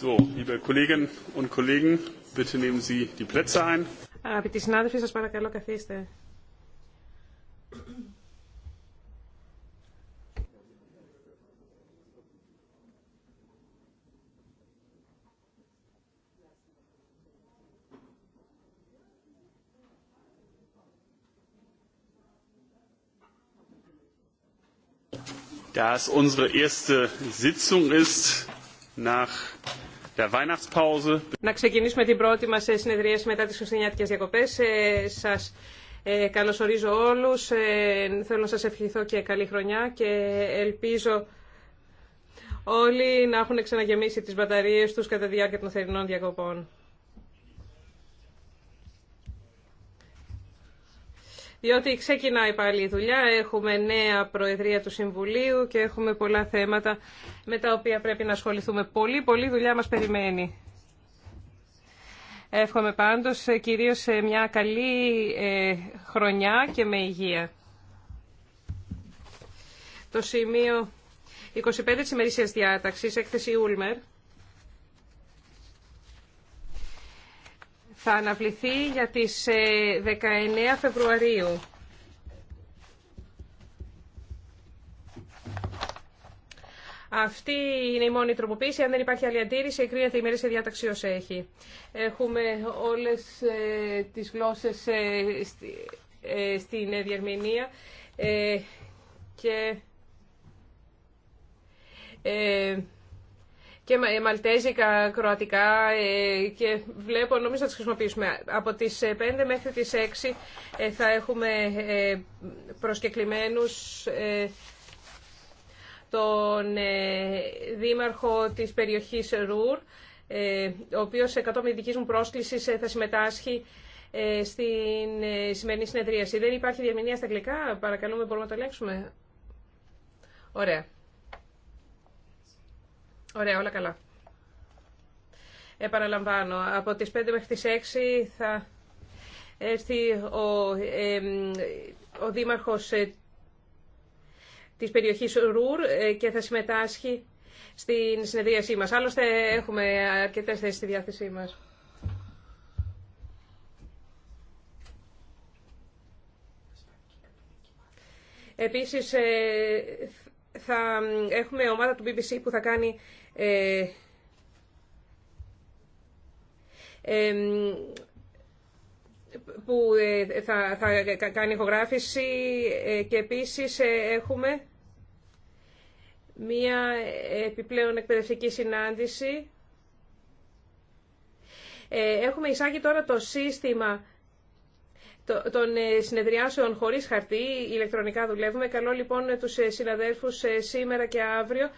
So, liebe Kolleginnen und Kollegen, bitte nehmen Sie die Plätze ein. Αγαπητοί συνάδελφοι, παρακαλώ καθίστε. Da es unsere erste Sitzung ist nach να ξεκινήσουμε την πρώτη μας ε, συνεδρίαση μετά τις χριστουγεννιάτικες διακοπές. Ε, σας ε, καλωσορίζω όλους. Θέλω να σας ευχηθώ και καλή χρονιά και ελπίζω όλοι να έχουν ξαναγεμίσει τις μπαταρίες τους κατά διάρκεια των θερινών διακοπών. διότι ξεκινάει πάλι η δουλειά, έχουμε νέα Προεδρία του Συμβουλίου και έχουμε πολλά θέματα με τα οποία πρέπει να ασχοληθούμε. Πολύ, πολύ δουλειά μας περιμένει. Εύχομαι πάντως ε, κυρίως μια καλή ε, χρονιά και με υγεία. Το σημείο 25 της ημερήσιας διάταξης, έκθεση Ούλμερ. θα αναβληθεί για τις 19 ε, Φεβρουαρίου. Αυτή είναι η μόνη τροποποίηση. Αν δεν υπάρχει άλλη αντίρρηση, εκρίνεται η μέρη σε διάταξη ως έχει. Έχουμε όλες ε, τις γλώσσες ε, στην διερμηνία και και ε, μαλτέζικα, κροατικά ε, και βλέπω νομίζω να τις χρησιμοποιήσουμε. Από τις 5 ε, μέχρι τις 6 θα έχουμε προσκεκλημένους τον δήμαρχο της περιοχής Ρουρ, ο οποίος εκατό με δική μου πρόσκληση θα συμμετάσχει στην σημερινή συνεδρίαση. Δεν υπάρχει διαμηνία στα αγγλικά, παρακαλούμε μπορούμε να το ελέγξουμε. Ωραία. Ωραία, όλα καλά. Επαναλαμβάνω, από τις 5 μέχρι τις 6 θα έρθει ο, ε, ο δήμαρχος ε, της περιοχής Ρουρ ε, και θα συμμετάσχει στην συνεδρίασή μας. Άλλωστε έχουμε αρκετές θέσεις στη διάθεσή μας. Επίσης ε, θα έχουμε ομάδα του BBC που θα κάνει ε, που ε, θα, θα κάνει ηχογράφηση ε, και επίσης ε, έχουμε μία επιπλέον εκπαιδευτική συνάντηση. Έχουμε εισάγει τώρα το σύστημα των ε, συνεδριάσεων χωρίς χαρτί, ηλεκτρονικά δουλεύουμε. Καλό λοιπόν τους ε, συναδέλφους ε, σήμερα και αύριο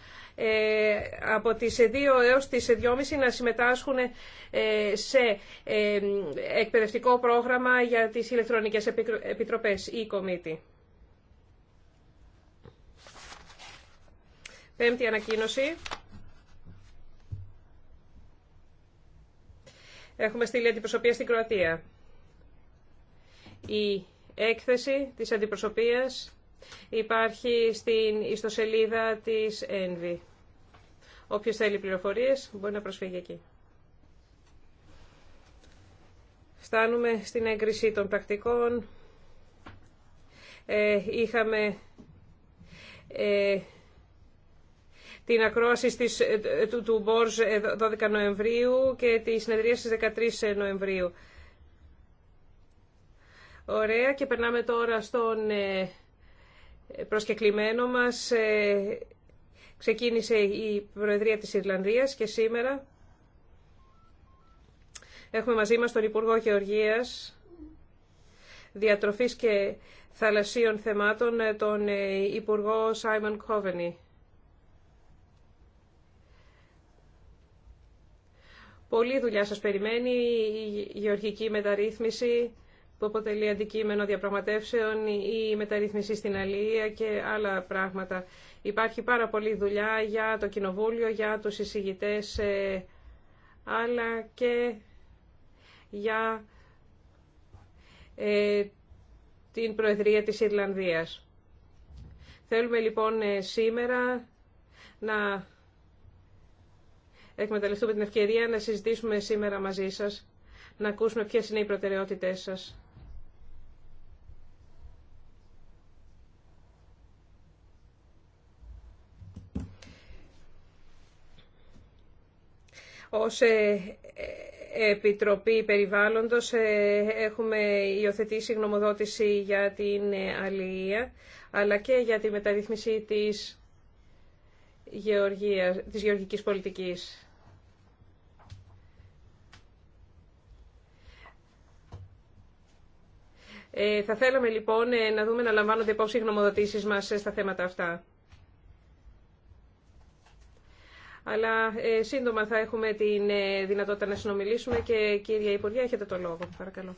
από τις 2 έως τις 2.30 να συμμετάσχουν σε εκπαιδευτικό πρόγραμμα για τις ηλεκτρονικές επιτροπές ή κομίτη. Πέμπτη ανακοίνωση. Έχουμε στείλει αντιπροσωπεία στην Κροατία. Η έκθεση της αντιπροσωπείας υπάρχει στην ιστοσελίδα της ΕΝΒΗ. Όποιος θέλει πληροφορίες μπορεί να προσφύγει εκεί. Φτάνουμε στην έγκριση των πρακτικών. Ε, είχαμε ε, την ακρόαση στις, ε, του, του Μπορζ 12 Νοεμβρίου και τη συνεδρία στις 13 Νοεμβρίου. Ωραία και περνάμε τώρα στον ε, προσκεκλημένο μας. Ε, ξεκίνησε η Προεδρία της Ιρλανδίας και σήμερα έχουμε μαζί μας τον Υπουργό Γεωργίας, Διατροφής και Θαλασσίων Θεμάτων, ε, τον Υπουργό Σάιμον Κόβενι. Πολύ δουλειά σας περιμένει η γεωργική μεταρρύθμιση που αποτελεί αντικείμενο διαπραγματεύσεων, η μεταρρύθμιση στην Αλία και άλλα πράγματα. Υπάρχει πάρα πολλή δουλειά για το Κοινοβούλιο, για τους εισηγητές, ε, αλλά και για ε, την Προεδρία της Ιρλανδίας. Θέλουμε λοιπόν ε, σήμερα να εκμεταλλευτούμε την ευκαιρία να συζητήσουμε σήμερα μαζί σας, να ακούσουμε ποιες είναι οι προτεραιότητές σας Ως ε, ε, Επιτροπή Περιβάλλοντος ε, έχουμε υιοθετήσει γνωμοδότηση για την αλληλεία αλλά και για τη μεταρρύθμιση της, γεωργίας, της γεωργικής πολιτικής. θα θέλαμε λοιπόν να δούμε να λαμβάνονται υπόψη οι γνωμοδοτήσεις μας στα θέματα αυτά. αλλά ε, σύντομα θα έχουμε τη ε, δυνατότητα να συνομιλήσουμε και κύριε Υπουργέ, έχετε το λόγο. Παρακαλώ.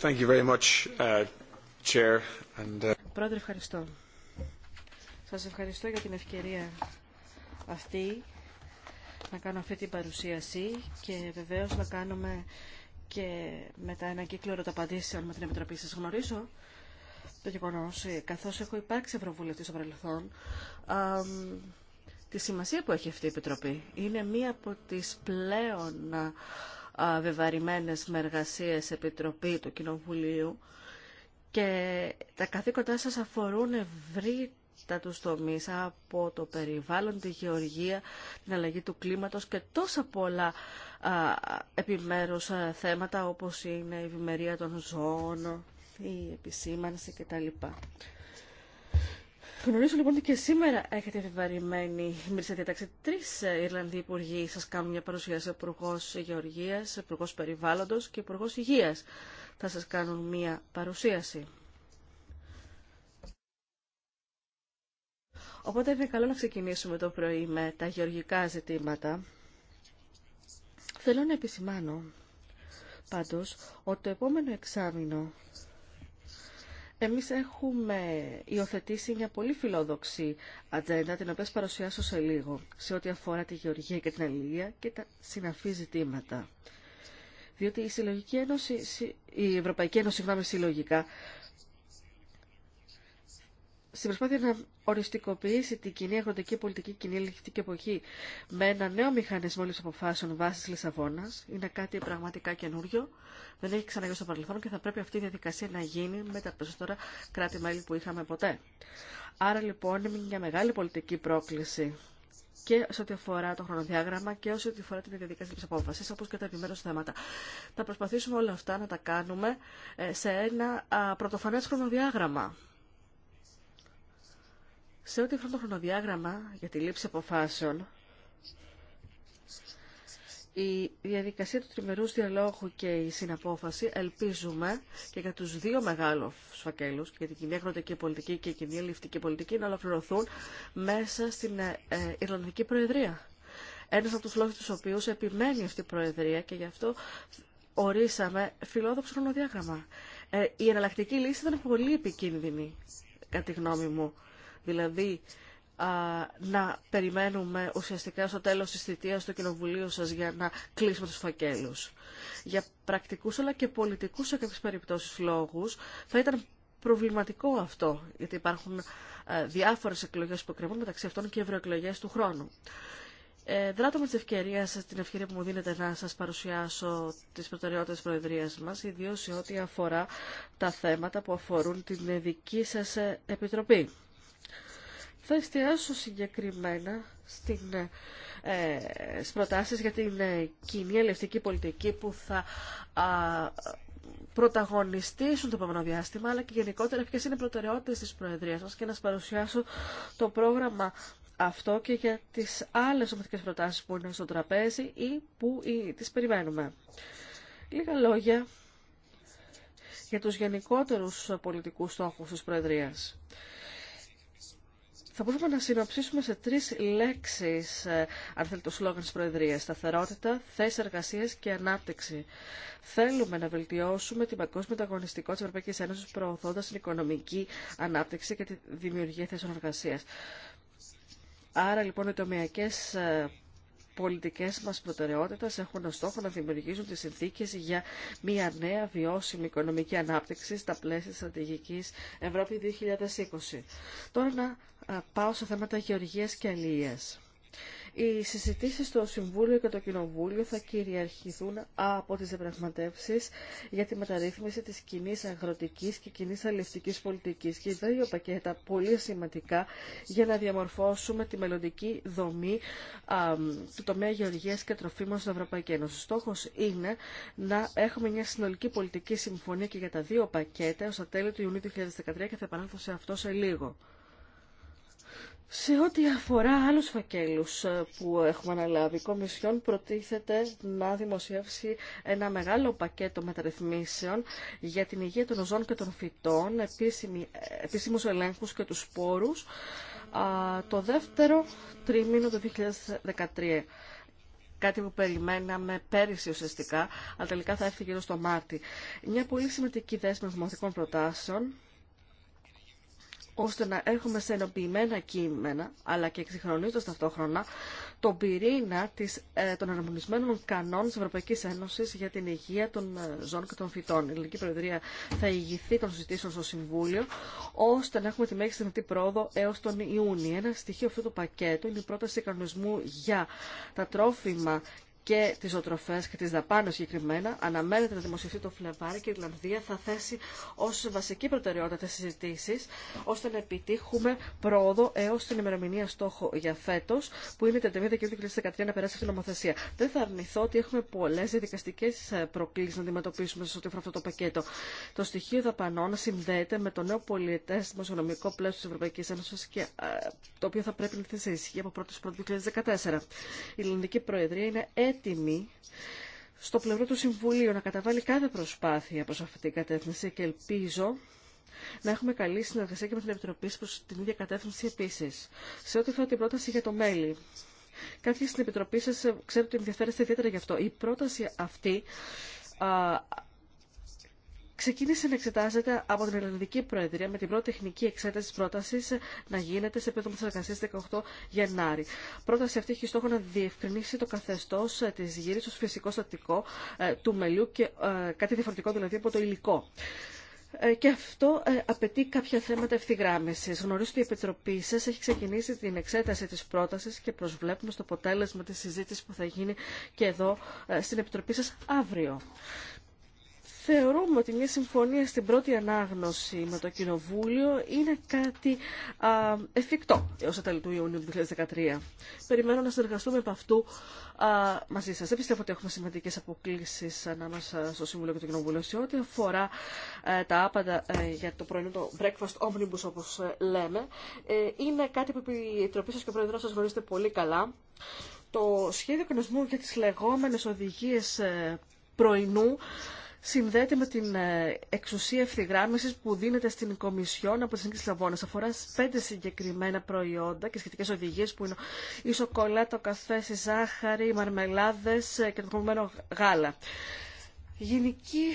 Thank you very much, uh, Chair. Uh, Πρόεδρε, ευχαριστώ. Σας ευχαριστώ για την ευκαιρία αυτή να κάνω αυτή την παρουσίαση και βεβαίως να κάνουμε και μετά ένα κύκλο ερωταπαντήσεων με την Επιτροπή. Σας γνωρίζω το γεγονό, ε, καθώ έχω υπάρξει Ευρωβουλευτή στο παρελθόν, τη σημασία που έχει αυτή η Επιτροπή. Είναι μία από τι πλέον βεβαρημένε με εργασίε Επιτροπή του Κοινοβουλίου και τα καθήκοντά σα αφορούν ευρύτατα τους τομείς από το περιβάλλον, τη γεωργία, την αλλαγή του κλίματος και τόσα πολλά α, επιμέρους θέματα όπως είναι η ευημερία των ζώων, η επισήμανση κτλ. Γνωρίζω λοιπόν ότι και σήμερα έχετε επιβαρημένη Μυρίστα διατάξη. Τρει ε, Ιρλανδοί υπουργοί σα κάνουν μια παρουσίαση. Ο Υπουργό Γεωργία, Υπουργό Περιβάλλοντο και ο Υπουργό Υγεία θα σα κάνουν μια παρουσίαση. Οπότε είναι καλό να ξεκινήσουμε το πρωί με τα γεωργικά ζητήματα. Θέλω να επισημάνω πάντως ότι το επόμενο εξάμεινο εμείς έχουμε υιοθετήσει μια πολύ φιλόδοξη ατζέντα, την οποία παρουσιάσω σε λίγο, σε ό,τι αφορά τη γεωργία και την αλληλεία και τα συναφή ζητήματα. Διότι η, Συλλογική Ένωση, η Ευρωπαϊκή Ένωση, συγγνώμη, συλλογικά, στην προσπάθεια να οριστικοποιήσει την κοινή αγροτική πολιτική κοινή λιχτική εποχή με ένα νέο μηχανισμό λήψη αποφάσεων βάση Λισαβόνα είναι κάτι πραγματικά καινούριο. Δεν έχει ξαναγίνει στο παρελθόν και θα πρέπει αυτή η διαδικασία να γίνει με τα περισσότερα κράτη-μέλη που είχαμε ποτέ. Άρα λοιπόν είναι μια μεγάλη πολιτική πρόκληση και σε ό,τι αφορά το χρονοδιάγραμμα και σε ό,τι αφορά την διαδικασία τη απόφαση, όπω και τα επιμέρου θέματα. Θα προσπαθήσουμε όλα αυτά να τα κάνουμε ε, σε ένα πρωτοφανέ χρονοδιάγραμμα σε ό,τι αφορά το χρονοδιάγραμμα για τη λήψη αποφάσεων, η διαδικασία του τριμερούς διαλόγου και η συναπόφαση ελπίζουμε και για τους δύο μεγάλους φακέλους, για την κοινή αγροτική πολιτική και η κοινή ληφτική πολιτική, να ολοκληρωθούν μέσα στην ε, Ιρλανδική Προεδρία. Ένας από τους λόγους τους οποίους επιμένει αυτή η Προεδρία και γι' αυτό ορίσαμε φιλόδοξο χρονοδιάγραμμα. Ε, η εναλλακτική λύση ήταν πολύ επικίνδυνη, κατά τη γνώμη μου. Δηλαδή, α, να περιμένουμε ουσιαστικά στο τέλος της θητείας του Κοινοβουλίου σας για να κλείσουμε τους φακέλους. Για πρακτικούς αλλά και πολιτικούς σε κάποιες περιπτώσεις λόγους θα ήταν προβληματικό αυτό, γιατί υπάρχουν α, διάφορες εκλογές που εκκρεμούν, μεταξύ αυτών και ευρωεκλογέ του χρόνου. Ε, δράτω με ευκαιρία την ευκαιρία που μου δίνετε να σας παρουσιάσω τις προτεραιότητες τη Προεδρίας μας, ιδίως σε ό,τι αφορά τα θέματα που αφορούν την δική σας ε, Επιτροπή. Θα εστιάσω συγκεκριμένα στην, ε, στις για την ε, κοινή ελευθερική πολιτική που θα πρωταγωνιστήσουν το επόμενο διάστημα, αλλά και γενικότερα ποιες είναι οι προτεραιότητες της Προεδρίας μας και να σας παρουσιάσω το πρόγραμμα αυτό και για τις άλλες ομαδικές προτάσεις που είναι στο τραπέζι ή που τι τις περιμένουμε. Λίγα λόγια για τους γενικότερους πολιτικούς στόχους της Προεδρίας. Θα μπορούσαμε να συνοψίσουμε σε τρεις λέξεις, ε, αν θέλει το σλόγγαν τη Προεδρία. σταθερότητα, θέσει εργασία και ανάπτυξη. Θέλουμε να βελτιώσουμε την παγκόσμια ανταγωνιστικότητα τη Ευρωπαϊκή Ένωση, προωθώντας την οικονομική ανάπτυξη και τη δημιουργία θέσεων εργασία. Άρα λοιπόν οι τομιακές ε, πολιτικές μας προτεραιότητες έχουν ως στόχο να δημιουργήσουν τις συνθήκες για μια νέα βιώσιμη οικονομική ανάπτυξη στα πλαίσια στρατηγικής Ευρώπη 2020. Τώρα να ε, πάω σε θέματα γεωργίας και αλληλεία. Οι συζητήσει στο Συμβούλιο και το Κοινοβούλιο θα κυριαρχηθούν από τι διαπραγματεύσει για τη μεταρρύθμιση τη κοινή αγροτική και κοινή αλληλευτική πολιτική. Και δύο πακέτα πολύ σημαντικά για να διαμορφώσουμε τη μελλοντική δομή α, του τομέα γεωργία και τροφίμων στην Ευρωπαϊκή Ένωση. Στόχο είναι να έχουμε μια συνολική πολιτική συμφωνία και για τα δύο πακέτα ω τα τέλη του Ιουνίου 2013 και θα επανέλθω σε αυτό σε λίγο. Σε ό,τι αφορά άλλους φακέλους ε, που έχουμε αναλάβει, η Κομισιόν προτίθεται να δημοσιεύσει ένα μεγάλο πακέτο μεταρρυθμίσεων για την υγεία των οζών και των φυτών, επίσημη, επίσημους ελέγχους και τους σπόρους, το δεύτερο τρίμηνο του 2013 κάτι που περιμέναμε πέρυσι ουσιαστικά, αλλά τελικά θα έρθει γύρω στο Μάρτι. Μια πολύ σημαντική δέσμευση δημοτικών προτάσεων ώστε να έχουμε σε ενοποιημένα κείμενα, αλλά και εξυγχρονίζοντας ταυτόχρονα, τον πυρήνα της, ε, των αναμονισμένων κανόνων της Ευρωπαϊκής Ένωσης για την υγεία των ε, ζώων και των φυτών. Η Ελληνική Προεδρία θα ηγηθεί των συζητήσεων στο Συμβούλιο, ώστε να έχουμε τη μέγιστη δυνατή πρόοδο έως τον Ιούνιο. Ένα στοιχείο αυτού του πακέτου είναι η πρόταση κανονισμού για τα τρόφιμα και τις οτροφές και τις δαπάνες συγκεκριμένα αναμένεται να δημοσιευτεί το Φλεβάρι και η Ιρλανδία θα θέσει ως βασική προτεραιότητα τις συζητήσει, ώστε να επιτύχουμε πρόοδο έως την ημερομηνία στόχο για φέτος που είναι η 31 Δεκεμβρίου 2013 να περάσει αυτή η νομοθεσία. Δεν θα αρνηθώ ότι έχουμε πολλές διαδικαστικές ε, προκλήσεις να αντιμετωπίσουμε σε ό,τι αυτό το πακέτο. Το στοιχείο δαπανών συνδέεται με το νέο πολιτέ δημοσιονομικό πλαίσιο τη Ευρωπαϊκή Ένωση και ε, το οποίο θα πρέπει να θέσει σε ισχύ από 1η 2014. Η Ελληνική Προεδρία είναι έτοιμη έτοιμη στο πλευρό του Συμβουλίου να καταβάλει κάθε προσπάθεια προς αυτή την κατεύθυνση και ελπίζω να έχουμε καλή συνεργασία και με την Επιτροπή προς την ίδια κατεύθυνση επίσης. Σε ό,τι θέλω την πρόταση για το μέλη. Κάποιοι στην Επιτροπή σας ε, ξέρουν ότι ενδιαφέρεστε ιδιαίτερα γι' αυτό. Η πρόταση αυτή α, ξεκίνησε να εξετάζεται από την Ελληνική Προεδρία με την πρώτη τεχνική εξέταση τη πρόταση να γίνεται σε επίπεδο της εργασίας 18 Γενάρη. Πρόταση αυτή έχει στόχο να διευκρινίσει το καθεστώ ε, τη γύρης ω φυσικό στατικό ε, του μελιού και ε, κάτι διαφορετικό δηλαδή από το υλικό και αυτό απαιτεί κάποια θέματα ευθυγράμμιση. Γνωρίζω ότι η Επιτροπή σα έχει ξεκινήσει την εξέταση τη πρόταση και προσβλέπουμε στο αποτέλεσμα τη συζήτηση που θα γίνει και εδώ στην Επιτροπή σα αύριο. Θεωρούμε ότι μια συμφωνία στην πρώτη ανάγνωση με το Κοινοβούλιο είναι κάτι εφικτό έως τα τέλη του Ιούνιου 2013. Περιμένω να συνεργαστούμε από αυτού μαζί σας. Δεν πιστεύω ότι έχουμε σημαντικές αποκλήσεις ανάμεσα στο Συμβουλίο και το Κοινοβούλιο σε ό,τι αφορά ε, τα άπαντα ε, για το πρωινό το breakfast omnibus όπως ε, λέμε. είναι κάτι που η Επιτροπή σα και ο Πρόεδρος σας γνωρίζετε πολύ καλά. Το σχέδιο κοινωνισμού για τις λεγόμενες οδηγίες πρωινού συνδέεται με την ε, εξουσία ευθυγράμμισης που δίνεται στην Κομισιόν από τη Συνήθεια Λαβόνε. Αφορά πέντε συγκεκριμένα προϊόντα και σχετικές οδηγίες που είναι η σοκολάτα, ο καφέ, η ζάχαρη, οι μαρμελάδες ε, και το κομμένο γάλα. Γενική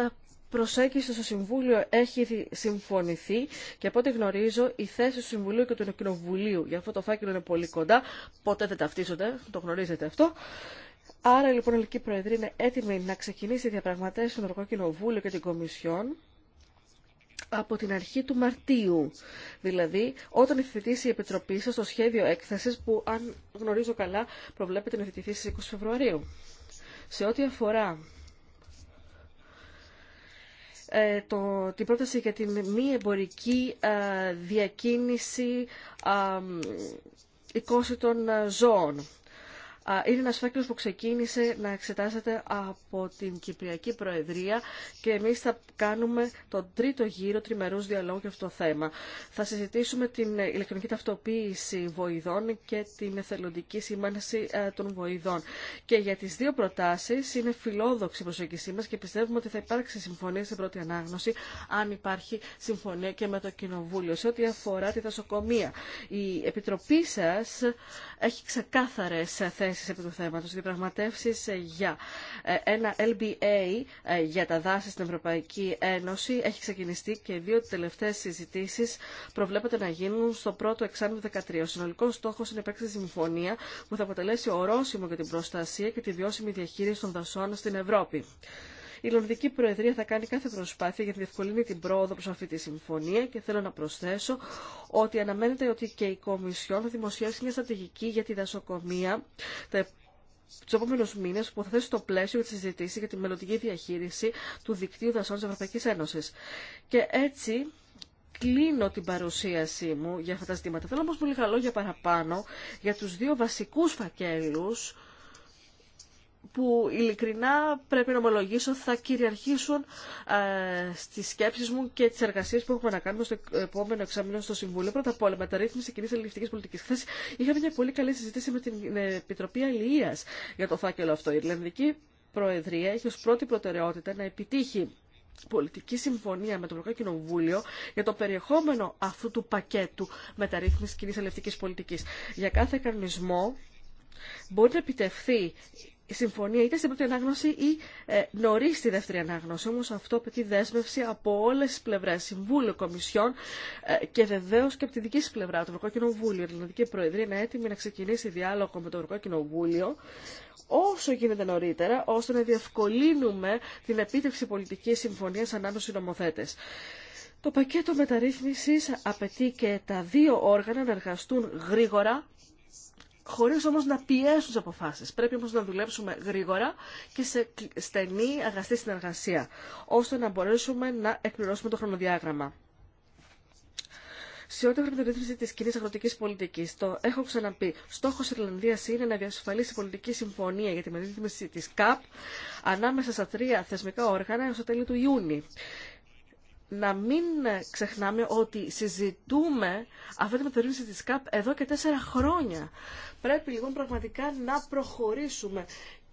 ε, προσέγγιση στο Συμβούλιο έχει συμφωνηθεί και από ό,τι γνωρίζω η θέση του Συμβουλίου και του Κοινοβουλίου για αυτό το φάκελο είναι πολύ κοντά, ποτέ δεν ταυτίζονται, το γνωρίζετε αυτό. Άρα λοιπόν η Ελληνική Προεδρία είναι έτοιμη να ξεκινήσει διαπραγματεύσει στον Ευρωπαϊκό Κοινοβούλιο και την Κομισιόν από την αρχή του Μαρτίου. Δηλαδή, όταν υφηθεί η Επιτροπή σα το σχέδιο έκθεση, που, αν γνωρίζω καλά, προβλέπεται να υφηθεί στις 20 Φεβρουαρίου. Σε ό,τι αφορά ε, το, την πρόταση για την μη εμπορική ε, διακίνηση ε, των ζώων είναι ένας φάκελος που ξεκίνησε να εξετάζεται από την Κυπριακή Προεδρία και εμείς θα κάνουμε τον τρίτο γύρο τριμερούς διαλόγου για αυτό το θέμα. Θα συζητήσουμε την ηλεκτρονική ταυτοποίηση βοηδών και την εθελοντική σήμανση ε, των βοηδών. Και για τις δύο προτάσεις είναι φιλόδοξη η προσέγγιση μας και πιστεύουμε ότι θα υπάρξει συμφωνία σε πρώτη ανάγνωση αν υπάρχει συμφωνία και με το Κοινοβούλιο. Σε ό,τι αφορά τη δασοκομεία, η Επιτροπή σας έχει ξεκάθαρες θέσεις θέσεις επί του θέματος. Διαπραγματεύσεις για ε, ένα LBA ε, για τα δάση στην Ευρωπαϊκή Ένωση έχει ξεκινηστεί και δύο τελευταίες συζητήσεις προβλέπεται να γίνουν στο πρώτο εξάμεινο 13. Ο συνολικός στόχος είναι επέκταση συμφωνία που θα αποτελέσει ορόσημο για την προστασία και τη βιώσιμη διαχείριση των δασών στην Ευρώπη. Η Λονδική Προεδρία θα κάνει κάθε προσπάθεια για να διευκολύνει την πρόοδο προ αυτή τη συμφωνία και θέλω να προσθέσω ότι αναμένεται ότι και η Κομισιόν θα δημοσιεύσει μια στρατηγική για τη δασοκομεία του επόμενου μήνε που θα θέσει το πλαίσιο τη συζήτηση για τη μελλοντική διαχείριση του δικτύου δασών τη Ευρωπαϊκή Ένωση. Και έτσι κλείνω την παρουσίασή μου για αυτά τα ζητήματα. Θέλω όμω πολύ καλό για παραπάνω για του δύο βασικού φακέλου που ειλικρινά πρέπει να ομολογήσω θα κυριαρχήσουν ε, στις σκέψεις μου και τις εργασίες που έχουμε να κάνουμε στο επόμενο εξάμεινο στο Συμβούλιο. Πρώτα απ' όλα, μεταρρύθμιση κοινή ελληνική πολιτική. Χθε είχαμε μια πολύ καλή συζήτηση με την ε, Επιτροπή Αλληλείας για το φάκελο αυτό. Η Ιρλανδική Προεδρία έχει ως πρώτη προτεραιότητα να επιτύχει πολιτική συμφωνία με το Ευρωπαϊκό Κοινοβούλιο για το περιεχόμενο αυτού του πακέτου μεταρρύθμισης κοινή ελευτικής πολιτική. Για κάθε κανονισμό μπορεί να επιτευχθεί η συμφωνία είτε στην πρώτη ανάγνωση ή ε, νωρί στη δεύτερη ανάγνωση. Όμω αυτό απαιτεί δέσμευση από όλε τι πλευρέ, Συμβούλιο, Κομισιόν ε, και βεβαίω και από τη δική σα πλευρά, το Ευρωπαϊκό Κοινοβούλιο. Η Ελληνική Προεδρία είναι έτοιμη να ξεκινήσει διάλογο με το Ευρωπαϊκό Κοινοβούλιο όσο γίνεται νωρίτερα, ώστε να διευκολύνουμε την επίτευξη πολιτική συμφωνία ανάμεσα νομοθέτε. Το πακέτο μεταρρύθμισης απαιτεί και τα δύο όργανα να εργαστούν γρήγορα χωρίς όμως να πιέσουν τι αποφάσεις. Πρέπει όμως να δουλέψουμε γρήγορα και σε στενή αγαστή συνεργασία, ώστε να μπορέσουμε να εκπληρώσουμε το χρονοδιάγραμμα. Σε ό,τι αφορά την ρύθμιση τη κοινή αγροτική πολιτική, το έχω ξαναπεί. Στόχο Ιρλανδία είναι να διασφαλίσει πολιτική συμφωνία για τη μεταρρύθμιση τη ΚΑΠ ανάμεσα στα τρία θεσμικά όργανα έω το τέλη του Ιούνιου να μην ξεχνάμε ότι συζητούμε αυτή τη μεταρρύνση της ΚΑΠ εδώ και τέσσερα χρόνια. Πρέπει λοιπόν πραγματικά να προχωρήσουμε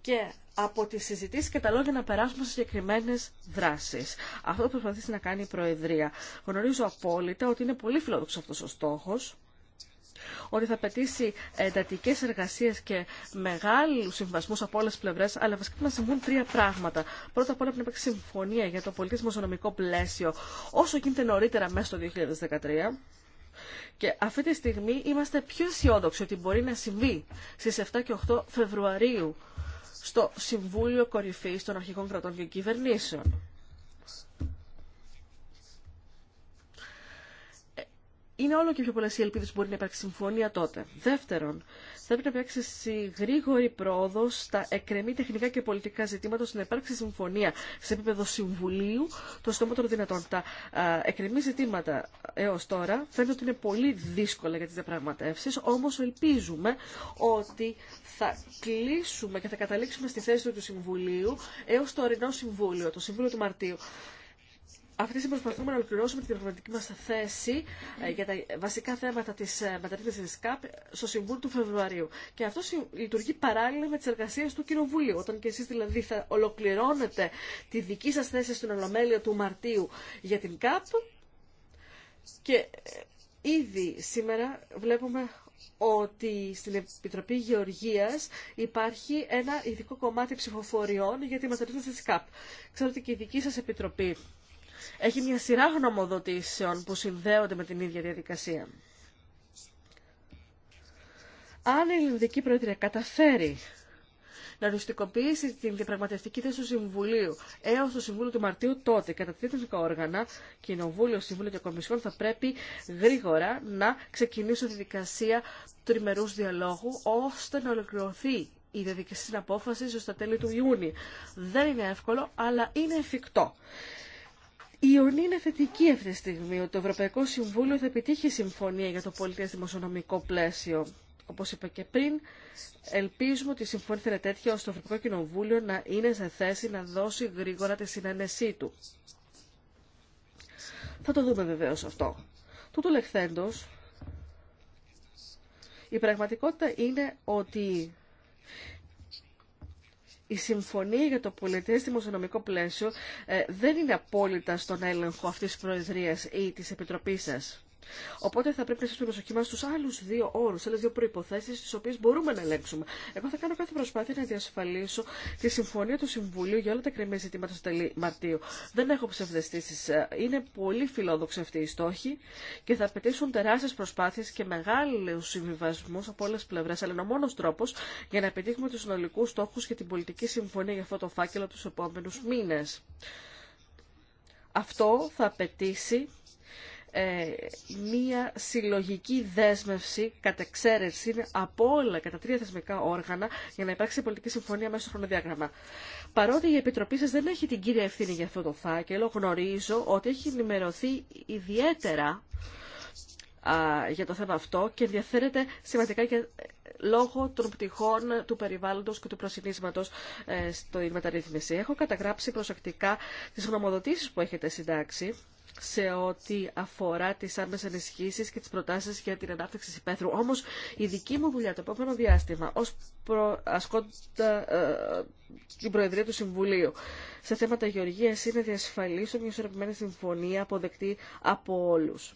και από τις συζητήσεις και τα λόγια να περάσουμε σε συγκεκριμένε δράσεις. Αυτό προσπαθήσει να κάνει η Προεδρία. Γνωρίζω απόλυτα ότι είναι πολύ φιλόδοξο αυτός ο στόχος ότι θα απαιτήσει εντατικέ εργασίε και μεγάλου συμβασμού από όλε τι πλευρέ, αλλά βασικά να συμβούν τρία πράγματα. Πρώτα απ' όλα πρέπει να υπάρξει συμφωνία για το πολιτισμο οικονομικό πλαίσιο όσο γίνεται νωρίτερα μέσα στο 2013. Και αυτή τη στιγμή είμαστε πιο αισιόδοξοι ότι μπορεί να συμβεί στις 7 και 8 Φεβρουαρίου στο Συμβούλιο Κορυφή των Αρχικών Κρατών και Κυβερνήσεων. είναι όλο και πιο πολλέ οι ελπίδε που μπορεί να υπάρξει συμφωνία τότε. Δεύτερον, θα πρέπει να υπάρξει γρήγορη πρόοδο στα εκκρεμή τεχνικά και πολιτικά ζητήματα ώστε να υπάρξει συμφωνία σε επίπεδο Συμβουλίου το στομότερο δυνατόν. Τα εκκρεμή ζητήματα έω τώρα φαίνεται ότι είναι πολύ δύσκολα για τι διαπραγματεύσει, όμω ελπίζουμε ότι θα κλείσουμε και θα καταλήξουμε στη θέση του Συμβουλίου έω το ορεινό Συμβούλιο, το Συμβούλιο του Μαρτίου αυτή τη προσπαθούμε να ολοκληρώσουμε την πραγματική μα θέση ε, για τα βασικά θέματα τη ε, μεταρρύθμιση τη ΚΑΠ στο Συμβούλιο του Φεβρουαρίου. Και αυτό λειτουργεί παράλληλα με τι εργασίε του Κοινοβουλίου. Όταν και εσεί δηλαδή θα ολοκληρώνετε τη δική σα θέση στην Ολομέλεια του Μαρτίου για την ΚΑΠ. Και ε, ήδη σήμερα βλέπουμε ότι στην Επιτροπή Γεωργίας υπάρχει ένα ειδικό κομμάτι ψηφοφοριών για τη μεταρρύθμιση της ΚΑΠ. Ξέρω ότι και η δική σας Επιτροπή έχει μια σειρά γνωμοδοτήσεων που συνδέονται με την ίδια διαδικασία. Αν η Ελληνική Προεδρία καταφέρει να οριστικοποιήσει την διαπραγματευτική θέση του Συμβουλίου έω το Συμβούλιο του Μαρτίου, τότε κατά τα όργανα, Κοινοβούλιο, Συμβούλιο και Κομισιόν, θα πρέπει γρήγορα να ξεκινήσουν τη διαδικασία τριμερού διαλόγου, ώστε να ολοκληρωθεί η διαδικασία απόφασης ω τα τέλη του Ιούνιου. Δεν είναι εύκολο, αλλά είναι εφικτό. Η ορνή είναι θετική αυτή τη στιγμή. ότι Το Ευρωπαϊκό Συμβούλιο θα επιτύχει συμφωνία για το πολιτικό δημοσιονομικό πλαίσιο. Όπως είπα και πριν, ελπίζουμε ότι η συμφωνία θα είναι τέτοια ώστε το Ευρωπαϊκό Κοινοβούλιο να είναι σε θέση να δώσει γρήγορα τη συνένεσή του. Θα το δούμε βεβαίω αυτό. Τούτο λεχθέντος, η πραγματικότητα είναι ότι η συμφωνία για το πολιτές δημοσιονομικό πλαίσιο ε, δεν είναι απόλυτα στον έλεγχο αυτής της Προεδρίας ή της Επιτροπής σας. Οπότε θα πρέπει να στήσουμε προσοχή μα στου άλλου δύο όρου, άλλε δύο προποθέσει, τι οποίε μπορούμε να ελέγξουμε. Εγώ θα κάνω κάθε προσπάθεια να διασφαλίσω τη συμφωνία του Συμβουλίου για όλα τα κρεμμένα ζητήματα στο τέλη Μαρτίου. Δεν έχω ψευδεστήσει. Ε, είναι πολύ φιλόδοξοι αυτοί οι στόχοι και θα απαιτήσουν τεράστιε προσπάθειε και μεγάλου συμβιβασμού από όλε τι πλευρέ. Αλλά είναι ο μόνο τρόπο για να πετύχουμε του συνολικού στόχου και την πολιτική συμφωνία για αυτό το φάκελο του επόμενου μήνε. Αυτό θα απαιτήσει ε, μία συλλογική δέσμευση κατά εξαίρεση από όλα κατά τα τρία θεσμικά όργανα για να υπάρξει πολιτική συμφωνία μέσα στο χρονοδιάγραμμα. Παρότι η Επιτροπή σας δεν έχει την κύρια ευθύνη για αυτό το φάκελο, γνωρίζω ότι έχει ενημερωθεί ιδιαίτερα για το θέμα αυτό και ενδιαφέρεται σημαντικά και ε, λόγω των πτυχών του περιβάλλοντος και του προσυνείσματος ε, στο μεταρρύθμιση. Έχω καταγράψει προσεκτικά τις γνωμοδοτήσεις που έχετε συντάξει σε ό,τι αφορά τις άμεσες ενισχύσει και τις προτάσεις για την ανάπτυξη της υπαίθρου. Όμως η δική μου δουλειά το επόμενο διάστημα ως προ... Ε, την Προεδρία του Συμβουλίου σε θέματα γεωργίας είναι διασφαλίσω μια ισορροπημένη συμφωνία αποδεκτή από όλους.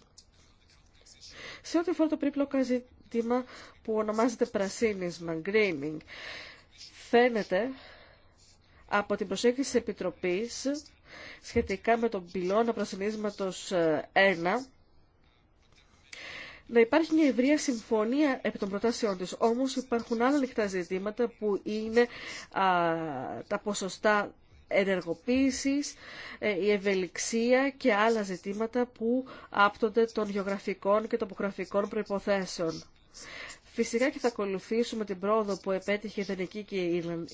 Σε ό,τι αφορά το πρίπλοκα ζήτημα που ονομάζεται πρασίνισμα, greening, φαίνεται από την προσέγγιση της Επιτροπής σχετικά με τον πυλώνα προσυνείσματος 1 ε, να υπάρχει μια ευρεία συμφωνία επί των προτάσεών της. Όμως υπάρχουν άλλα λεκτά ζητήματα που είναι τα ποσοστά ενεργοποίησης, ε, η ευελιξία και άλλα ζητήματα που άπτονται των γεωγραφικών και τοπογραφικών προϋποθέσεων. Φυσικά και θα ακολουθήσουμε την πρόοδο που επέτυχε η Εθνική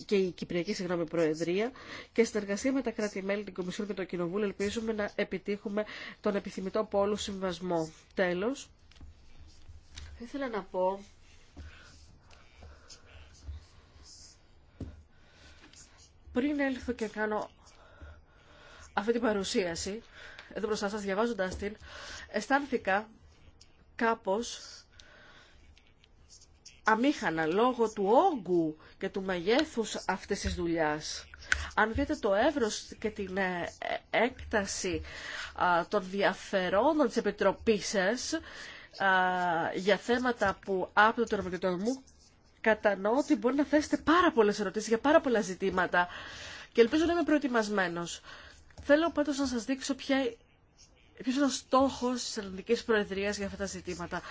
και η Κυπριακή συγγνώμη, Προεδρία και συνεργασία με τα κράτη-μέλη, την Κομισιόν και το Κοινοβούλιο ελπίζουμε να επιτύχουμε τον επιθυμητό πόλου συμβασμό. Τέλος, θα ήθελα να πω πριν έλθω και κάνω αυτή την παρουσίαση, εδώ μπροστά σας διαβάζοντας την, αισθάνθηκα κάπως αμήχανα λόγω του όγκου και του μεγέθους αυτής της δουλειάς. Αν δείτε το εύρος και την ε, έκταση των διαφερόντων της Επιτροπής σας για θέματα που το του μου κατανοώ ότι μπορεί να θέσετε πάρα πολλές ερωτήσεις για πάρα πολλά ζητήματα και ελπίζω να είμαι προετοιμασμένος. Θέλω πάντως να σας δείξω ποια... ποιος είναι ο στόχος της ελληνικής προεδρίας για αυτά τα ζητήματα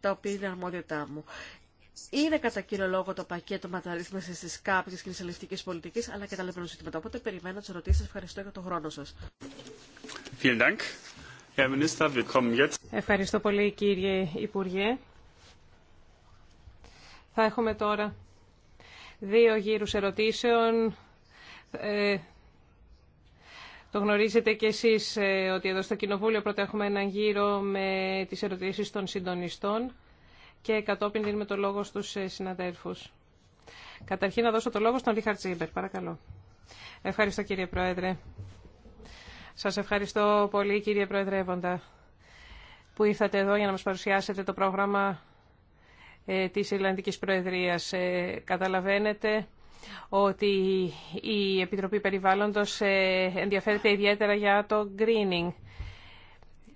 τα οποία είναι αρμόδιοτά μου είναι κατά κύριο λόγο το πακέτο μεταρρύθμιση τη ΚΑΠ τη πολιτικής, πολιτική, αλλά και τα λεπτά ζητήματα. Οπότε περιμένω τι ερωτήσει. Ευχαριστώ για τον χρόνο σα. Ευχαριστώ πολύ, κύριε Υπουργέ. Θα έχουμε τώρα δύο γύρους ερωτήσεων. Ε, το γνωρίζετε και εσείς ε, ότι εδώ στο Κοινοβούλιο πρώτα έχουμε έναν γύρο με τις ερωτήσεις των συντονιστών και κατόπιν δίνουμε το λόγο στους ε, συναδέλφους. Καταρχήν να δώσω το λόγο στον Ρίχαρτ Σίμπερ, Παρακαλώ. Ευχαριστώ κύριε Πρόεδρε. Σας ευχαριστώ πολύ κύριε Προεδρεύοντα που ήρθατε εδώ για να μας παρουσιάσετε το πρόγραμμα ε, της Ιρλανδικής Προεδρίας. Ε, καταλαβαίνετε ότι η Επιτροπή Περιβάλλοντος ενδιαφέρεται ιδιαίτερα για το greening.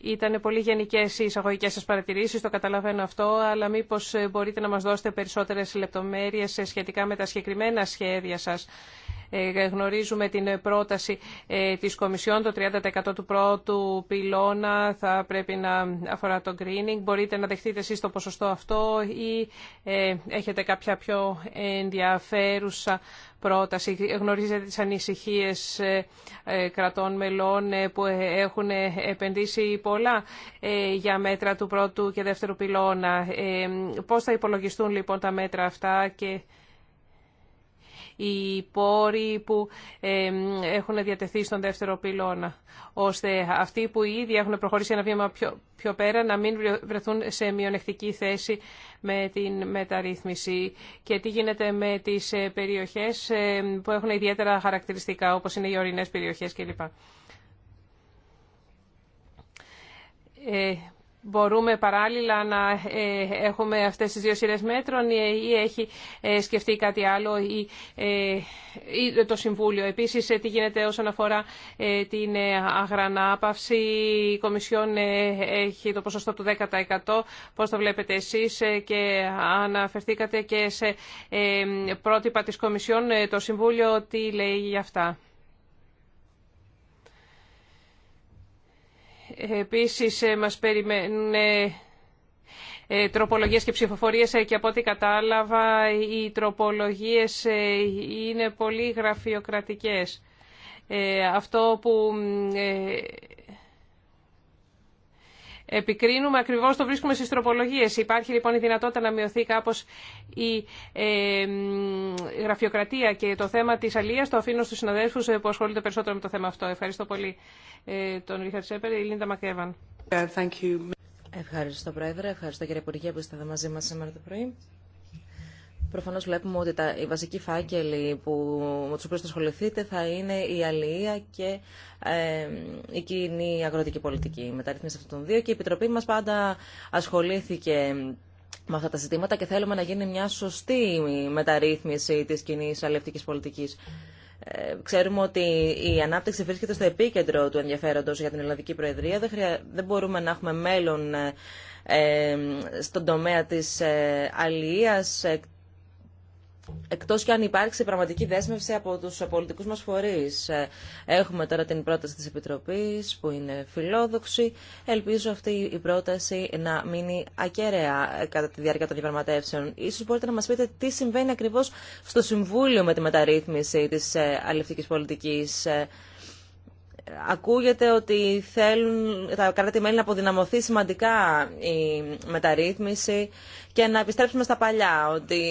Ήταν πολύ γενικές οι εισαγωγικέ σας παρατηρήσεις, το καταλαβαίνω αυτό, αλλά μήπως ε, μπορείτε να μας δώσετε περισσότερες λεπτομέρειες ε, σχετικά με τα συγκεκριμένα σχέδια σας ε, γνωρίζουμε την πρόταση ε, της Κομισιόν, το 30% του πρώτου πυλώνα θα πρέπει να αφορά το greening. Μπορείτε να δεχτείτε εσείς το ποσοστό αυτό ή ε, έχετε κάποια πιο ενδιαφέρουσα πρόταση. Γνωρίζετε τις ανησυχίες κρατών μελών που έχουν επενδύσει πολλά για μέτρα του πρώτου και δεύτερου πυλώνα. Πώς θα υπολογιστούν λοιπόν τα μέτρα αυτά και οι πόροι που έχουν διατεθεί στον δεύτερο πυλώνα, ώστε αυτοί που ήδη έχουν προχωρήσει ένα βήμα πιο, πέρα να μην βρεθούν σε μειονεκτική θέση με την μεταρρύθμιση και τι γίνεται με τις ε, περιοχές ε, που έχουν ιδιαίτερα χαρακτηριστικά, όπως είναι οι ορεινές περιοχές κλπ. Ε, Μπορούμε παράλληλα να ε, έχουμε αυτές τις δύο σειρές μέτρων ή ε, έχει ε, σκεφτεί κάτι άλλο ή το Συμβούλιο. Επίσης, τι γίνεται όσον αφορά την αγρανάπαυση. Η Κομισιόν έχει το ποσοστό του 10%. Πώς το βλέπετε εσείς και αναφερθήκατε και σε πρότυπα της Κομισιόν. Το Συμβούλιο τι λέει για αυτά. Επίσης, ε, μας περιμένουν ε, ε, τροπολογίες και ψηφοφορίες και από ό,τι κατάλαβα οι τροπολογίες είναι πολύ γραφειοκρατικές. Αυτό που επικρίνουμε ακριβώς το βρίσκουμε στις τροπολογίες. Υπάρχει λοιπόν η δυνατότητα να μειωθεί κάπως η ε, γραφειοκρατία και το θέμα της αλίας το αφήνω στους συναδέλφους ε, που ασχολούνται περισσότερο με το θέμα αυτό. Ευχαριστώ πολύ ε, τον Ρίχαρτ Σέπερ, η Λίντα Μακέβαν. Ευχαριστώ Πρόεδρε, ευχαριστώ κύριε Υπουργέ που είστε εδώ μαζί μας σήμερα το πρωί. Προφανώ βλέπουμε ότι τα, οι βασικοί φάκελοι που, με του οποίου θα ασχοληθείτε θα είναι η αλληλεία και ε, η κοινή αγροτική πολιτική. μεταρρύθμιση αυτών των δύο και η Επιτροπή μα πάντα ασχολήθηκε με αυτά τα ζητήματα και θέλουμε να γίνει μια σωστή μεταρρύθμιση τη κοινή αλληλευτική πολιτική. Ε, ξέρουμε ότι η ανάπτυξη βρίσκεται στο επίκεντρο του ενδιαφέροντό για την Ελλαδική Προεδρία. Δεν, μπορούμε να έχουμε μέλλον ε, ε στον τομέα της ε, αλληλείας ε, εκτός και αν υπάρξει πραγματική δέσμευση από τους πολιτικού μας φορείς. Ε, έχουμε τώρα την πρόταση της Επιτροπής που είναι φιλόδοξη. Ελπίζω αυτή η πρόταση να μείνει ακέραια ε, κατά τη διάρκεια των διαπραγματεύσεων. Ίσως μπορείτε να μας πείτε τι συμβαίνει ακριβώς στο Συμβούλιο με τη μεταρρύθμιση τη ε, αλληλευτικής πολιτική. Ακούγεται ότι θέλουν τα κράτη-μέλη να αποδυναμωθεί σημαντικά η μεταρρύθμιση και να επιστρέψουμε στα παλιά, ότι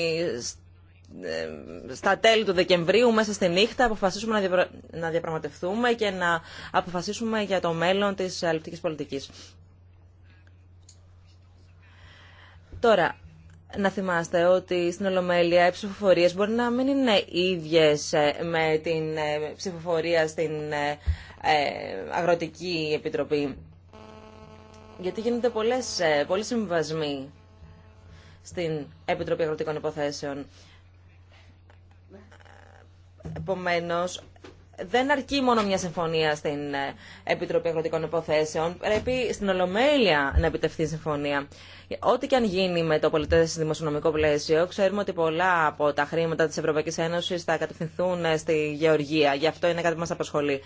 ε, στα τέλη του Δεκεμβρίου, μέσα στη νύχτα, αποφασίσουμε να, διαπρα... διαπραγματευτούμε και να αποφασίσουμε για το μέλλον της αλληλευτικής πολιτικής. Τώρα, να θυμάστε ότι στην Ολομέλεια οι ψηφοφορίες μπορεί να μην είναι ίδιες ε, με την ε, ψηφοφορία στην Αγροτική Επιτροπή. Γιατί γίνονται πολλές, πολλοί συμβασμοί στην Επιτροπή Αγροτικών Υποθέσεων. Επομένω, δεν αρκεί μόνο μια συμφωνία στην ε, Επιτροπή Αγροτικών Υποθέσεων. Πρέπει στην Ολομέλεια να επιτευχθεί η συμφωνία. Ό,τι και αν γίνει με το πολιτέ δημοσιονομικό πλαίσιο, ξέρουμε ότι πολλά από τα χρήματα τη Ευρωπαϊκή Ένωση θα κατευθυνθούν ε, στη γεωργία. Γι' αυτό είναι κάτι που μα απασχολεί.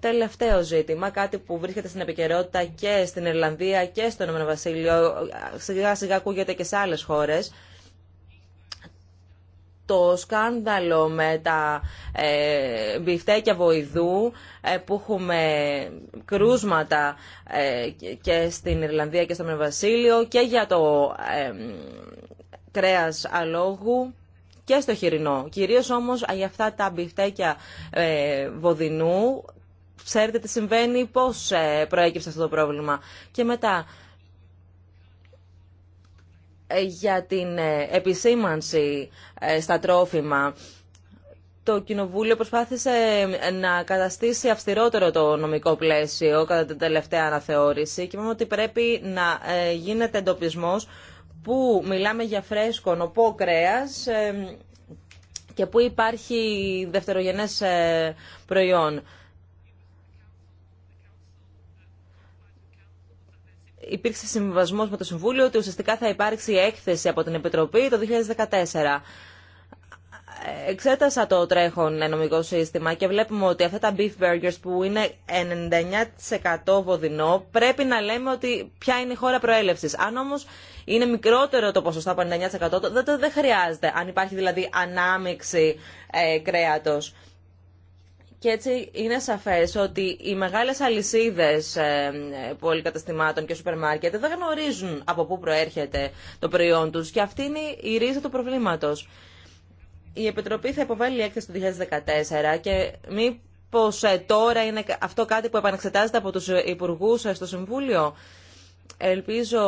Τελευταίο ζήτημα, κάτι που βρίσκεται στην επικαιρότητα και στην Ιρλανδία και στο Ηνωμένο σιγά σιγά ακούγεται και σε άλλε χώρε το σκάνδαλο με τα ε, μπιφτέκια βοηδού ε, που έχουμε κρούσματα ε, και στην Ιρλανδία και στο Μενοβασίλειο και για το ε, κρέας αλόγου και στο χοιρινό. Κυρίως όμως για αυτά τα μπιφτέκια βοδινού ξέρετε τι συμβαίνει, πώς προέκυψε αυτό το πρόβλημα. Και μετά ε, για την ε, επισήμανση ε, στα τρόφιμα. Το Κοινοβούλιο προσπάθησε να καταστήσει αυστηρότερο το νομικό πλαίσιο κατά την τελευταία αναθεώρηση και είπαμε ότι πρέπει να γίνεται εντοπισμός που μιλάμε για φρέσκο νοπό κρέας και που υπάρχει δευτερογενές προϊόν. υπήρξε συμβασμός με το Συμβούλιο ότι ουσιαστικά θα υπάρξει έκθεση από την Επιτροπή το 2014. Εξέτασα το τρέχον νομικό σύστημα και βλέπουμε ότι αυτά τα beef burgers που είναι 99% βοδινό πρέπει να λέμε ότι ποια είναι η χώρα προέλευσης. Αν όμως είναι μικρότερο το ποσοστό από 99% δεν, δεν χρειάζεται, αν υπάρχει δηλαδή ανάμειξη ε, κρέατος. Και έτσι είναι σαφές ότι οι μεγάλες αλυσίδες ε, πολυκαταστημάτων και σούπερ μάρκετ δεν γνωρίζουν από πού προέρχεται το προϊόν του και αυτή είναι η ρίζα του προβλήματος. Η Επιτροπή θα υποβάλει έκθεση το 2014 και μήπως ε, τώρα είναι αυτό κάτι που επανεξετάζεται από τους υπουργούς ε, στο Συμβούλιο. Ελπίζω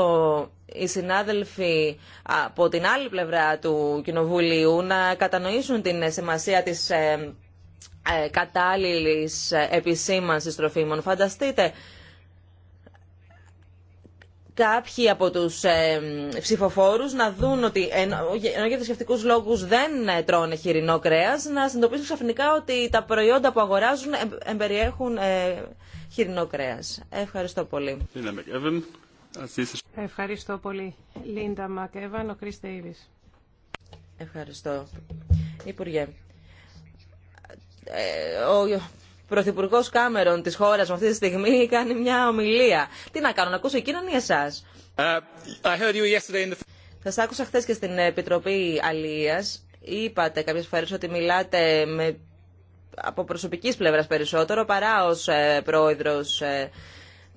οι συνάδελφοι από την άλλη πλευρά του Κοινοβουλίου να κατανοήσουν την σημασία της ε, κατάλληλης επισήμανσης τροφίμων. Φανταστείτε, κάποιοι από τους ε, ψηφοφόρους να δουν ότι ενώ για θρησκευτικού λόγους δεν ε, τρώνε χοιρινό κρέας, να συνειδητοποιήσουν ξαφνικά ότι τα προϊόντα που αγοράζουν εμπεριέχουν χοιρινό κρέας. Ευχαριστώ πολύ. Ευχαριστώ πολύ. Λίντα Μακέβαν, ο Κρις Ευχαριστώ. Υπουργέ ο Πρωθυπουργό Κάμερον τη χώρα μου αυτή τη στιγμή κάνει μια ομιλία. Τι να κάνω, να ακούσω εκείνον ή εσά. Uh, Σα άκουσα χθε και στην Επιτροπή Αλία. Είπατε κάποιε φορέ ότι μιλάτε με, από προσωπική πλευρά περισσότερο παρά ω ε, πρόεδρο ε,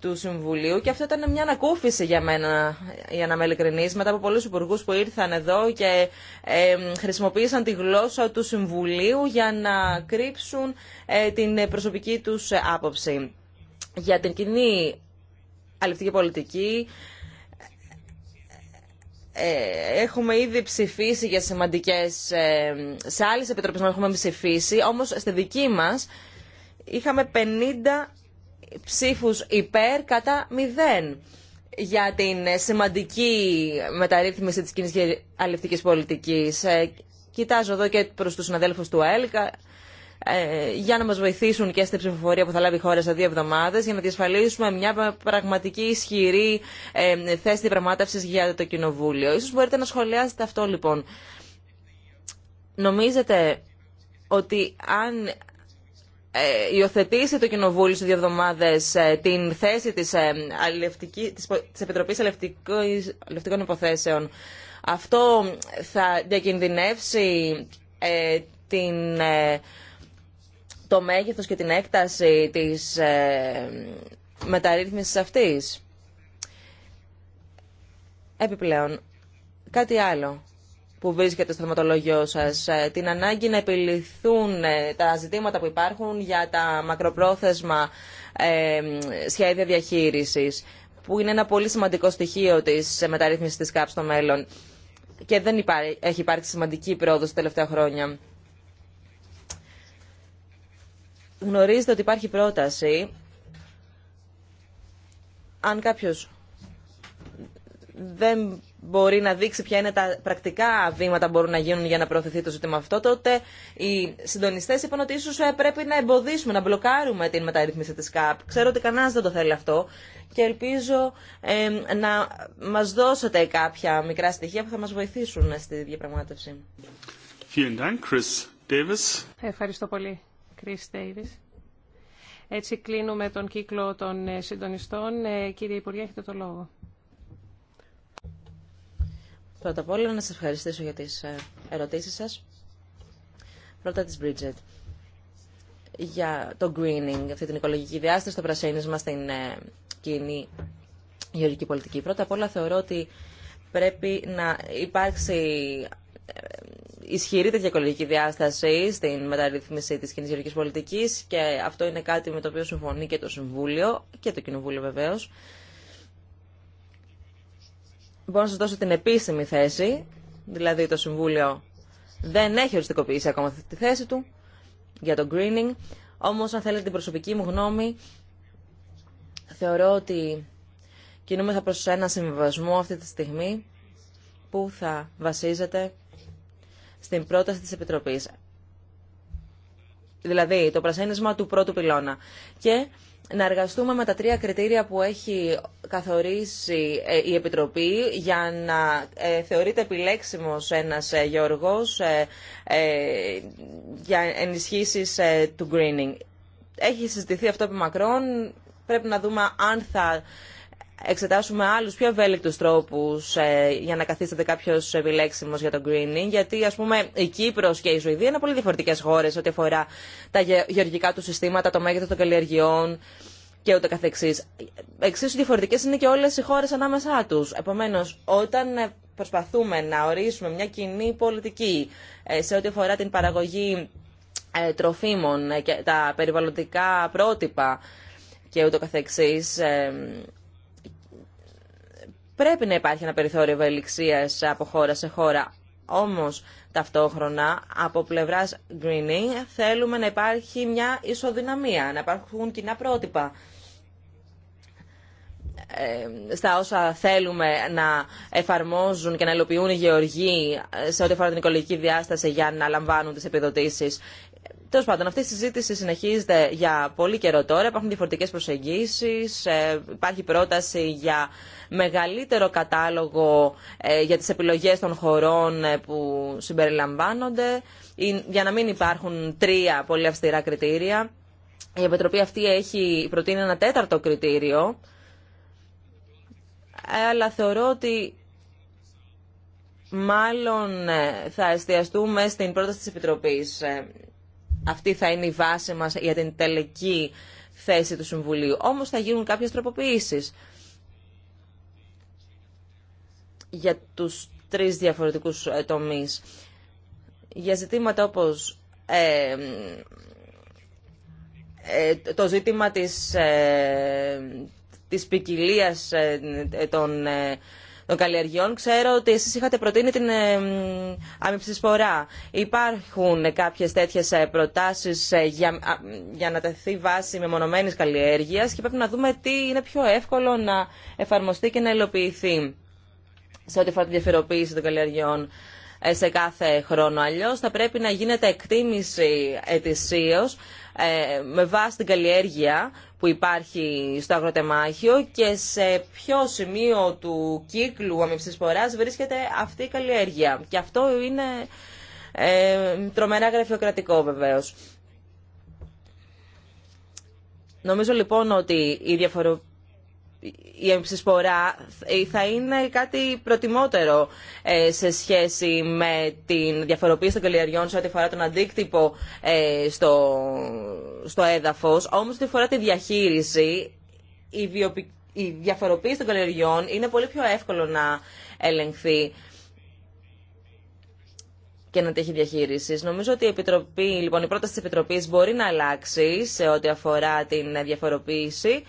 του Συμβουλίου και αυτό ήταν μια ανακούφιση για μένα, για να είμαι μετά από πολλούς υπουργού που ήρθαν εδώ και ε, χρησιμοποίησαν τη γλώσσα του Συμβουλίου για να κρύψουν ε, την προσωπική τους άποψη. Για την κοινή αλληλευτική πολιτική ε, έχουμε ήδη ψηφίσει για σημαντικές, ε, σε άλλες επιτροπές έχουμε ψηφίσει, όμως στη δική μας είχαμε 50 ψήφους υπέρ κατά μηδέν για την σημαντική μεταρρύθμιση της κοινής αλληλευτικής πολιτικής. Ε, κοιτάζω εδώ και προς τους συναδέλφους του ΑΕΛΚΑ ε, για να μας βοηθήσουν και στην ψηφοφορία που θα λάβει η χώρα σε δύο εβδομάδες για να διασφαλίσουμε μια πραγματική ισχυρή ε, θέση διαπραγμάτευσης για το Κοινοβούλιο. Ίσως μπορείτε να σχολιάσετε αυτό λοιπόν. Νομίζετε ότι αν ε, υιοθετήσει το Κοινοβούλιο σε δύο εβδομάδε ε, την θέση της, ε, της, της Επιτροπής Αλληλευτικών Υποθέσεων. Αυτό θα διακινδυνεύσει ε, την, το μέγεθος και την έκταση της ε, μεταρρύθμισης αυτής. Επιπλέον, κάτι άλλο που βρίσκεται στο θεματολόγιο σας, ε, την ανάγκη να επιληθούν ε, τα ζητήματα που υπάρχουν για τα μακροπρόθεσμα ε, σχέδια διαχείρισης, που είναι ένα πολύ σημαντικό στοιχείο της μεταρρύθμισης της ΚΑΠ στο μέλλον. Και δεν έχει υπάρξει σημαντική πρόοδος τα τελευταία χρόνια. Γνωρίζετε ότι υπάρχει πρόταση. Αν κάποιος δεν μπορεί να δείξει ποια είναι τα πρακτικά βήματα που μπορούν να γίνουν για να προωθηθεί το ζήτημα αυτό, τότε οι συντονιστέ είπαν ότι ίσω ε, πρέπει να εμποδίσουμε, να μπλοκάρουμε την μεταρρύθμιση τη ΚΑΠ. Ξέρω ότι κανένα δεν το θέλει αυτό και ελπίζω ε, να μα δώσετε κάποια μικρά στοιχεία που θα μα βοηθήσουν στη διαπραγμάτευση. Ευχαριστώ πολύ, Chris Davis. Έτσι κλείνουμε τον κύκλο των ε, συντονιστών. Ε, κύριε Υπουργέ, έχετε το λόγο. Πρώτα απ' όλα να σας ευχαριστήσω για τις ε, ερωτήσεις σας. Πρώτα της Bridget για το greening, αυτή την οικολογική διάσταση, το πρασίνισμα στην ε, κοινή γεωργική πολιτική. Πρώτα απ' όλα θεωρώ ότι πρέπει να υπάρξει ε, ισχυρή τέτοια οικολογική διάσταση στην μεταρρύθμιση της κοινής γεωργικής πολιτικής και αυτό είναι κάτι με το οποίο συμφωνεί και το Συμβούλιο και το Κοινοβούλιο βεβαίως μπορώ να σα δώσω την επίσημη θέση, δηλαδή το Συμβούλιο δεν έχει οριστικοποιήσει ακόμα τη θέση του για το greening, όμως αν θέλετε την προσωπική μου γνώμη, θεωρώ ότι κινούμεθα προ ένα συμβιβασμό αυτή τη στιγμή που θα βασίζεται στην πρόταση της επιτροπή, Δηλαδή, το πρασένισμα του πρώτου πυλώνα. Και να εργαστούμε με τα τρία κριτήρια που έχει καθορίσει ε, η Επιτροπή για να ε, θεωρείται επιλέξιμος ένας ε, γεωργός για ενισχύσεις του greening. Έχει συζητηθεί αυτό επί μακρόν. Πρέπει να δούμε αν θα εξετάσουμε άλλους πιο ευέλικτους τρόπους ε, για να καθίσταται κάποιος επιλέξιμος για το greening, γιατί ας πούμε η Κύπρος και η Σουηδία είναι πολύ διαφορετικές χώρες ό,τι αφορά τα γεωργικά του συστήματα, το μέγεθος των καλλιεργειών και ούτε καθεξής. Εξίσου διαφορετικές είναι και όλες οι χώρες ανάμεσά τους. Επομένως, όταν ε, προσπαθούμε να ορίσουμε μια κοινή πολιτική ε, σε ό,τι αφορά την παραγωγή τροφίμων και τα περιβαλλοντικά πρότυπα και ούτω καθεξής, πρέπει να υπάρχει ένα περιθώριο ευελιξία από χώρα σε χώρα. Όμως, ταυτόχρονα, από πλευράς greening θέλουμε να υπάρχει μια ισοδυναμία, να υπάρχουν κοινά πρότυπα ε, στα όσα θέλουμε να εφαρμόζουν και να υλοποιούν οι γεωργοί ε, σε ό,τι αφορά την οικολογική διάσταση για να λαμβάνουν τις επιδοτήσεις. Τέλο πάντων, αυτή η συζήτηση συνεχίζεται για πολύ καιρό τώρα. Υπάρχουν διαφορετικέ προσεγγίσει. Ε, υπάρχει πρόταση για μεγαλύτερο κατάλογο ε, για τι επιλογέ των χωρών ε, που συμπεριλαμβάνονται, για να μην υπάρχουν τρία πολύ αυστηρά κριτήρια. Η Επιτροπή αυτή έχει προτείνει ένα τέταρτο κριτήριο, αλλά θεωρώ ότι μάλλον θα εστιαστούμε στην πρόταση της Επιτροπής αυτή θα είναι η βάση μας για την τελική θέση του Συμβουλίου. Όμως θα γίνουν κάποιες τροποποιήσεις για τους τρεις διαφορετικούς ε, τομείς. Για ζητήματα όπως ε, ε, το ζήτημα της, ε, της ποικιλία ε, των των καλλιεργειών. Ξέρω ότι εσεί είχατε προτείνει την ε, αμυψησπορά. Υπάρχουν κάποιες τέτοιες ε, προτάσεις ε, για, για να τεθεί βάση μεμονωμένη καλλιέργεια και πρέπει να δούμε τι είναι πιο εύκολο να εφαρμοστεί και να υλοποιηθεί σε ό,τι αφορά τη διαφοροποίηση των καλλιεργειών σε κάθε χρόνο. Αλλιώ. θα πρέπει να γίνεται εκτίμηση ετησίω. Ε, με βάση την καλλιέργεια που υπάρχει στο αγροτεμάχιο και σε ποιο σημείο του κύκλου αμυψησποράς βρίσκεται αυτή η καλλιέργεια. Και αυτό είναι ε, τρομερά γραφειοκρατικό βεβαίως. Νομίζω λοιπόν ότι η διαφοροποίηση η εμψησπορά θα είναι κάτι προτιμότερο ε, σε σχέση με την διαφοροποίηση των καλλιεργιών σε ό,τι αφορά τον αντίκτυπο ε, στο, στο έδαφος. Όμως, ό,τι αφορά τη διαχείριση, η, διαφοροποίηση των καλλιεργιών είναι πολύ πιο εύκολο να ελεγχθεί και να τύχει διαχείριση. Νομίζω ότι η, Επιτροπή, λοιπόν, η πρόταση τη Επιτροπή μπορεί να αλλάξει σε ό,τι αφορά την διαφοροποίηση.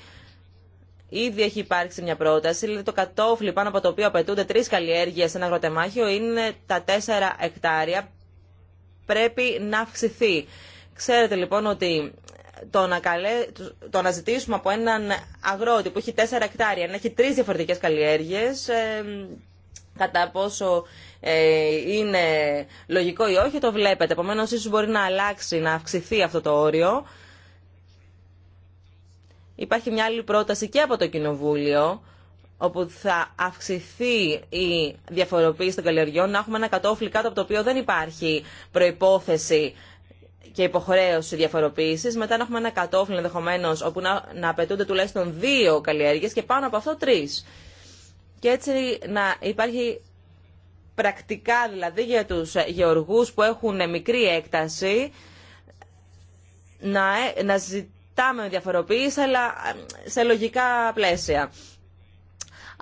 Ήδη έχει υπάρξει μια πρόταση, δηλαδή το κατόφλι πάνω από το οποίο απαιτούνται τρει καλλιέργειε σε ένα αγροτεμάχιο είναι τα τέσσερα εκτάρια. Πρέπει να αυξηθεί. Ξέρετε λοιπόν ότι το να, καλέ, το να ζητήσουμε από έναν αγρότη που έχει τέσσερα εκτάρια να έχει τρει διαφορετικέ καλλιέργειε, ε, κατά πόσο ε, είναι λογικό ή όχι, το βλέπετε. Επομένω, ίσω μπορεί να αλλάξει, να αυξηθεί αυτό το όριο. Υπάρχει μια άλλη πρόταση και από το Κοινοβούλιο, όπου θα αυξηθεί η διαφοροποίηση των καλλιεργιών, να έχουμε ένα κατόφλι κάτω από το οποίο δεν υπάρχει προϋπόθεση και υποχρέωση διαφοροποίηση. Μετά να έχουμε ένα κατόφλι ενδεχομένω όπου να, απαιτούνται τουλάχιστον δύο καλλιέργειε και πάνω από αυτό τρει. Και έτσι να υπάρχει πρακτικά δηλαδή για τους γεωργούς που έχουν μικρή έκταση να, ε, να, με διαφοροποίηση, αλλά σε λογικά πλαίσια.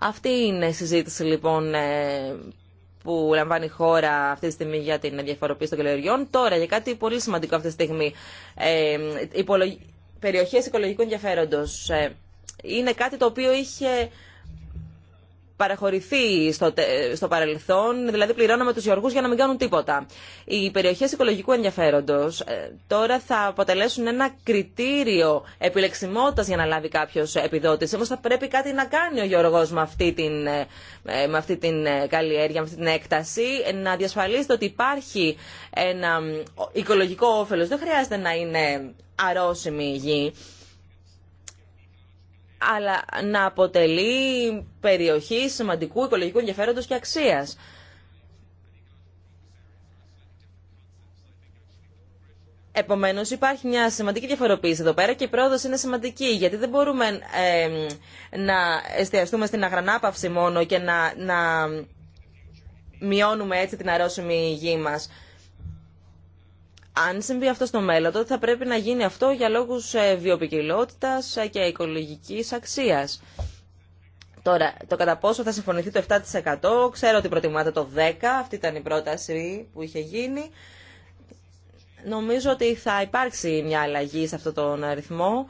Αυτή είναι η συζήτηση λοιπόν ε, που λαμβάνει η χώρα αυτή τη στιγμή για την διαφοροποίηση των καλλιεργειών. Τώρα, για κάτι πολύ σημαντικό αυτή τη στιγμή, ε, περιοχές οικολογικού ενδιαφέροντος. Ε, είναι κάτι το οποίο είχε παραχωρηθεί στο, στο παρελθόν, δηλαδή πληρώναμε του γεωργού για να μην κάνουν τίποτα. Οι περιοχέ οικολογικού ενδιαφέροντος ε, τώρα θα αποτελέσουν ένα κριτήριο επιλεξιμότητα για να λάβει κάποιο επιδότηση. Όμω θα πρέπει κάτι να κάνει ο γεωργό με αυτή την, ε, ε, με αυτή την καλλιέργεια, με αυτή την έκταση, να διασφαλίσει ότι υπάρχει ένα οικολογικό όφελο. Δεν χρειάζεται να είναι αρρώσιμη η γη αλλά να αποτελεί περιοχή σημαντικού οικολογικού ενδιαφέροντος και αξίας. Επομένως υπάρχει μια σημαντική διαφοροποίηση εδώ πέρα και η πρόοδος είναι σημαντική γιατί δεν μπορούμε να εστιαστούμε στην αγρανάπαυση μόνο και να, να μειώνουμε έτσι την αρρώσιμη γη μας. Αν συμβεί αυτό στο μέλλον, τότε θα πρέπει να γίνει αυτό για λόγους ε, βιοποικιλότητας ε, και οικολογικής αξίας. Τώρα, το κατά πόσο θα συμφωνηθεί το 7%, ξέρω ότι προτιμάτε το 10%, αυτή ήταν η πρόταση που είχε γίνει. Νομίζω ότι θα υπάρξει μια αλλαγή σε αυτόν τον αριθμό.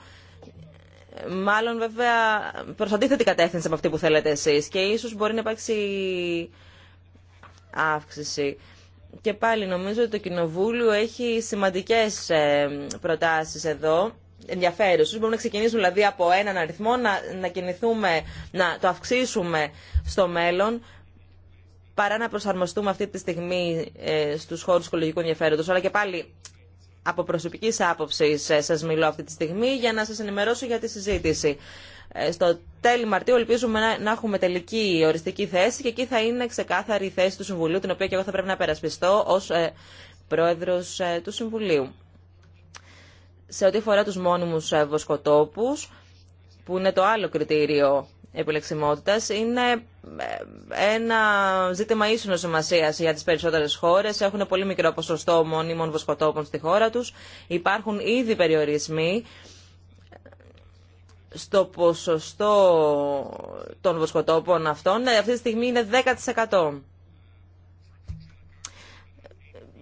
Μάλλον βέβαια προς αντίθετη κατεύθυνση από αυτή που θέλετε εσείς και ίσως μπορεί να υπάρξει αύξηση. Και πάλι νομίζω ότι το Κοινοβούλιο έχει σημαντικές ε, προτάσεις εδώ, ενδιαφέρουσες. Μπορούμε να ξεκινήσουμε δηλαδή από έναν αριθμό, να, να κινηθούμε, να το αυξήσουμε στο μέλλον, παρά να προσαρμοστούμε αυτή τη στιγμή ε, στους χώρους οικολογικού ενδιαφέροντος. Αλλά και πάλι από προσωπικής άποψης ε, σας μιλώ αυτή τη στιγμή για να σας ενημερώσω για τη συζήτηση. Ε, στο τέλη Μαρτίου ελπίζουμε να, έχουμε τελική οριστική θέση και εκεί θα είναι ξεκάθαρη η θέση του Συμβουλίου, την οποία και εγώ θα πρέπει να περασπιστώ ως ε, πρόεδρος ε, του Συμβουλίου. Σε ό,τι αφορά τους μόνιμους ε, βοσκοτόπους, που είναι το άλλο κριτήριο επιλεξιμότητας, είναι ε, ένα ζήτημα ίσονος σημασία για τις περισσότερες χώρες. Έχουν πολύ μικρό ποσοστό μόνιμων βοσκοτόπων στη χώρα τους. Υπάρχουν ήδη περιορισμοί στο ποσοστό των βοσκοτόπων αυτών ε, αυτή τη στιγμή είναι 10%.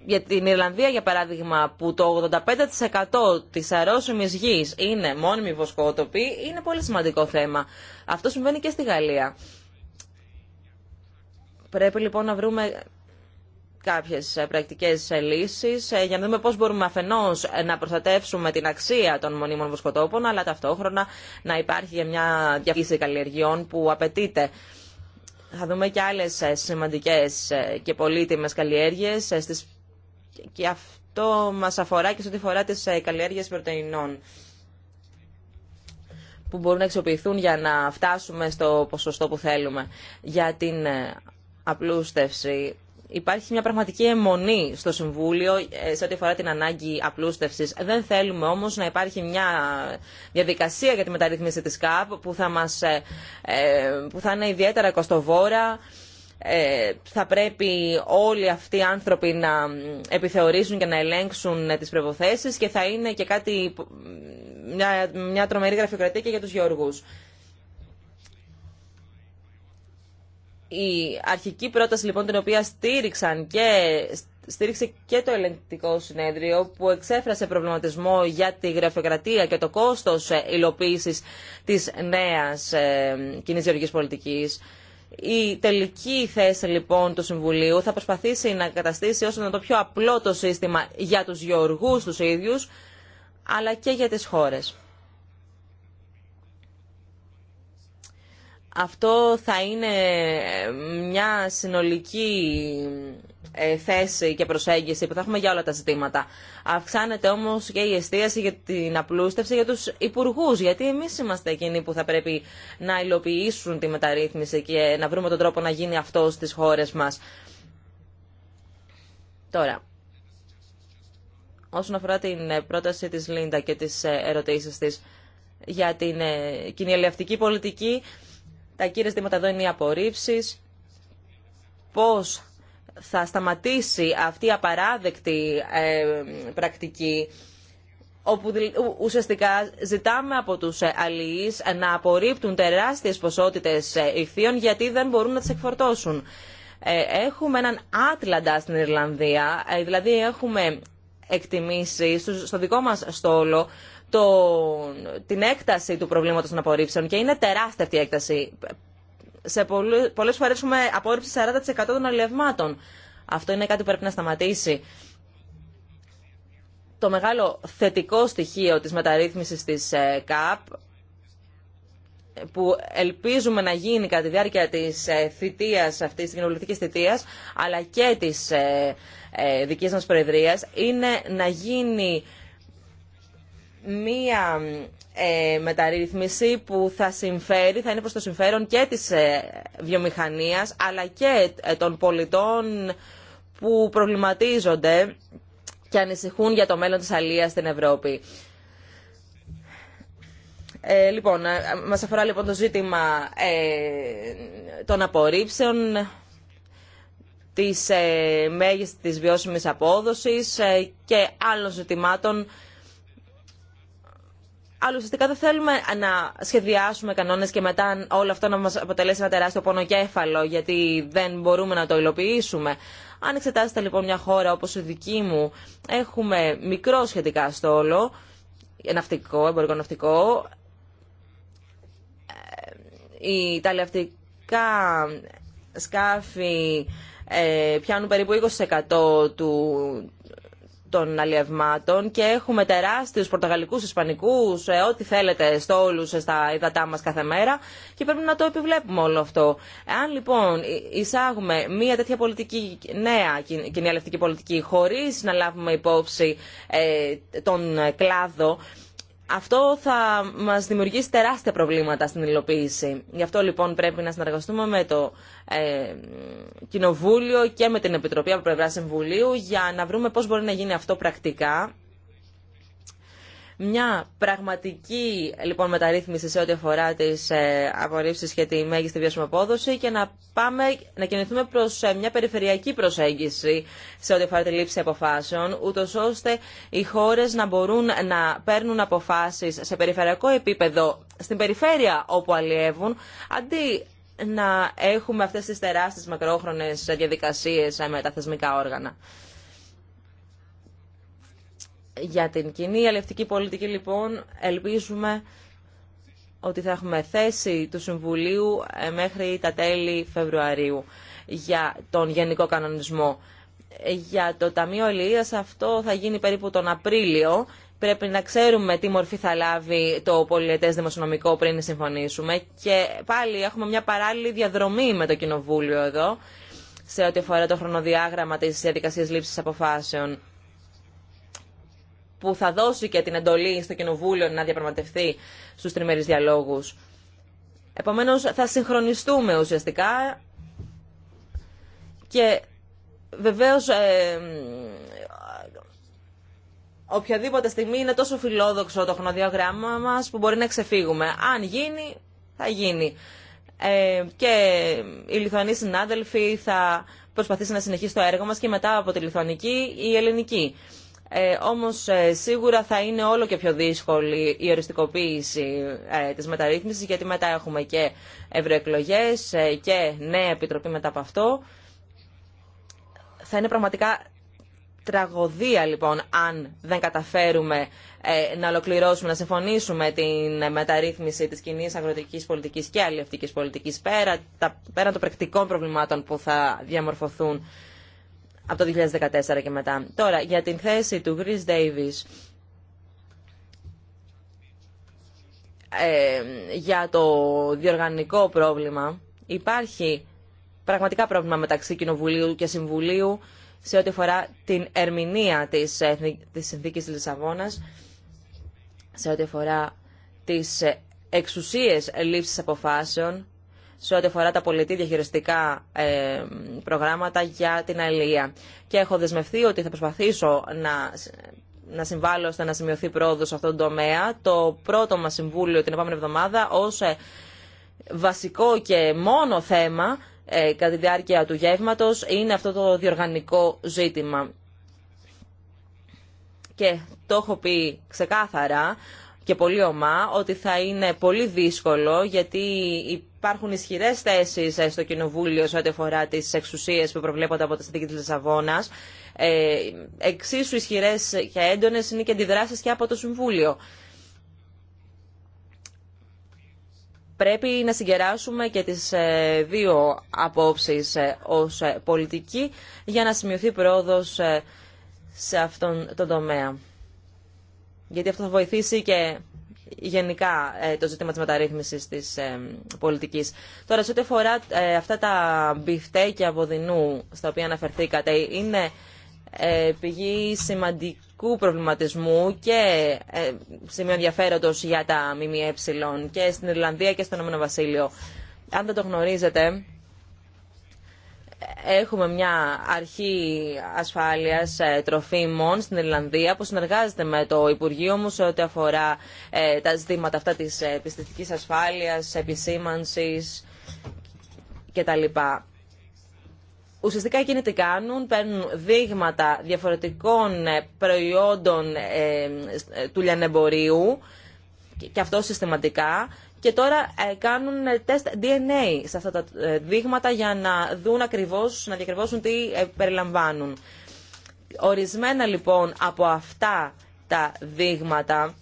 Για την Ιρλανδία, για παράδειγμα, που το 85% της αρρώσιμης γης είναι μόνιμοι βοσκότοποι, είναι πολύ σημαντικό θέμα. Αυτό συμβαίνει και στη Γαλλία. Πρέπει λοιπόν να βρούμε Κάποιε πρακτικέ ε, λύσει ε, για να δούμε πώ μπορούμε αφενό ε, να προστατεύσουμε την αξία των μονίμων βοσκοτόπων αλλά ταυτόχρονα να υπάρχει μια διαχείριση καλλιεργειών που απαιτείται. Θα δούμε και άλλες σημαντικέ και πολύτιμε καλλιέργειε στις... και αυτό μα αφορά και σε ό,τι φορά τι καλλιέργειε πρωτεϊνών που μπορούν να αξιοποιηθούν για να φτάσουμε στο ποσοστό που θέλουμε. Για την απλούστευση υπάρχει μια πραγματική αιμονή στο Συμβούλιο ε, σε ό,τι αφορά την ανάγκη απλούστευσης. Δεν θέλουμε όμως να υπάρχει μια διαδικασία για τη μεταρρύθμιση της ΚΑΠ που θα, μας, ε, ε, που θα είναι ιδιαίτερα κοστοβόρα. Θα πρέπει όλοι αυτοί οι άνθρωποι να επιθεωρήσουν και να ελέγξουν τις προποθέσει και θα είναι και κάτι, μια, μια τρομερή γραφειοκρατία και για τους γεωργού. Η αρχική πρόταση λοιπόν την οποία στήριξαν και στήριξε και το ελεγκτικό συνέδριο που εξέφρασε προβληματισμό για τη γραφειοκρατία και το κόστος ε, υλοποίησης της νέας ε, κοινής γεωργικής πολιτικής. Η τελική θέση λοιπόν του Συμβουλίου θα προσπαθήσει να καταστήσει όσο το πιο απλό το σύστημα για τους γεωργούς τους ίδιους αλλά και για τις χώρες. αυτό θα είναι μια συνολική ε, θέση και προσέγγιση που θα έχουμε για όλα τα ζητήματα. Αυξάνεται όμως και η εστίαση για την απλούστευση για τους υπουργού, γιατί εμείς είμαστε εκείνοι που θα πρέπει να υλοποιήσουν τη μεταρρύθμιση και να βρούμε τον τρόπο να γίνει αυτό στι χώρε μας. Τώρα, όσον αφορά την ε, πρόταση της Λίντα και τις ε, ερωτήσεις της για την κοινή πολιτική, τα κύρια ζητήματα εδώ είναι οι απορρίψει. Πώς θα σταματήσει αυτή η απαράδεκτη ε, πρακτική όπου ουσιαστικά ζητάμε από τους ε, αλληλείς ε, να απορρίπτουν τεράστιες ποσότητες ηχθείων γιατί δεν μπορούν να τις εκφορτώσουν. Έχουμε έναν άτλαντα στην Ιρλανδία, δηλαδή έχουμε εκτιμήσει στο δικό μας στόλο το την έκταση του προβλήματος των απορρίψεων και είναι τεράστια αυτή η έκταση. Σε πολλές, φορέ έχουμε απόρριψη 40% των αλληλευμάτων. Αυτό είναι κάτι που πρέπει να σταματήσει. Το μεγάλο θετικό στοιχείο της μεταρρύθμισης της ε, ΚΑΠ που ελπίζουμε να γίνει κατά τη διάρκεια της ε, θητείας αυτής, της κοινοβουλευτικής θητείας, αλλά και της ε, δικής μας Προεδρίας, είναι να γίνει μία ε, μεταρρύθμιση που θα συμφέρει, θα είναι προς το συμφέρον και της ε, βιομηχανίας αλλά και ε, των πολιτών που προβληματίζονται και ανησυχούν για το μέλλον της αλίας στην Ευρώπη. Ε, λοιπόν, μας αφορά λοιπόν το ζήτημα των απορρίψεων της μέγιστης της βιώσιμης απόδοσης και άλλων ζητημάτων αλλά ουσιαστικά δεν θέλουμε να σχεδιάσουμε κανόνε και μετά όλο αυτό να μα αποτελέσει ένα τεράστιο πονοκέφαλο, γιατί δεν μπορούμε να το υλοποιήσουμε. Αν εξετάσετε λοιπόν μια χώρα όπω η δική μου, έχουμε μικρό σχετικά στόλο, ναυτικό, εμπορικό ναυτικό. Ε, οι ταλαιαυτικά σκάφη ε, πιάνουν περίπου 20% του, των αλλιευμάτων και έχουμε τεράστιους πορτογαλικούς, ισπανικούς, ε, ό,τι θέλετε στόλους ε, στα υδατά μας κάθε μέρα και πρέπει να το επιβλέπουμε όλο αυτό. Αν λοιπόν ε, εισάγουμε μια τέτοια πολιτική, νέα κοινιαλευτική πολιτική χωρίς να λάβουμε υπόψη τον κλάδο αυτό θα μας δημιουργήσει τεράστια προβλήματα στην υλοποίηση. Γι' αυτό λοιπόν πρέπει να συνεργαστούμε με το ε, Κοινοβούλιο και με την Επιτροπή από πλευρά Συμβουλίου για να βρούμε πώς μπορεί να γίνει αυτό πρακτικά μια πραγματική λοιπόν μεταρρύθμιση σε ό,τι αφορά τι ε, απορρίψει και τη μέγιστη βιώσιμη απόδοση και να πάμε να κινηθούμε προ ε, μια περιφερειακή προσέγγιση σε ό,τι αφορά τη λήψη αποφάσεων, ούτω ώστε οι χώρε να μπορούν να παίρνουν αποφάσει σε περιφερειακό επίπεδο στην περιφέρεια όπου αλλιεύουν, αντί να έχουμε αυτές τις τεράστιες μακρόχρονες διαδικασίες ε, με τα θεσμικά όργανα. Για την κοινή αλληλευτική πολιτική, λοιπόν, ελπίζουμε ότι θα έχουμε θέση του Συμβουλίου ε, μέχρι τα τέλη Φεβρουαρίου για τον Γενικό Κανονισμό. Ε, για το Ταμείο Ελληνίας αυτό θα γίνει περίπου τον Απρίλιο. Πρέπει να ξέρουμε τι μορφή θα λάβει το πολιετές δημοσιονομικό πριν συμφωνήσουμε. Και πάλι έχουμε μια παράλληλη διαδρομή με το Κοινοβούλιο εδώ σε ό,τι αφορά το χρονοδιάγραμμα της διαδικασίας λήψης αποφάσεων που θα δώσει και την εντολή στο Κοινοβούλιο να διαπραγματευτεί στους τριμερείς διαλόγους. Επομένως, θα συγχρονιστούμε ουσιαστικά και βεβαίως ε, οποιαδήποτε στιγμή είναι τόσο φιλόδοξο το χρονοδιάγραμμα μας που μπορεί να ξεφύγουμε. Αν γίνει, θα γίνει. Ε, και οι Λιθουανοί συνάδελφοι θα προσπαθήσουν να συνεχίσει το έργο μας και μετά από τη Λιθουανική η Ελληνική. Ε, όμως ε, σίγουρα θα είναι όλο και πιο δύσκολη η οριστικοποίηση ε, της μεταρρύθμισης γιατί μετά έχουμε και ευρωεκλογέ ε, και νέα επιτροπή μετά από αυτό. Θα είναι πραγματικά τραγωδία λοιπόν αν δεν καταφέρουμε ε, να ολοκληρώσουμε, να συμφωνήσουμε την μεταρρύθμιση της κοινή αγροτικής πολιτικής και αλληλευτικής πολιτικής πέρα, τα, πέρα των πρακτικών προβλημάτων που θα διαμορφωθούν από το 2014 και μετά. Τώρα, για την θέση του Chris Davis ε, για το διοργανικό πρόβλημα, υπάρχει πραγματικά πρόβλημα μεταξύ Κοινοβουλίου και Συμβουλίου σε ό,τι αφορά την ερμηνεία της, της συνθήκης της Λισαβόνας, σε ό,τι αφορά τις εξουσίες λήψης αποφάσεων σε ό,τι αφορά τα πολιτή διαχειριστικά ε, προγράμματα για την αλληλεία. Και έχω δεσμευτεί ότι θα προσπαθήσω να να συμβάλλω ώστε να σημειωθεί πρόοδο σε αυτόν τον τομέα. Το πρώτο μα συμβούλιο την επόμενη εβδομάδα ω ε, βασικό και μόνο θέμα ε, κατά τη διάρκεια του γεύματο είναι αυτό το διοργανικό ζήτημα. Και το έχω πει ξεκάθαρα και πολύ ομά ότι θα είναι πολύ δύσκολο γιατί υπάρχουν ισχυρές θέσει ε, στο Κοινοβούλιο σε ό,τι αφορά τις εξουσίες που προβλέπονται από τη Συνθήκη της Λισαβόνα. Ε, εξίσου ισχυρές και έντονες είναι και αντιδράσει και από το Συμβούλιο. Πρέπει να συγκεράσουμε και τις ε, δύο απόψεις ε, ως πολιτικοί για να σημειωθεί πρόοδος σε αυτόν τον τομέα γιατί αυτό θα βοηθήσει και γενικά ε, το ζήτημα της μεταρρύθμισης της ε, πολιτικής. Τώρα, σε ό,τι αφορά ε, αυτά τα μπιφτέκια δεινού στα οποία αναφερθήκατε, είναι πηγή σημαντικού προβληματισμού και σημείο ενδιαφέροντος για τα ΜΜΕ και στην Ιρλανδία και στον Ηνωμένο Βασίλειο. Αν δεν το γνωρίζετε, έχουμε μια αρχή ασφάλειας ε, τροφίμων στην Ιρλανδία που συνεργάζεται με το Υπουργείο μου σε ό,τι αφορά ε, τα ζητήματα αυτά της ε, επιστημική ασφάλειας, επισήμανσης κτλ. Ουσιαστικά εκείνοι τι κάνουν, παίρνουν δείγματα διαφορετικών προϊόντων του λιανεμπορίου και αυτό συστηματικά και τώρα ε, κάνουν ε, τεστ DNA σε αυτά τα ε, δείγματα για να δουν ακριβώς, να διακριβώσουν τι περιλαμβάνουν. Ορισμένα λοιπόν από αυτά τα δείγματα,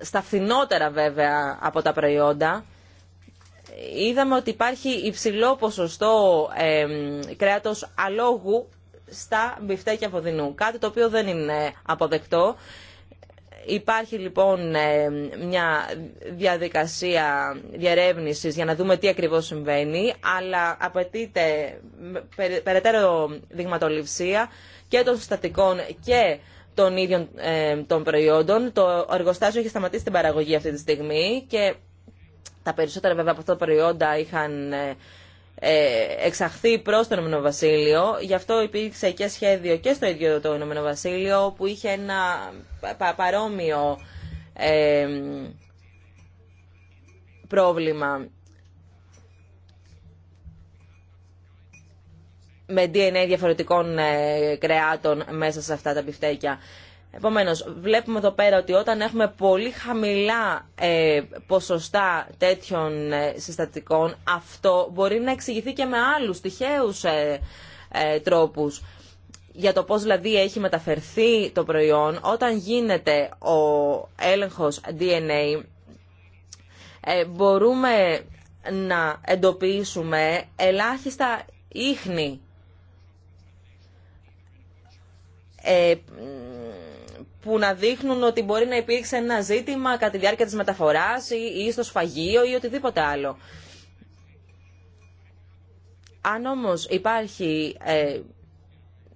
στα φθηνότερα βέβαια από τα προϊόντα, είδαμε ότι υπάρχει υψηλό ποσοστό ε, κρέατος αλόγου στα μπιφτέκια βοδινού. Κάτι το οποίο δεν είναι αποδεκτό Υπάρχει λοιπόν ε, μια διαδικασία διαρεύνησης για να δούμε τι ακριβώς συμβαίνει, αλλά απαιτείται περαιτέρω δειγματοληψία και των συστατικών και των ίδιων ε, των προϊόντων. Το εργοστάσιο έχει σταματήσει την παραγωγή αυτή τη στιγμή και τα περισσότερα βέβαια από αυτά τα προϊόντα είχαν ε, ε, εξαχθεί προς το Ηνωμένο Βασίλειο. Γι' αυτό υπήρξε και σχέδιο και στο ίδιο το Ηνωμένο Βασίλειο που είχε ένα παρόμοιο ε, πρόβλημα με DNA διαφορετικών ε, κρεάτων μέσα σε αυτά τα πιφτέκια. Επομένω, βλέπουμε εδώ πέρα ότι όταν έχουμε πολύ χαμηλά ε, ποσοστά τέτοιων ε, συστατικών, αυτό μπορεί να εξηγηθεί και με άλλους τυχαίους ε, ε, τρόπους. Για το πώς δηλαδή έχει μεταφερθεί το προϊόν, όταν γίνεται ο έλεγχος DNA, ε, μπορούμε να εντοπίσουμε ελάχιστα ίχνη που να δείχνουν ότι μπορεί να υπήρξε ένα ζήτημα κατά τη διάρκεια της μεταφοράς ή στο σφαγείο ή οτιδήποτε άλλο. Αν όμως υπάρχει ε,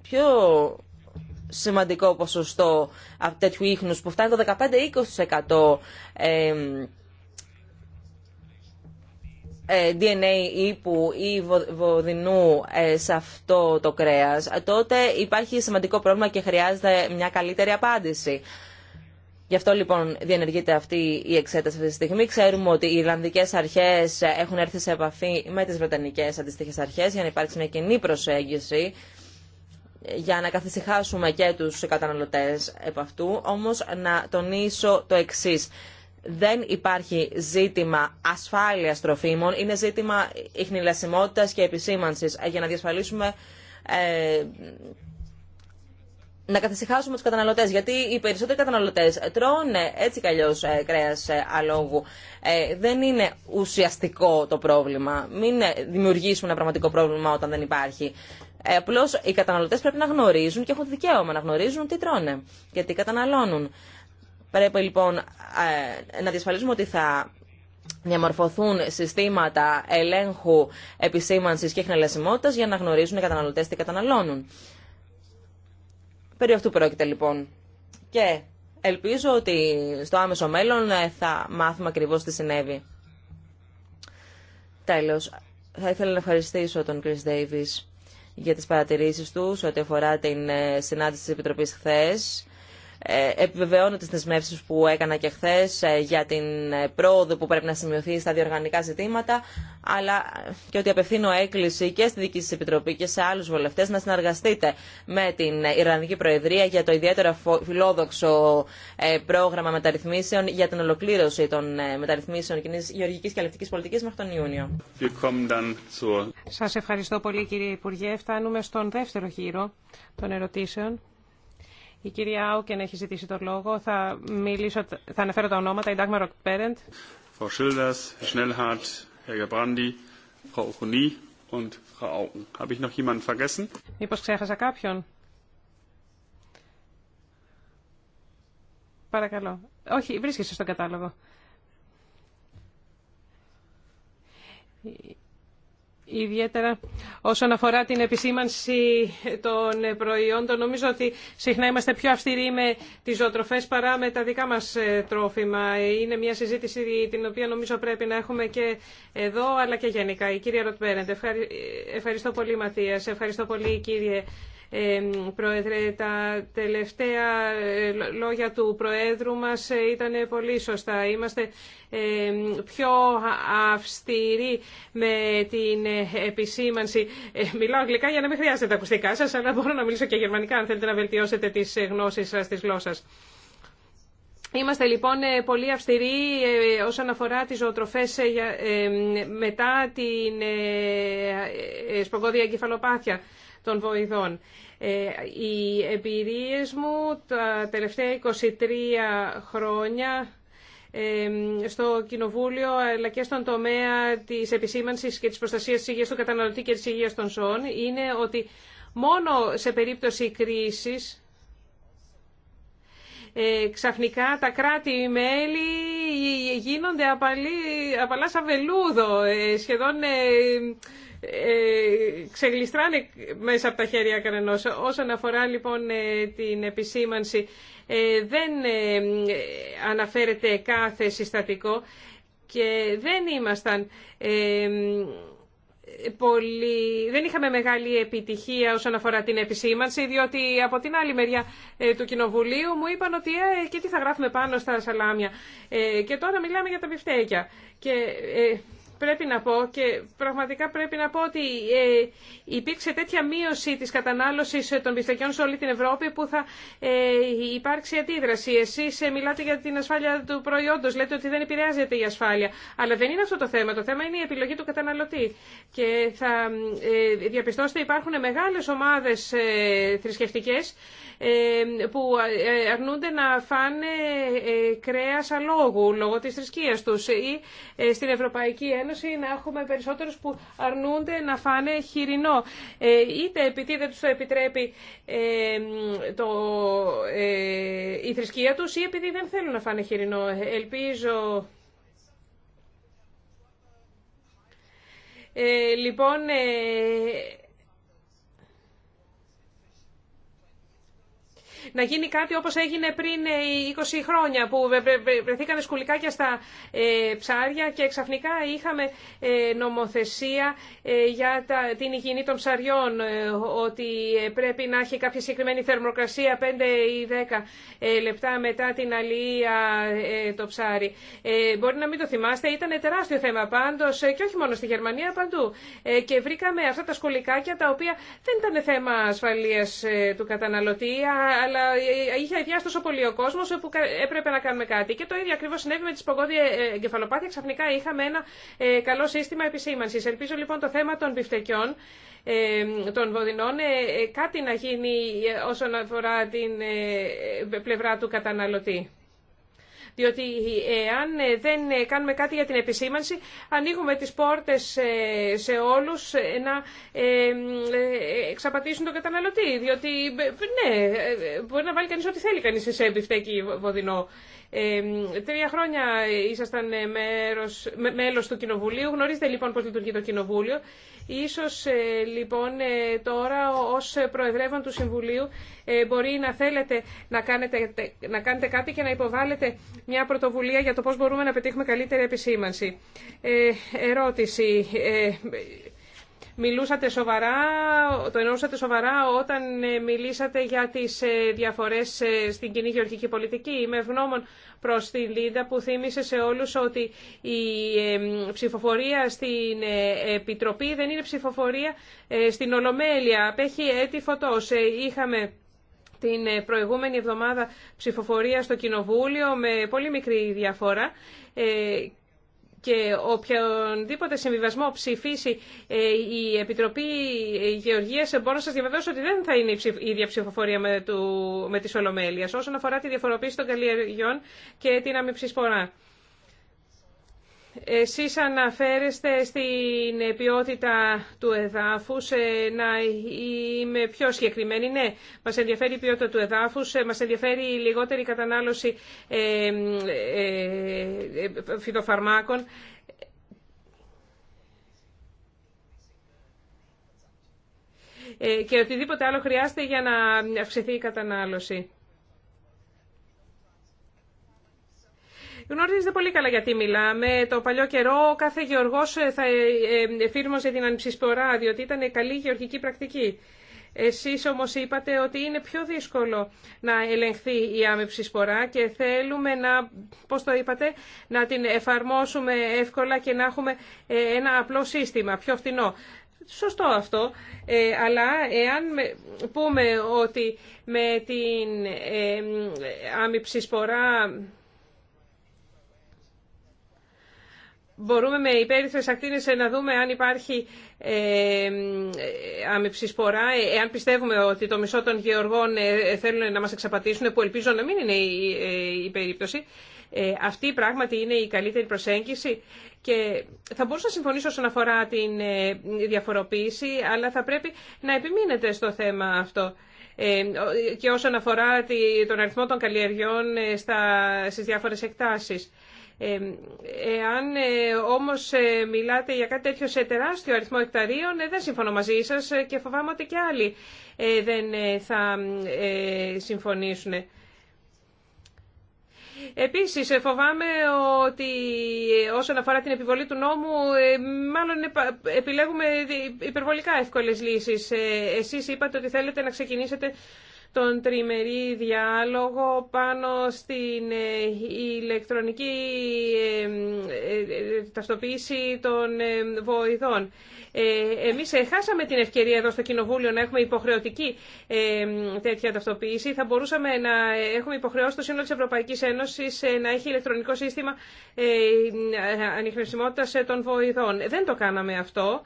πιο σημαντικό ποσοστό από τέτοιου ίχνους που φτάνει το 15-20% ε, ε, DNA ύπου ή βοδινού ε, σε αυτό το κρέας, τότε υπάρχει σημαντικό πρόβλημα και χρειάζεται μια καλύτερη απάντηση. Γι' αυτό λοιπόν διενεργείται αυτή η εξέταση αυτή τη στιγμή. Ξέρουμε ότι οι Ιρλανδικέ αρχέ έχουν έρθει σε επαφή με τι Βρετανικέ αντίστοιχε αρχέ για να υπάρξει μια κοινή προσέγγιση για να καθησυχάσουμε και του καταναλωτέ επ' αυτού, όμως να τονίσω το εξή δεν υπάρχει ζήτημα ασφάλειας τροφίμων, είναι ζήτημα ιχνηλασιμότητας και επισήμανσης ε, για να διασφαλίσουμε ε, να καθησυχάσουμε του καταναλωτέ. Γιατί οι περισσότεροι καταναλωτέ τρώνε έτσι κι αλλιώ ε, κρέα αλόγου. δεν είναι ουσιαστικό το πρόβλημα. Μην δημιουργήσουμε ένα πραγματικό πρόβλημα όταν δεν υπάρχει. Ε, Απλώ οι καταναλωτέ πρέπει να γνωρίζουν και έχουν δικαίωμα να γνωρίζουν τι τρώνε και τι καταναλώνουν. Πρέπει λοιπόν ε, να διασφαλίσουμε ότι θα διαμορφωθούν συστήματα ελέγχου επισήμανσης και χνελασιμότητα για να γνωρίζουν οι καταναλωτές τι καταναλώνουν. Περί αυτού πρόκειται λοιπόν. Και ελπίζω ότι στο άμεσο μέλλον ε, θα μάθουμε ακριβώ τι συνέβη. Τέλος, θα ήθελα να ευχαριστήσω τον Chris Davis για τις παρατηρήσεις του σε ό,τι αφορά την ε, συνάντηση της Επιτροπής χθες ε, επιβεβαιώνω τις δεσμεύσεις που έκανα και χθε ε, για την πρόοδο που πρέπει να σημειωθεί στα διοργανικά ζητήματα, αλλά ε, και ότι απευθύνω έκκληση και στη δική σα Επιτροπή και σε άλλους βουλευτέ να συνεργαστείτε με την Ιρλανδική Προεδρία για το ιδιαίτερα φιλόδοξο πρόγραμμα μεταρρυθμίσεων για την ολοκλήρωση των μεταρρυθμίσεων κοινή γεωργικής και αλευτικής πολιτικής μέχρι τον Ιούνιο. Σας ευχαριστώ πολύ κύριε Υπουργέ. Φτάνουμε στον δεύτερο γύρο των ερωτήσεων. Η κυρία Άουκεν έχει ζητήσει το λόγο. Θα, μιλήσω, θα αναφέρω τα ονόματα. Η Dagmar Rockparent. Frau Schilders, Schnellhardt, Herr Gebrandi, Frau und Frau ξέχασα κάποιον. Παρακαλώ. Όχι, βρίσκεσαι στον κατάλογο. Ιδιαίτερα όσον αφορά την επισήμανση των προϊόντων, νομίζω ότι συχνά είμαστε πιο αυστηροί με τις ζωοτροφές παρά με τα δικά μας ε, τρόφιμα. Είναι μια συζήτηση την οποία νομίζω πρέπει να έχουμε και εδώ, αλλά και γενικά. Η κυρία Ροτμπέρεντ, ευχαριστώ πολύ Ματίας, ευχαριστώ πολύ κύριε Πρόεδρε, τα τελευταία ε, λόγια του Προέδρου μας ε, ήταν πολύ σωστά. Είμαστε πιο αυστηροί με την ε, επισήμανση. Μιλάω αγγλικά για να μην χρειάζεται τα ακουστικά σας, αλλά μπορώ να μιλήσω και γερμανικά αν θέλετε να βελτιώσετε τις γνώσεις σας, Της γλώσσας. Είμαστε λοιπόν πολύ αυστηροί όσον αφορά τις ζωοτροφές μετά την σπογγόδια εγκεφαλοπάθεια των βοηδών. Ε, οι εμπειρίες μου τα τελευταία 23 χρόνια στο Κοινοβούλιο αλλά και στον τομέα της επισήμανσης και της προστασίας της υγείας του καταναλωτή και της υγείας των ζώων είναι ότι μόνο σε περίπτωση κρίσης ε, ξαφνικά τα κράτη-μέλη γίνονται απαλή, απαλά βελούδο. ε, σχεδόν ε, ε, ξεγλιστράνε μέσα από τα χέρια κανενός. Όσον αφορά λοιπόν ε, την επισήμανση, ε, δεν αναφέρεται κάθε συστατικό και δεν ήμασταν πολύ... δεν είχαμε μεγάλη επιτυχία όσον αφορά την επισήμανση, διότι από την άλλη μεριά του Κοινοβουλίου μου είπαν ότι ε, και τι θα γράφουμε πάνω στα σαλάμια. Ε, και τώρα μιλάμε για τα πιφτέκια. Και, ε, πρέπει να πω και πραγματικά πρέπει να πω ότι ε, υπήρξε τέτοια μείωση της κατανάλωσης των πιστακιών σε όλη την Ευρώπη που θα ε, υπάρξει αντίδραση. Εσείς ε, μιλάτε για την ασφάλεια του προϊόντος, λέτε ότι δεν επηρεάζεται η ασφάλεια. Αλλά δεν είναι αυτό το θέμα. Το θέμα είναι η επιλογή του καταναλωτή. Και θα ε, διαπιστώσετε υπάρχουν μεγάλες ομάδες ε, θρησκευτικές ε, που αρνούνται να φάνε κρέας αλόγου λόγω της θρησκείας τους ή στην Ευρωπαϊκή Ένωση Ένωση να έχουμε περισσότερους που αρνούνται να φάνε χοιρινό. Ε, είτε επειδή δεν τους το επιτρέπει ε, το, ε, η θρησκεία τους ή επειδή δεν θέλουν να φάνε χοιρινό. Ελπίζω... λοιπόν, να γίνει κάτι όπως έγινε πριν 20 ε, χρόνια που βρεθήκανε σκουλικάκια στα ε, ψάρια και ξαφνικά είχαμε ε, νομοθεσία για την υγιεινή των ψαριών ότι πρέπει να έχει κάποια συγκεκριμένη θερμοκρασία 5 ή 10 λεπτά μετά την αλία το ψάρι. Μπορεί να μην το θυμάστε, ήταν τεράστιο θέμα πάντως και όχι μόνο στη Γερμανία, παντού. Και βρήκαμε αυτά τα σκουλικάκια τα οποία δεν ήταν θέμα ασφαλείας του καταναλωτή αλλά είχε αδειάσει τόσο πολύ ο κόσμο που έπρεπε να κάνουμε κάτι. Και το ίδιο ακριβώ συνέβη με τη σπογγόδια ε, ε, εγκεφαλοπάθεια. Ξαφνικά είχαμε ένα ε, καλό σύστημα επισήμανση. Ελπίζω λοιπόν το θέμα των πιφτεκιών των βοδινών κάτι να γίνει όσον αφορά την πλευρά του καταναλωτή. Διότι εάν ε, δεν ε, κάνουμε κάτι για την επισήμανση, ανοίγουμε τις πόρτες ε, σε όλους να εξαπατήσουν τον καταναλωτή. Διότι, ναι, μπορεί να βάλει κανείς ό,τι θέλει κανείς σε εκεί βοδινό τρία χρόνια ήσασταν μέρος, μέλος του Κοινοβουλίου. Γνωρίζετε λοιπόν πώς λειτουργεί το Κοινοβούλιο. Ίσως ε, λοιπόν ε, τώρα ως Προεδρεύων του Συμβουλίου ε, μπορεί να θέλετε να κάνετε, να κάνετε κάτι και να υποβάλλετε μια πρωτοβουλία για το πώς μπορούμε να πετύχουμε καλύτερη επισήμανση. Ε, ερώτηση μιλούσατε σοβαρά, το εννοούσατε σοβαρά όταν ε, μιλήσατε για τις ε, διαφορές ε, στην κοινή γεωργική πολιτική. Είμαι ευγνώμων προς τη Λίντα που θύμισε σε όλους ότι η ψηφοφορία στην Επιτροπή δεν είναι ψηφοφορία στην Ολομέλεια. Απέχει έτη φωτός. Είχαμε την προηγούμενη εβδομάδα ψηφοφορία στο Κοινοβούλιο με πολύ μικρή διαφορά και οποιονδήποτε συμβιβασμό ψηφίσει ε, η Επιτροπή Γεωργίας μπορώ να σα διαβεβαιώσω ότι δεν θα είναι η ίδια ψηφοφορία με, του, με όσον αφορά τη διαφοροποίηση των καλλιεργειών και την αμυψησπορά. Εσείς αναφέρεστε στην ποιότητα του εδάφους, ε, να είμαι πιο συγκεκριμένη. Ναι, μας ενδιαφέρει η ποιότητα του εδάφους, ε, μας ενδιαφέρει η λιγότερη κατανάλωση ε, φυτοφαρμάκων. και οτιδήποτε άλλο χρειάζεται για να αυξηθεί η κατανάλωση. Γνωρίζετε πολύ καλά γιατί μιλάμε. Το παλιό καιρό κάθε γεωργό ε, θα ε, ε, εφήρμοζε την ανυψισπορά, διότι ήταν καλή γεωργική πρακτική. Εσείς όμως είπατε ότι είναι πιο δύσκολο να ελεγχθεί η άμεψη σπορά και θέλουμε να, πώς το είπατε, να την εφαρμόσουμε εύκολα και να έχουμε ένα απλό σύστημα, πιο φτηνό. Σωστό αυτό, αλλά εάν πούμε ότι με την ε, άμυψη σπορά μπορούμε με υπέρυθρες ακτίνες να δούμε αν υπάρχει ε, αμυψισπορά, ε, ε, εάν πιστεύουμε ότι το μισό των γεωργών ε, θέλουν να μας εξαπατήσουν, που ελπίζω να μην είναι η, η περίπτωση. Ε, αυτή πράγματι είναι η καλύτερη προσέγγιση και θα μπορούσα να συμφωνήσω όσον αφορά την διαφοροποίηση, αλλά θα πρέπει να επιμείνετε στο θέμα αυτό και όσον αφορά τη, τον αριθμό των καλλιεργιών στα, στις διάφορες εκτάσεις. Εάν ε, όμως ε, μιλάτε για κάτι τέτοιο σε τεράστιο αριθμό εκταρίων, ε, δεν συμφωνώ μαζί σας και φοβάμαι ότι και άλλοι δεν θα συμφωνήσουν. Επίσης, φοβάμαι ότι όσον αφορά την επιβολή του νόμου, μάλλον επιλέγουμε υπερβολικά εύκολες λύσεις. Εσείς είπατε ότι θέλετε να ξεκινήσετε τον τριμερή διάλογο πάνω στην ε, ηλεκτρονική ε, ε, ταυτοποίηση των βοηθών. Εμείς χάσαμε την ευκαιρία εδώ στο Κοινοβούλιο να έχουμε υποχρεωτική τέτοια ταυτοποίηση. Θα μπορούσαμε να έχουμε υποχρεώσει το σύνολο της Ευρωπαϊκής Ένωσης να έχει ηλεκτρονικό σύστημα ανιχνευσιμότητας των βοηθών. Δεν το κάναμε αυτό.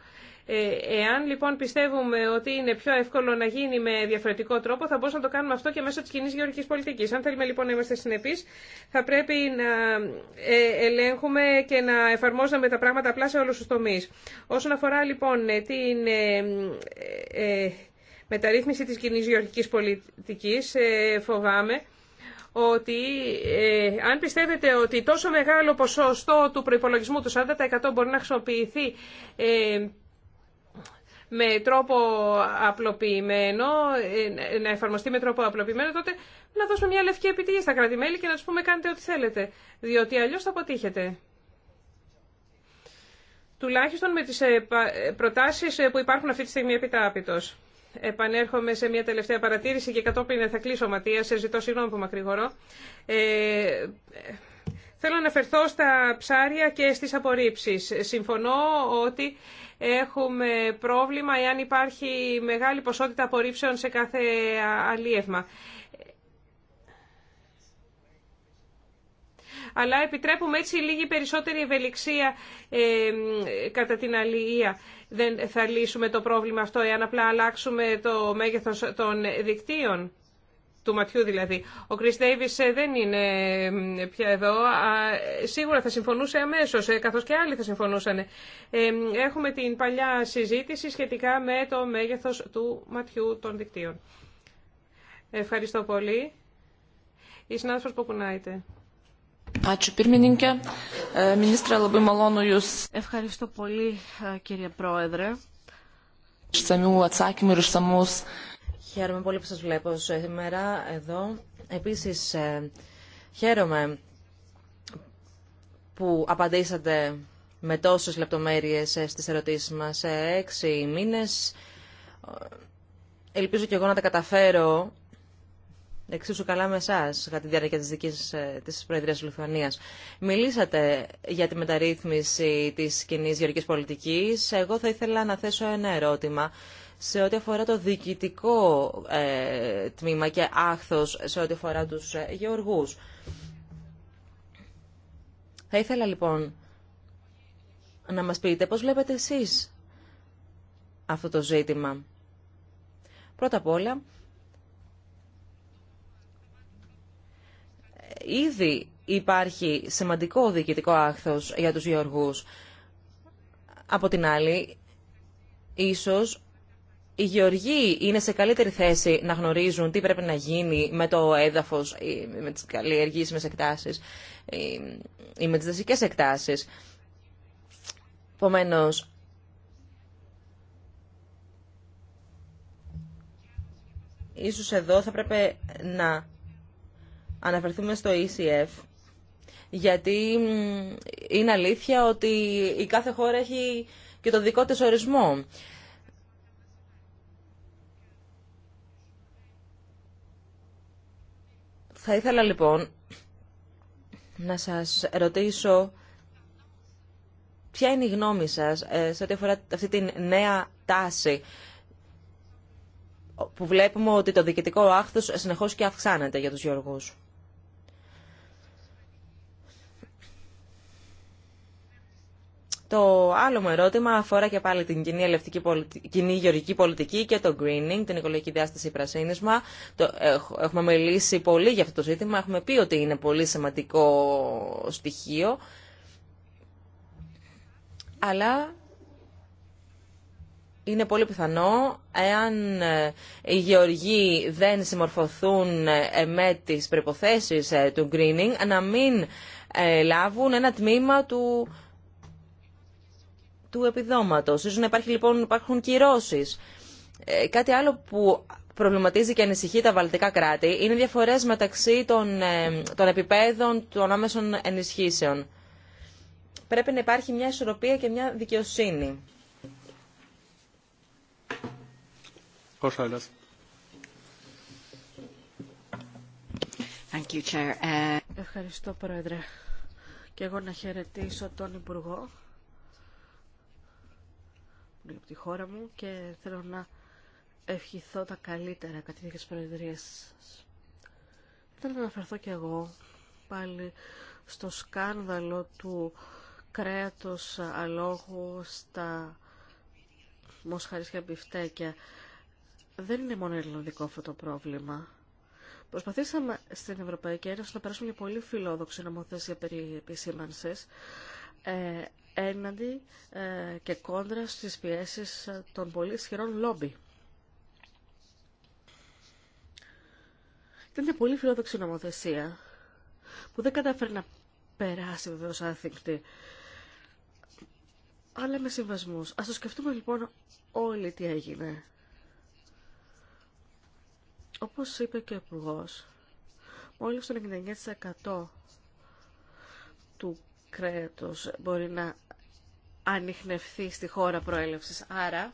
Ε, εάν λοιπόν πιστεύουμε ότι είναι πιο εύκολο να γίνει με διαφορετικό τρόπο, θα μπορούσαμε να το κάνουμε αυτό και μέσω τη κοινή γεωργική πολιτική. Αν θέλουμε λοιπόν να είμαστε συνεπεί, θα πρέπει να ε, ελέγχουμε και να εφαρμόζουμε τα πράγματα απλά σε όλου του τομεί. Όσον αφορά λοιπόν ε, την μεταρρύθμιση της κοινή γεωργικής πολιτικής, φοβάμαι ότι ε, αν πιστεύετε ότι τόσο μεγάλο ποσοστό του προϋπολογισμού του 40% μπορεί να χρησιμοποιηθεί ε, με τρόπο απλοποιημένο, ε, να εφαρμοστεί με τρόπο απλοποιημένο, τότε να δώσουμε μια λευκή επιτυχία στα κρατη και να του πούμε κάντε ό,τι θέλετε, διότι αλλιώς θα αποτύχετε. Τουλάχιστον με τις ε, ε, προτάσεις που υπάρχουν αυτή τη στιγμή επιτάπητος. Επανέρχομαι σε μια τελευταία παρατήρηση και κατόπιν θα κλείσω, Ματία, σε ζητώ συγγνώμη που μακρηγορώ. Ε, Θέλω να αναφερθώ στα ψάρια και στις απορρίψεις. Συμφωνώ ότι έχουμε πρόβλημα εάν υπάρχει μεγάλη ποσότητα απορρίψεων σε κάθε αλίευμα. αλλά επιτρέπουμε έτσι λίγη περισσότερη ευελιξία ε, κατά την αλληλεία. Δεν θα λύσουμε το πρόβλημα αυτό εάν απλά αλλάξουμε το μέγεθος των δικτύων του ματιού δηλαδή. Ο Κρι Ντέιβις ε, δεν είναι πια εδώ. Σίγουρα θα συμφωνούσε αμέσως, ε, Καθώ και άλλοι θα συμφωνούσαν. Ε, έχουμε την παλιά συζήτηση σχετικά με το μέγεθος του ματιού των δικτύων. Ευχαριστώ πολύ. Η συνάδελφο που Ευχαριστώ πολύ κύριε Πρόεδρε. Χαίρομαι πολύ που σας βλέπω σήμερα εδώ. Επίσης, ε, χαίρομαι που απαντήσατε με τόσες λεπτομέρειες ε, στις ερωτήσεις μας σε έξι μήνες. Ελπίζω και εγώ να τα καταφέρω εξίσου καλά με εσά κατά τη διάρκεια της δικής ε, της Προεδρίας Λουθανίας. Μιλήσατε για τη μεταρρύθμιση της κοινή γεωργικής πολιτικής. Εγώ θα ήθελα να θέσω ένα ερώτημα σε ό,τι αφορά το διοικητικό ε, τμήμα και άχθος σε ό,τι αφορά τους ε, γεωργούς. Θα ήθελα λοιπόν να μας πείτε πώς βλέπετε εσείς αυτό το ζήτημα. Πρώτα απ' όλα, ήδη υπάρχει σημαντικό διοικητικό άχθος για τους γεωργούς. Από την άλλη, ίσως οι γεωργοί είναι σε καλύτερη θέση να γνωρίζουν τι πρέπει να γίνει με το έδαφος, με τις καλλιεργήσιμες εκτάσεις ή με τις δασικέ εκτάσει. Επομένω. ίσως εδώ θα πρέπει να αναφερθούμε στο ECF, γιατί είναι αλήθεια ότι η κάθε χώρα έχει και το δικό της ορισμό. Θα ήθελα λοιπόν να σας ρωτήσω ποια είναι η γνώμη σας ε, σε ό,τι αφορά αυτή τη νέα τάση που βλέπουμε ότι το διοικητικό άχθος συνεχώς και αυξάνεται για τους γεωργούς. Το άλλο μου ερώτημα αφορά και πάλι την κοινή, ελευτική πολιτική, γεωργική πολιτική και το greening, την οικολογική διάσταση πρασίνισμα. Το, έχουμε μιλήσει πολύ για αυτό το ζήτημα, έχουμε πει ότι είναι πολύ σημαντικό στοιχείο. Αλλά είναι πολύ πιθανό, εάν ε, οι γεωργοί δεν συμμορφωθούν ε, με τις προϋποθέσεις ε, του greening, να μην λάβουν ένα τμήμα του του επιδόματος. Ίσως να υπάρχει, λοιπόν, υπάρχουν κυρώσει. Ε, κάτι άλλο που προβληματίζει και ανησυχεί τα βαλτικά κράτη είναι διαφορέ μεταξύ των, ε, των επιπέδων των άμεσων ενισχύσεων. Πρέπει να υπάρχει μια ισορροπία και μια δικαιοσύνη. Ε, Ευχαριστώ, Πρόεδρε. Και εγώ να χαιρετήσω τον Υπουργό από τη χώρα μου και θέλω να ευχηθώ τα καλύτερα κατά τη διάρκεια της Θέλω να αναφερθώ κι εγώ πάλι στο σκάνδαλο του κρέατος αλόγου στα μοσχαρίσια μπιφτέκια. Δεν είναι μόνο ελληνικό αυτό το πρόβλημα. Προσπαθήσαμε στην Ευρωπαϊκή Ένωση να περάσουμε μια πολύ φιλόδοξη νομοθεσία περί επισήμανσης, ε, έναντι ε, και κόντρα στις πιέσεις ε, των πολύ ισχυρών λόμπι. Ήταν μια πολύ φιλόδοξη νομοθεσία που δεν κατάφερε να περάσει βεβαίως άθικτη αλλά με συμβασμούς. Ας το σκεφτούμε λοιπόν όλοι τι έγινε. Όπως είπε και ο υπουργό, μόλις το 99% του μπορεί να ανοιχνευθεί στη χώρα προέλευσης. Άρα,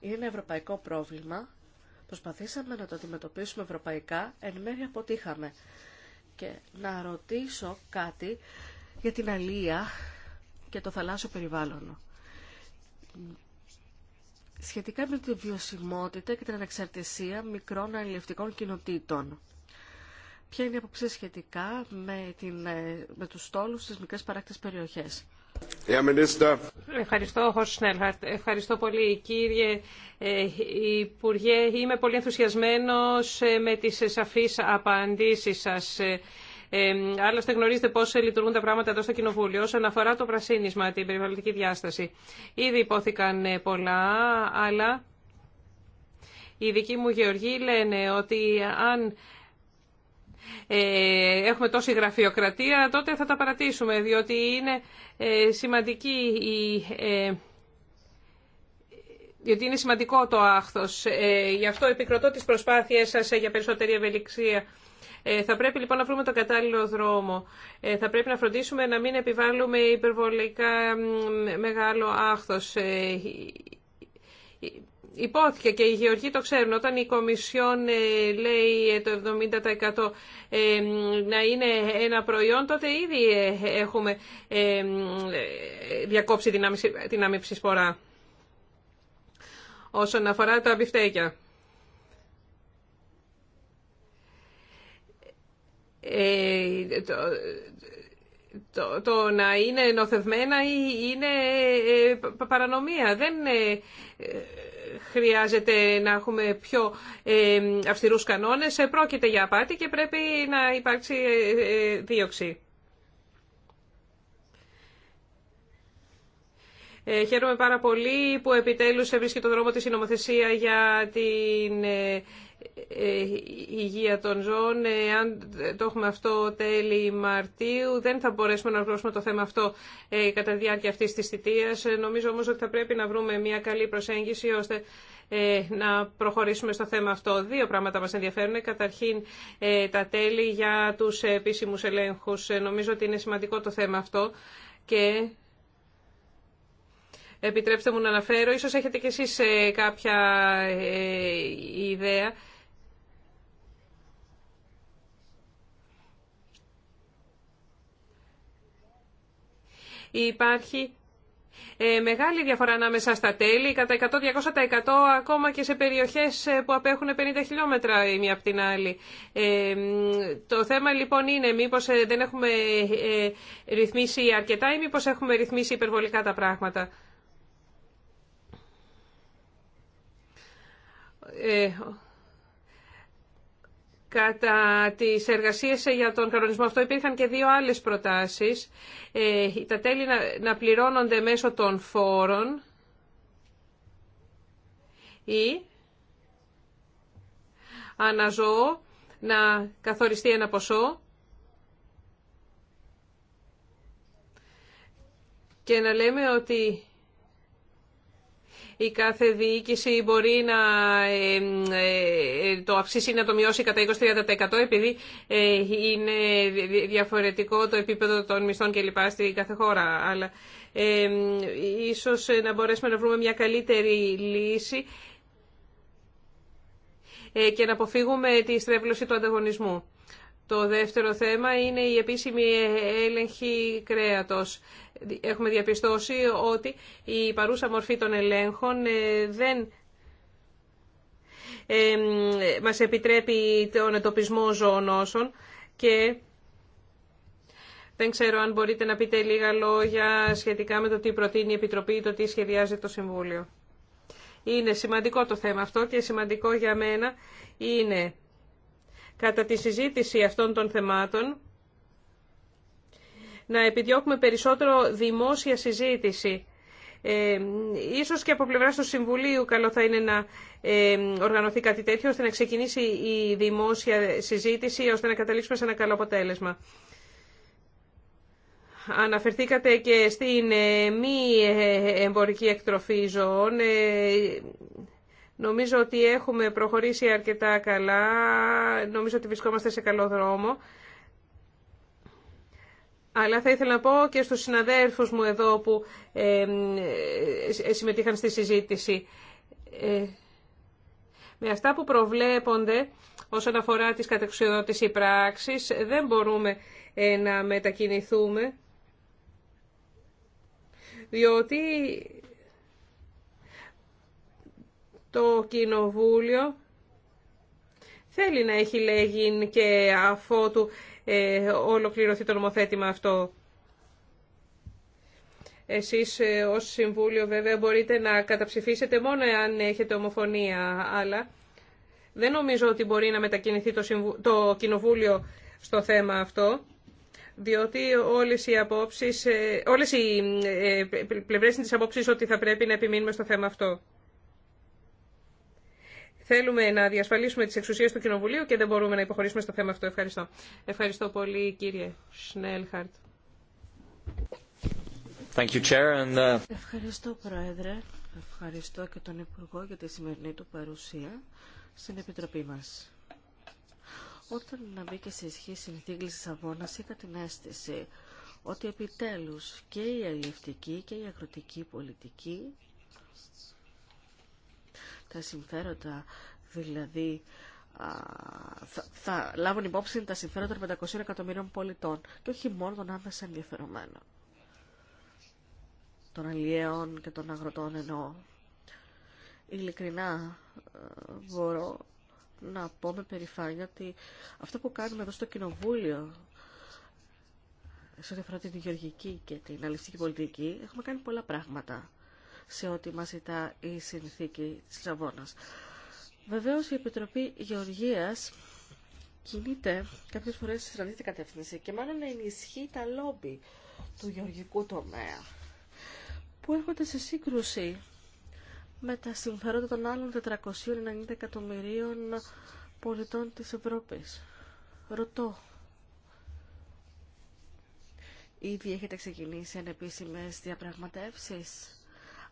είναι ένα ευρωπαϊκό πρόβλημα. Προσπαθήσαμε να το αντιμετωπίσουμε ευρωπαϊκά, εν μέρει αποτύχαμε. Και να ρωτήσω κάτι για την αλία και το θαλάσσιο περιβάλλον. Σχετικά με τη βιωσιμότητα και την ανεξαρτησία μικρών αλληλευτικών κοινοτήτων ποια είναι η αποψή σχετικά με, την, ε, με τους στόλους στις μικρές παράκτες περιοχές. Ευχαριστώ, Σνέλχαρτ. Ευχαριστώ πολύ, κύριε ε, Υπουργέ. Είμαι πολύ ενθουσιασμένος ε, με τις σαφείς απαντήσεις σας. Ε, άλλωστε γνωρίζετε πώς λειτουργούν τα πράγματα εδώ στο Κοινοβούλιο όσον αφορά το πρασίνισμα, την περιβαλλοντική διάσταση. Ήδη υπόθηκαν πολλά, αλλά οι δικοί μου γεωργοί λένε ότι αν ε, έχουμε τόση γραφειοκρατία, τότε θα τα παρατήσουμε, διότι είναι ε, σημαντική η... Ε, διότι είναι σημαντικό το άχθος. Γι' αυτό επικροτώ τις προσπάθειές σας για περισσότερη ευελιξία. Θα πρέπει λοιπόν να βρούμε τον κατάλληλο δρόμο. Θα πρέπει να φροντίσουμε να μην επιβάλλουμε υπερβολικά μεγάλο άχθος υπόθηκε και οι γεωργοί το ξέρουν. Όταν η Κομισιόν ε, λέει ε, το 70% ε, να είναι ένα προϊόν, τότε ήδη έχουμε διακόψει την άμυψη σπορά. Όσον αφορά τα μπιφτέκια. το, το, να είναι νοθευμένα είναι παρανομία. Δεν χρειάζεται να έχουμε πιο ε, αυστηρούς κανόνες. Ε, πρόκειται για απάτη και πρέπει να υπάρξει ε, δίωξη. Ε, χαίρομαι πάρα πολύ που επιτέλους βρίσκει το δρόμο της η για την ε, ε, υγεία των ζώων. Αν το έχουμε αυτό τέλη Μαρτίου, δεν θα μπορέσουμε να ολοκληρώσουμε το θέμα αυτό κατά τη διάρκεια αυτής της θητείας. Νομίζω όμως ότι θα πρέπει να βρούμε μια καλή προσέγγιση ώστε να προχωρήσουμε στο θέμα αυτό. Δύο πράγματα μας ενδιαφέρουν. Καταρχήν τα τέλη για τους επίσημους ελέγχους. Νομίζω ότι είναι σημαντικό το θέμα αυτό και επιτρέψτε μου να αναφέρω. Ίσως έχετε κι εσείς ε, κάποια ε, ιδέα. Υπάρχει ε, μεγάλη διαφορά ανάμεσα στα τέλη, κατά 100-200% ακόμα και σε περιοχές που απέχουν 50 χιλιόμετρα η μία από την άλλη. το θέμα λοιπόν είναι μήπως δεν έχουμε ρυθμίσει αρκετά ή μήπως έχουμε ρυθμίσει υπερβολικά τα πράγματα. Ε, κατά τις εργασίες ε, για τον κανονισμό αυτό υπήρχαν και δύο άλλες προτάσεις. Ε, τα τέλη να πληρώνονται μέσω των φόρων ή αναζώο να καθοριστεί ένα ποσό και να λέμε ότι η κάθε διοίκηση μπορεί να ε, το αυξήσει να το μειώσει κατά 20-30% επειδή ε, είναι διαφορετικό το επίπεδο των μισθών λοιπά στην κάθε χώρα. Αλλά ε, ίσως να μπορέσουμε να βρούμε μια καλύτερη λύση ε, και να αποφύγουμε τη στρέβλωση του ανταγωνισμού. Το δεύτερο θέμα είναι η επίσημη έλεγχη κρέατος. Έχουμε διαπιστώσει ότι η παρούσα μορφή των ελέγχων ε, δεν ε, μας επιτρέπει τον εντοπισμό ζωονόσων και δεν ξέρω αν μπορείτε να πείτε λίγα λόγια σχετικά με το τι προτείνει η Επιτροπή ή το τι σχεδιάζει το Συμβούλιο. Είναι σημαντικό το θέμα αυτό και σημαντικό για μένα είναι κατά τη συζήτηση αυτών των θεμάτων να επιδιώκουμε περισσότερο δημόσια συζήτηση. Ε, ίσως και από πλευρά του Συμβουλίου καλό θα είναι να ε, οργανωθεί κάτι τέτοιο ώστε να ξεκινήσει η δημόσια συζήτηση ώστε να καταλήξουμε σε ένα καλό αποτέλεσμα. Αναφερθήκατε και στην ε, μη ε, εμπορική εκτροφή ζώων. Ε, Νομίζω ότι έχουμε προχωρήσει αρκετά καλά. Νομίζω ότι βρισκόμαστε σε καλό δρόμο. Αλλά θα ήθελα να πω και στους συναδέρφους μου εδώ που ε, συμμετείχαν στη συζήτηση. Ε, με αυτά που προβλέπονται όσον αφορά τις κατεξοδότηση πράξης, δεν μπορούμε ε, να μετακινηθούμε, διότι το Κοινοβούλιο θέλει να έχει λέγει και αφότου ε, ολοκληρωθεί το νομοθέτημα αυτό. Εσείς ε, ως Συμβούλιο βέβαια μπορείτε να καταψηφίσετε μόνο αν έχετε ομοφωνία, αλλά δεν νομίζω ότι μπορεί να μετακινηθεί το, το Κοινοβούλιο στο θέμα αυτό, διότι όλες οι, απόψεις, ε, όλες οι ε, πλευρές είναι της απόψης ότι θα πρέπει να επιμείνουμε στο θέμα αυτό. Θέλουμε να διασφαλίσουμε τις εξουσίες του Κοινοβουλίου και δεν μπορούμε να υποχωρήσουμε στο θέμα αυτό. Ευχαριστώ. Ευχαριστώ πολύ κύριε Σνέλχαρτ. Uh, Ευχαριστώ Πρόεδρε. Ευχαριστώ και τον Υπουργό για τη σημερινή του παρουσία στην Επιτροπή μας. Όταν να μπήκε σε ισχύ η συνθήκη Λισαβόνας είχα την αίσθηση ότι επιτέλους και η αλληλευτική και η αγροτική πολιτική τα συμφέροντα, δηλαδή θα, λάβουν υπόψη τα συμφέροντα των 500 εκατομμυρίων πολιτών και όχι μόνο των άμεσα ενδιαφερομένων. Των αλλιέων και των αγροτών εννοώ. Ειλικρινά ε, μπορώ να πω με περηφάνεια ότι αυτό που κάνουμε εδώ στο Κοινοβούλιο σε ό,τι αφορά την γεωργική και την αλληλευτική πολιτική, έχουμε κάνει πολλά πράγματα σε ό,τι μας ζητά η συνθήκη της Λαβώνας. Βεβαίως η Επιτροπή Γεωργίας κινείται κάποιες φορές σε στραβή κατεύθυνση και μάλλον να ενισχύει τα λόμπι του γεωργικού τομέα που έρχονται σε σύγκρουση με τα συμφέροντα των άλλων 490 εκατομμυρίων πολιτών της Ευρώπης. Ρωτώ. Ήδη έχετε ξεκινήσει ανεπίσημες διαπραγματεύσεις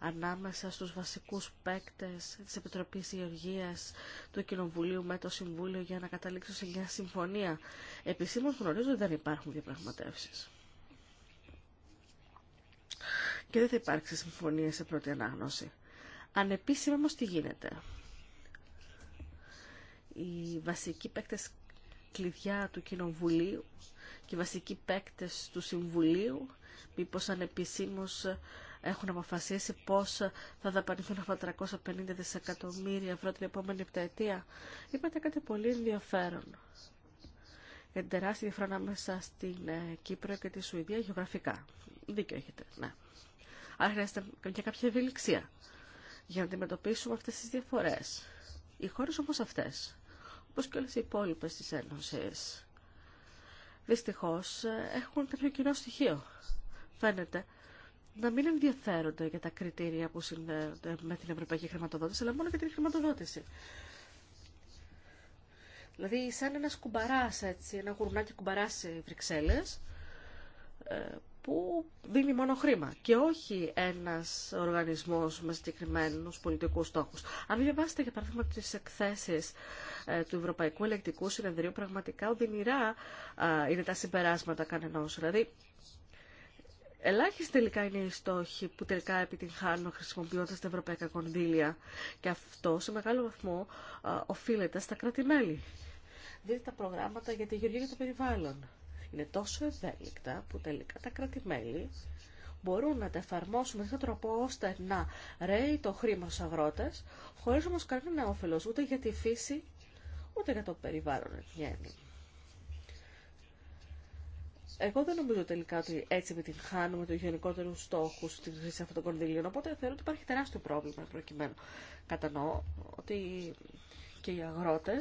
ανάμεσα στους βασικούς παίκτες της Επιτροπής Γεωργίας του Κοινοβουλίου με το Συμβούλιο για να καταλήξουν σε μια συμφωνία. Επισήμως γνωρίζω ότι δεν υπάρχουν διαπραγματεύσεις. Και δεν θα υπάρξει συμφωνία σε πρώτη ανάγνωση. Ανεπίσημα όμως τι γίνεται. Οι βασικοί παίκτες κλειδιά του Κοινοβουλίου και οι βασικοί παίκτες του Συμβουλίου μήπως ανεπισήμως έχουν αποφασίσει πώς θα δαπανηθούν αυτά τα 350 δισεκατομμύρια ευρώ την επόμενη επταετία. Είπατε κάτι πολύ ενδιαφέρον. Είναι τεράστια διαφορά ανάμεσα στην ε, Κύπρο και τη Σουηδία γεωγραφικά. Δίκιο έχετε, ναι. Άρα χρειάζεται και κάποια ευελιξία για να αντιμετωπίσουμε αυτές τις διαφορές. Οι χώρες όμω αυτές, όπως και όλες οι υπόλοιπες της Ένωσης, δυστυχώς ε, έχουν κάποιο κοινό στοιχείο. Φαίνεται να μην ενδιαφέρονται για τα κριτήρια που συνδέονται ε, με την ευρωπαϊκή χρηματοδότηση, αλλά μόνο για την χρηματοδότηση. Δηλαδή, σαν ένα κουμπαρά, έτσι, ένα γουρνάκι κουμπαρά σε Βρυξέλλε, ε, που δίνει μόνο χρήμα και όχι ένα οργανισμό με συγκεκριμένου πολιτικού στόχου. Αν διαβάσετε για παράδειγμα τις εκθέσει ε, του Ευρωπαϊκού Ελεκτικού Συνεδρίου, πραγματικά οδυνηρά είναι τα συμπεράσματα κανενό. Δηλαδή, Ελάχιστη τελικά είναι οι στόχοι που τελικά επιτυγχάνουν χρησιμοποιώντας τα ευρωπαϊκά κονδύλια και αυτό σε μεγάλο βαθμό οφείλεται στα κράτη-μέλη. Δείτε τα προγράμματα για τη γεωργία και το περιβάλλον. Είναι τόσο ευέλικτα που τελικά τα κράτη-μέλη μπορούν να τα εφαρμόσουν με τέτοιο τρόπο ώστε να ρέει το χρήμα στους αγρότες, χωρίς όμως κανένα όφελος ούτε για τη φύση, ούτε για το περιβάλλον εγώ δεν νομίζω τελικά ότι έτσι επιτυγχάνουμε του γενικότερου στόχου τη χρήση αυτών των κονδυλίων. Οπότε θεωρώ ότι υπάρχει τεράστιο πρόβλημα προκειμένου. Κατανοώ ότι και οι αγρότε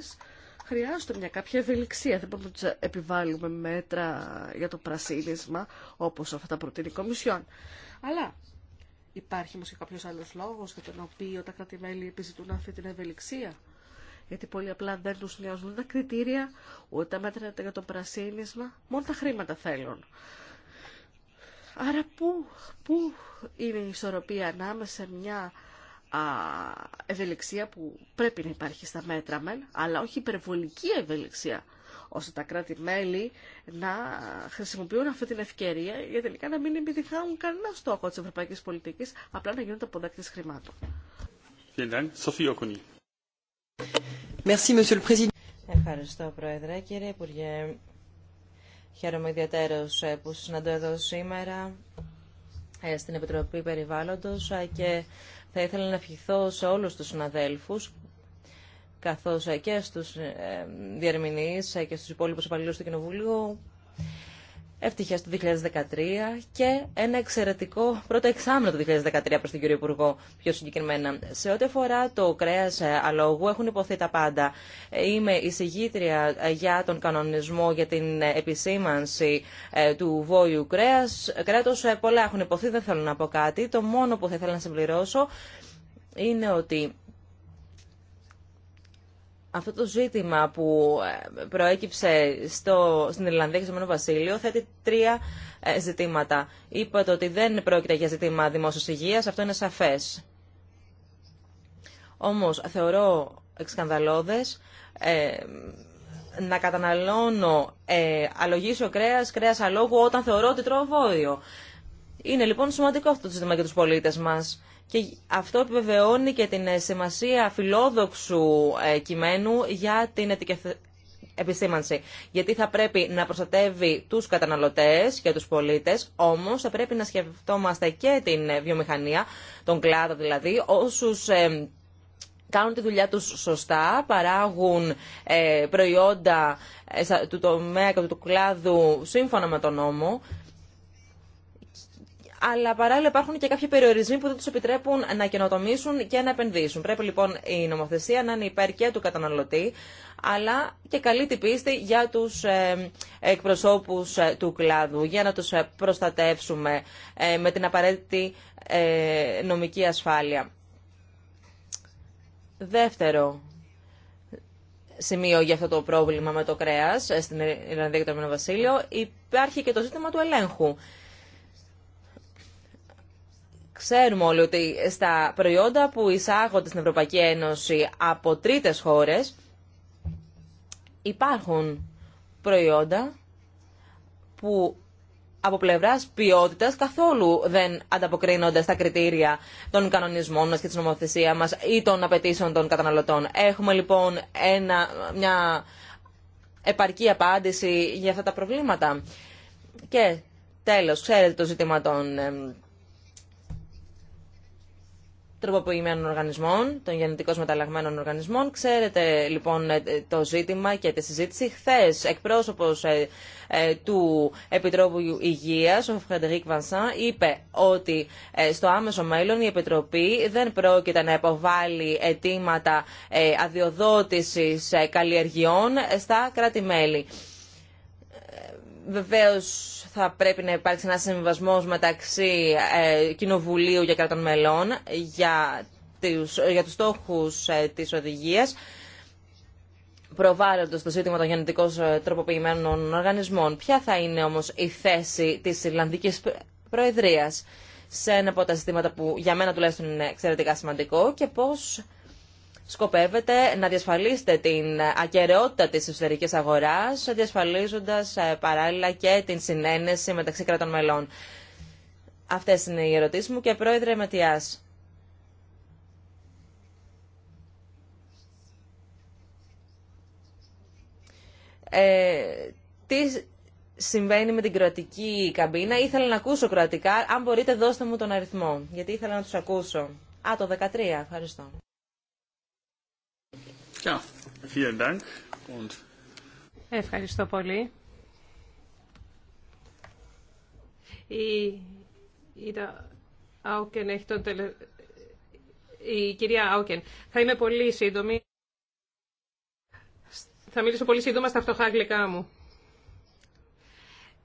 χρειάζονται μια κάποια ευελιξία. Δεν μπορούμε να του επιβάλλουμε μέτρα για το πρασίνισμα όπω αυτά προτείνει η Κομισιόν. Αλλά υπάρχει όμω και κάποιο άλλο λόγο για τον οποίο τα κράτη-μέλη επιζητούν αυτή την ευελιξία γιατί πολύ απλά δεν τους νοιάζουν τα κριτήρια, ούτε τα μέτρα για το πρασίνισμα, μόνο τα χρήματα θέλουν. Άρα πού, πού είναι η ισορροπία ανάμεσα σε μια α, ευελιξία που πρέπει να υπάρχει στα μέτρα μεν, αλλά όχι υπερβολική ευελιξία, ώστε τα κράτη-μέλη να χρησιμοποιούν αυτή την ευκαιρία για τελικά να μην επιτυχάνουν κανένα στόχο της ευρωπαϊκής πολιτικής, απλά να γίνονται αποδέκτες χρημάτων. Ευχαριστώ, Πρόεδρε. Κύριε Υπουργέ, χαίρομαι ιδιαίτερω ε, που συναντώ εδώ σήμερα ε, στην Επιτροπή Περιβάλλοντος ε, και θα ήθελα να ευχηθώ σε όλους τους συναδέλφους καθώς και στους διερμηνείς και στους υπόλοιπους υπαλλήλους του Κοινοβουλίου ευτυχία το 2013 και ένα εξαιρετικό πρώτο εξάμεινο το 2013 προς τον κύριο Υπουργό πιο συγκεκριμένα. Σε ό,τι αφορά το κρέας ε, αλόγου έχουν υποθεί τα πάντα. Είμαι συγγήτρια για τον κανονισμό για την επισήμανση ε, του βόλιου κρέας. Κρέατος ε, πολλά έχουν υποθεί, δεν θέλω να πω κάτι. Το μόνο που θα ήθελα να συμπληρώσω είναι ότι αυτό το ζήτημα που ε, προέκυψε στο, στην Ιρλανδία και στο Μένο Βασίλειο θέτει τρία ε, ζητήματα. Είπατε ότι δεν πρόκειται για ζήτημα δημόσιας υγείας, αυτό είναι σαφές. Όμως θεωρώ εξκανδαλώδες ε, να καταναλώνω ε, αλογίσιο κρέας, κρέας αλόγου όταν θεωρώ ότι τρώω βόδιο. Είναι λοιπόν σημαντικό αυτό το ζήτημα για τους πολίτες μας. Και αυτό επιβεβαιώνει και την ε, σημασία φιλόδοξου ε, κειμένου για την επιστήμανση. Γιατί θα πρέπει να προστατεύει τους καταναλωτές και τους πολίτες, όμως θα πρέπει να σκεφτόμαστε και την ε, βιομηχανία, τον κλάδο δηλαδή, όσους κάνουν τη δουλειά τους σωστά, παράγουν προϊόντα του τομέα και του κλάδου σύμφωνα με τον νόμο αλλά παράλληλα υπάρχουν και κάποιοι περιορισμοί που δεν του επιτρέπουν να καινοτομήσουν και να επενδύσουν. Πρέπει λοιπόν η νομοθεσία να είναι υπέρ και του καταναλωτή, αλλά και καλή την πίστη για του ε, εκπροσώπου ε, του κλάδου, για να του ε, προστατεύσουμε με την απαραίτητη νομική ασφάλεια. Δεύτερο σημείο για αυτό το πρόβλημα με το κρέας στην Ιρλανδία και το Βασίλειο υπάρχει και το ζήτημα του ελέγχου. Ξέρουμε όλοι ότι στα προϊόντα που εισάγονται στην Ευρωπαϊκή Ένωση από τρίτες χώρες υπάρχουν προϊόντα που από πλευράς ποιότητας καθόλου δεν ανταποκρίνονται στα κριτήρια των κανονισμών μας και της νομοθεσία μας ή των απαιτήσεων των καταναλωτών. Έχουμε λοιπόν ένα, μια επαρκή απάντηση για αυτά τα προβλήματα. Και τέλος, ξέρετε το ζήτημα των τροποποιημένων οργανισμών, των γενετικώ μεταλλαγμένων οργανισμών. Ξέρετε λοιπόν ε, το ζήτημα και τη συζήτηση. Χθε εκπρόσωπος ε, ε, του Επιτρόπου Υγεία, ο Φρεντερίκ Βανσάν, είπε ότι στο άμεσο μέλλον η Επιτροπή δεν πρόκειται να υποβάλει αιτήματα ε, καλλιεργειών στα κράτη-μέλη. Βεβαίω θα πρέπει να υπάρξει ένα συμβασμό μεταξύ ε, Κοινοβουλίου και Κρατών Μελών για τους, ε, για τους στόχους ε, της οδηγίας προβάλλοντας το ζήτημα των γενετικών τροποποιημένων οργανισμών. Ποια θα είναι όμως η θέση της Ιρλανδικής Προεδρίας σε ένα από τα ζητήματα που για μένα τουλάχιστον είναι εξαιρετικά σημαντικό και πώς σκοπεύετε να διασφαλίσετε την ακαιρεότητα της εσωτερικής αγοράς, διασφαλίζοντας ε, παράλληλα και την συνένεση μεταξύ κρατών μελών. Αυτές είναι οι ερωτήσεις μου και πρόεδρε Ματιάς. Ε, τι συμβαίνει με την κροατική καμπίνα. Ήθελα να ακούσω κροατικά. Αν μπορείτε δώστε μου τον αριθμό, γιατί ήθελα να τους ακούσω. Α, το 13. Ευχαριστώ. Ευχαριστώ πολύ. Η, κυρία Άουκεν. Θα είμαι πολύ σύντομη. Θα μιλήσω πολύ σύντομα στα φτωχά αγγλικά μου.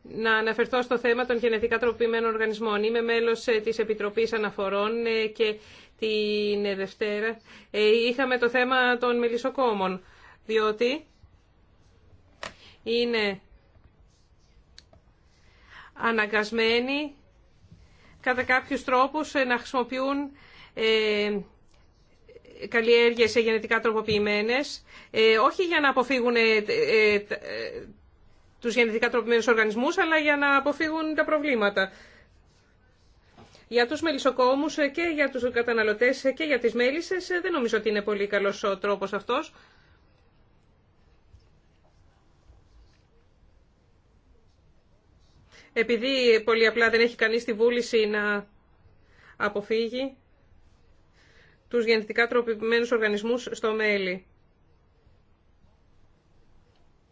Να αναφερθώ στο θέμα των γενετικά τροποποιημένων οργανισμών. Είμαι μέλος ε, της Επιτροπής Αναφορών ε, και την Δευτέρα ε, είχαμε το θέμα των μελισσοκόμων, διότι είναι αναγκασμένοι κατά κάποιους τρόπους ε, να χρησιμοποιούν ε, καλλιέργειες γενετικά τροποποιημένες, ε, όχι για να αποφύγουν ε, τους γενετικά τροποποιημένους οργανισμούς, αλλά για να αποφύγουν τα προβλήματα. Για τους μελισσοκόμους και για τους καταναλωτές και για τις μέλισσες δεν νομίζω ότι είναι πολύ καλός ο τρόπος αυτός. Επειδή πολύ απλά δεν έχει κανείς τη βούληση να αποφύγει τους γενετικά τροποποιημένους οργανισμούς στο μέλι.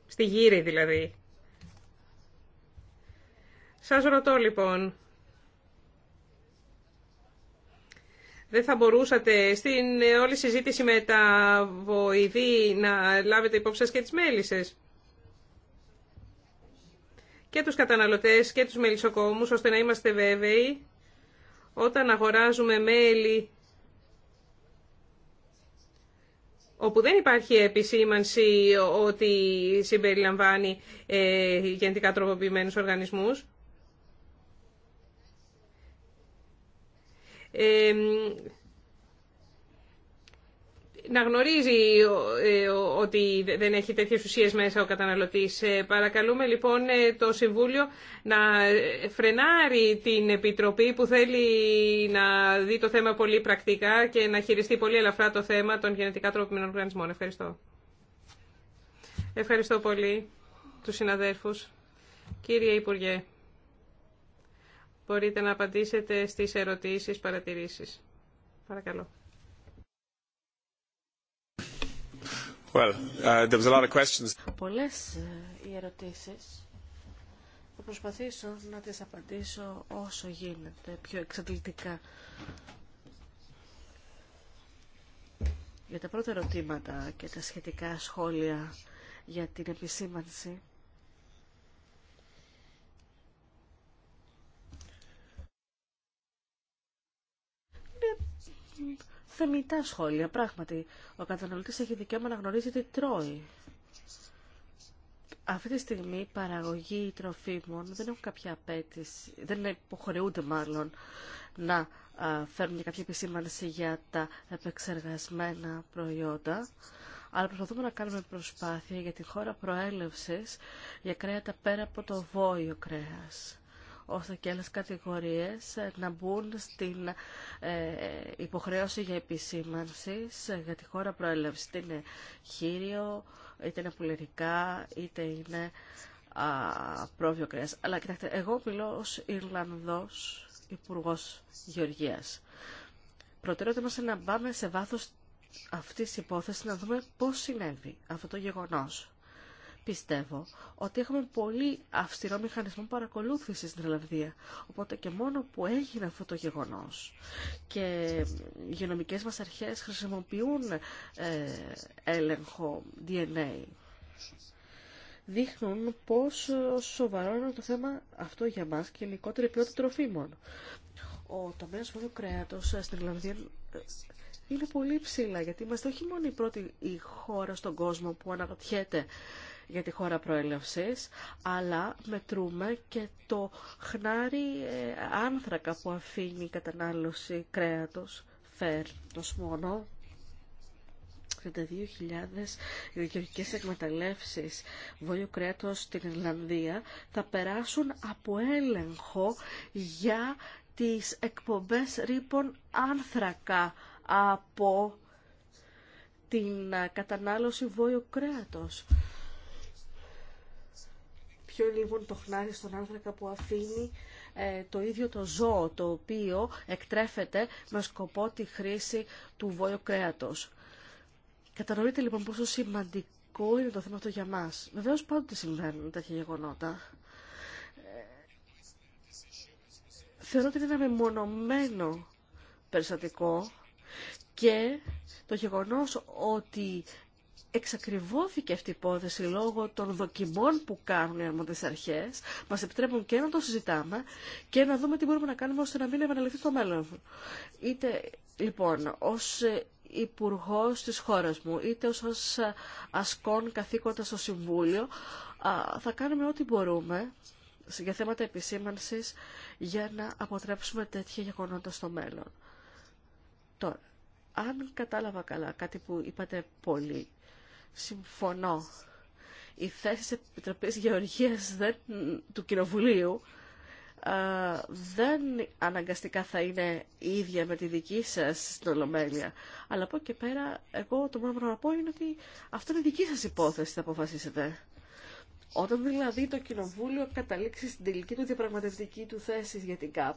Στη γύρη δηλαδή. Σας ρωτώ λοιπόν, δεν θα μπορούσατε στην ε, όλη συζήτηση με τα βοηθή να λάβετε υπόψη σας και τις μέλισσες και τους καταναλωτές και τους μελισσοκόμους, ώστε να είμαστε βέβαιοι όταν αγοράζουμε μέλη όπου δεν υπάρχει επισήμανση ότι συμπεριλαμβάνει ε, γενικά τροποποιημένους οργανισμούς. να γνωρίζει ε, ότι δεν έχει τέτοιες ουσίες μέσα ο καταναλωτής. Ε, παρακαλούμε λοιπόν ε, το Συμβούλιο να φρενάρει την Επιτροπή που θέλει να δει το θέμα πολύ πρακτικά και να χειριστεί πολύ ελαφρά το θέμα των γενετικά τροποποιημένων οργανισμών. Ευχαριστώ. Ευχαριστώ πολύ τους συναδέρφους. Κύριε Υπουργέ μπορείτε να απαντήσετε στις ερωτήσεις, παρατηρήσεις. Παρακαλώ. Well, uh, there was a lot of questions. Πολλές ε, οι ερωτήσεις. Θα προσπαθήσω να τις απαντήσω όσο γίνεται, πιο εξαντλητικά. Για τα πρώτα ερωτήματα και τα σχετικά σχόλια για την επισήμανση θεμητά σχόλια. Πράγματι, ο καταναλωτή έχει δικαίωμα να γνωρίζει τι τρώει. Αυτή τη στιγμή η παραγωγή τροφίμων δεν έχουν κάποια απέτηση, δεν υποχρεούνται μάλλον να φέρνουν κάποια επισήμανση για τα επεξεργασμένα προϊόντα, αλλά προσπαθούμε να κάνουμε προσπάθεια για τη χώρα προέλευσης για κρέατα πέρα από το βόλιο κρέας ώστε και άλλες κατηγορίες ε, να μπουν στην ε, υποχρέωση για επισήμανση για τη χώρα προέλευση. Είτε είναι χείριο, είτε είναι πουλερικά, είτε είναι πρόβιο κρέας. Αλλά κοιτάξτε, εγώ μιλώ ως Ιρλανδός υπουργό Γεωργίας. Προτεραιότητα μας είναι να πάμε σε βάθος αυτής της υπόθεσης να δούμε πώς συνέβη αυτό το γεγονός πιστεύω ότι έχουμε πολύ αυστηρό μηχανισμό παρακολούθησης στην Ελλαδία. Οπότε και μόνο που έγινε αυτό το γεγονός και οι γενομικές μας αρχές χρησιμοποιούν ε, έλεγχο DNA δείχνουν πόσο σοβαρό είναι το θέμα αυτό για μας και γενικότερη ποιότητα τροφίμων. Ο τομέας του κρέατος στην Ελλαδία ε, είναι πολύ ψηλά, γιατί είμαστε όχι μόνο η πρώτη η χώρα στον κόσμο που αναρωτιέται για τη χώρα προέλευσης, αλλά μετρούμε και το χνάρι ε, άνθρακα που αφήνει η κατανάλωση κρέατος φέρνος μόνο. 32.000 γεωργικές εκμεταλλεύσεις βόλιο κρέατος στην Ιρλανδία θα περάσουν από έλεγχο για τις εκπομπές ρήπων άνθρακα από την κατανάλωση βόλιο κρέατος πιο λοιπόν το χνάρι στον άνθρακα που αφήνει ε, το ίδιο το ζώο το οποίο εκτρέφεται με σκοπό τη χρήση του βόλου κρέατος. Κατανοείτε λοιπόν πόσο σημαντικό είναι το θέμα αυτό για μας. Βεβαίως πάντοτε συμβαίνουν τέτοια γεγονότα. Ε, θεωρώ ότι είναι ένα μεμονωμένο περιστατικό και το γεγονός ότι εξακριβώθηκε αυτή η υπόθεση λόγω των δοκιμών που κάνουν οι αρμόδιες αρχές. Μας επιτρέπουν και να το συζητάμε και να δούμε τι μπορούμε να κάνουμε ώστε να μην επαναληφθεί στο μέλλον. Είτε λοιπόν ως υπουργό της χώρας μου, είτε ως ασκών καθήκοντα στο Συμβούλιο, θα κάνουμε ό,τι μπορούμε για θέματα επισήμανσης για να αποτρέψουμε τέτοια γεγονότα στο μέλλον. Τώρα, αν κατάλαβα καλά κάτι που είπατε πολύ συμφωνώ. Η θέση της Επιτροπής Γεωργίας δεν, του Κοινοβουλίου δεν αναγκαστικά θα είναι η ίδια με τη δική σας στην Ολομέλεια. Αλλά από και πέρα, εγώ το μόνο που να πω είναι ότι αυτό είναι δική σας υπόθεση, θα αποφασίσετε. Όταν δηλαδή το Κοινοβούλιο καταλήξει στην τελική του διαπραγματευτική του θέση για την ΚΑΠ,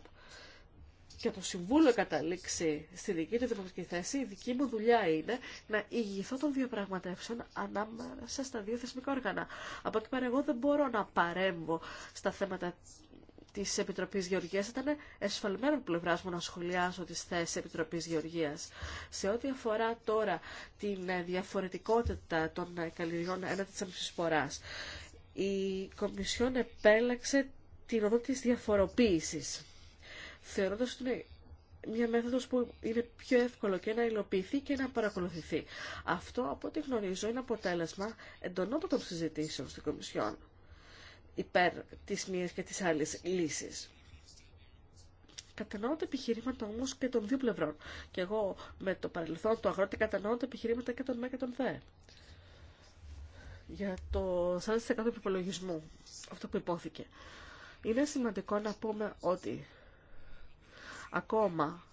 και το Συμβούλιο καταλήξει στη δική του δημοτική θέση, η δική μου δουλειά είναι να ηγηθώ των διαπραγματεύσεων ανάμεσα στα δύο θεσμικά όργανα. Από εκεί πέρα εγώ δεν μπορώ να παρέμβω στα θέματα τη Επιτροπή Γεωργία. Ήταν εσφαλμένο από πλευρά μου να σχολιάσω τις θέσεις επιτροπή Γεωργίας. Σε ό,τι αφορά τώρα την διαφορετικότητα των καλλιεργιών έναντι τη αμφισπορά, η Κομισιόν επέλεξε την οδό τη διαφοροποίηση θεωρώντα ότι είναι μια μέθοδος που είναι πιο εύκολο και να υλοποιηθεί και να παρακολουθηθεί. Αυτό, από ό,τι γνωρίζω, είναι αποτέλεσμα εντονότατων συζητήσεων στην Κομισιόν υπέρ της μίας και της άλλης λύσης. Κατανοώ τα επιχειρήματα όμω και των δύο πλευρών. Και εγώ με το παρελθόν του αγρότη κατανοώ τα επιχειρήματα και των ΜΕ και των ΔΕ. Για το 40% του υπολογισμού, αυτό που υπόθηκε. Είναι σημαντικό να πούμε ότι Ακόμα,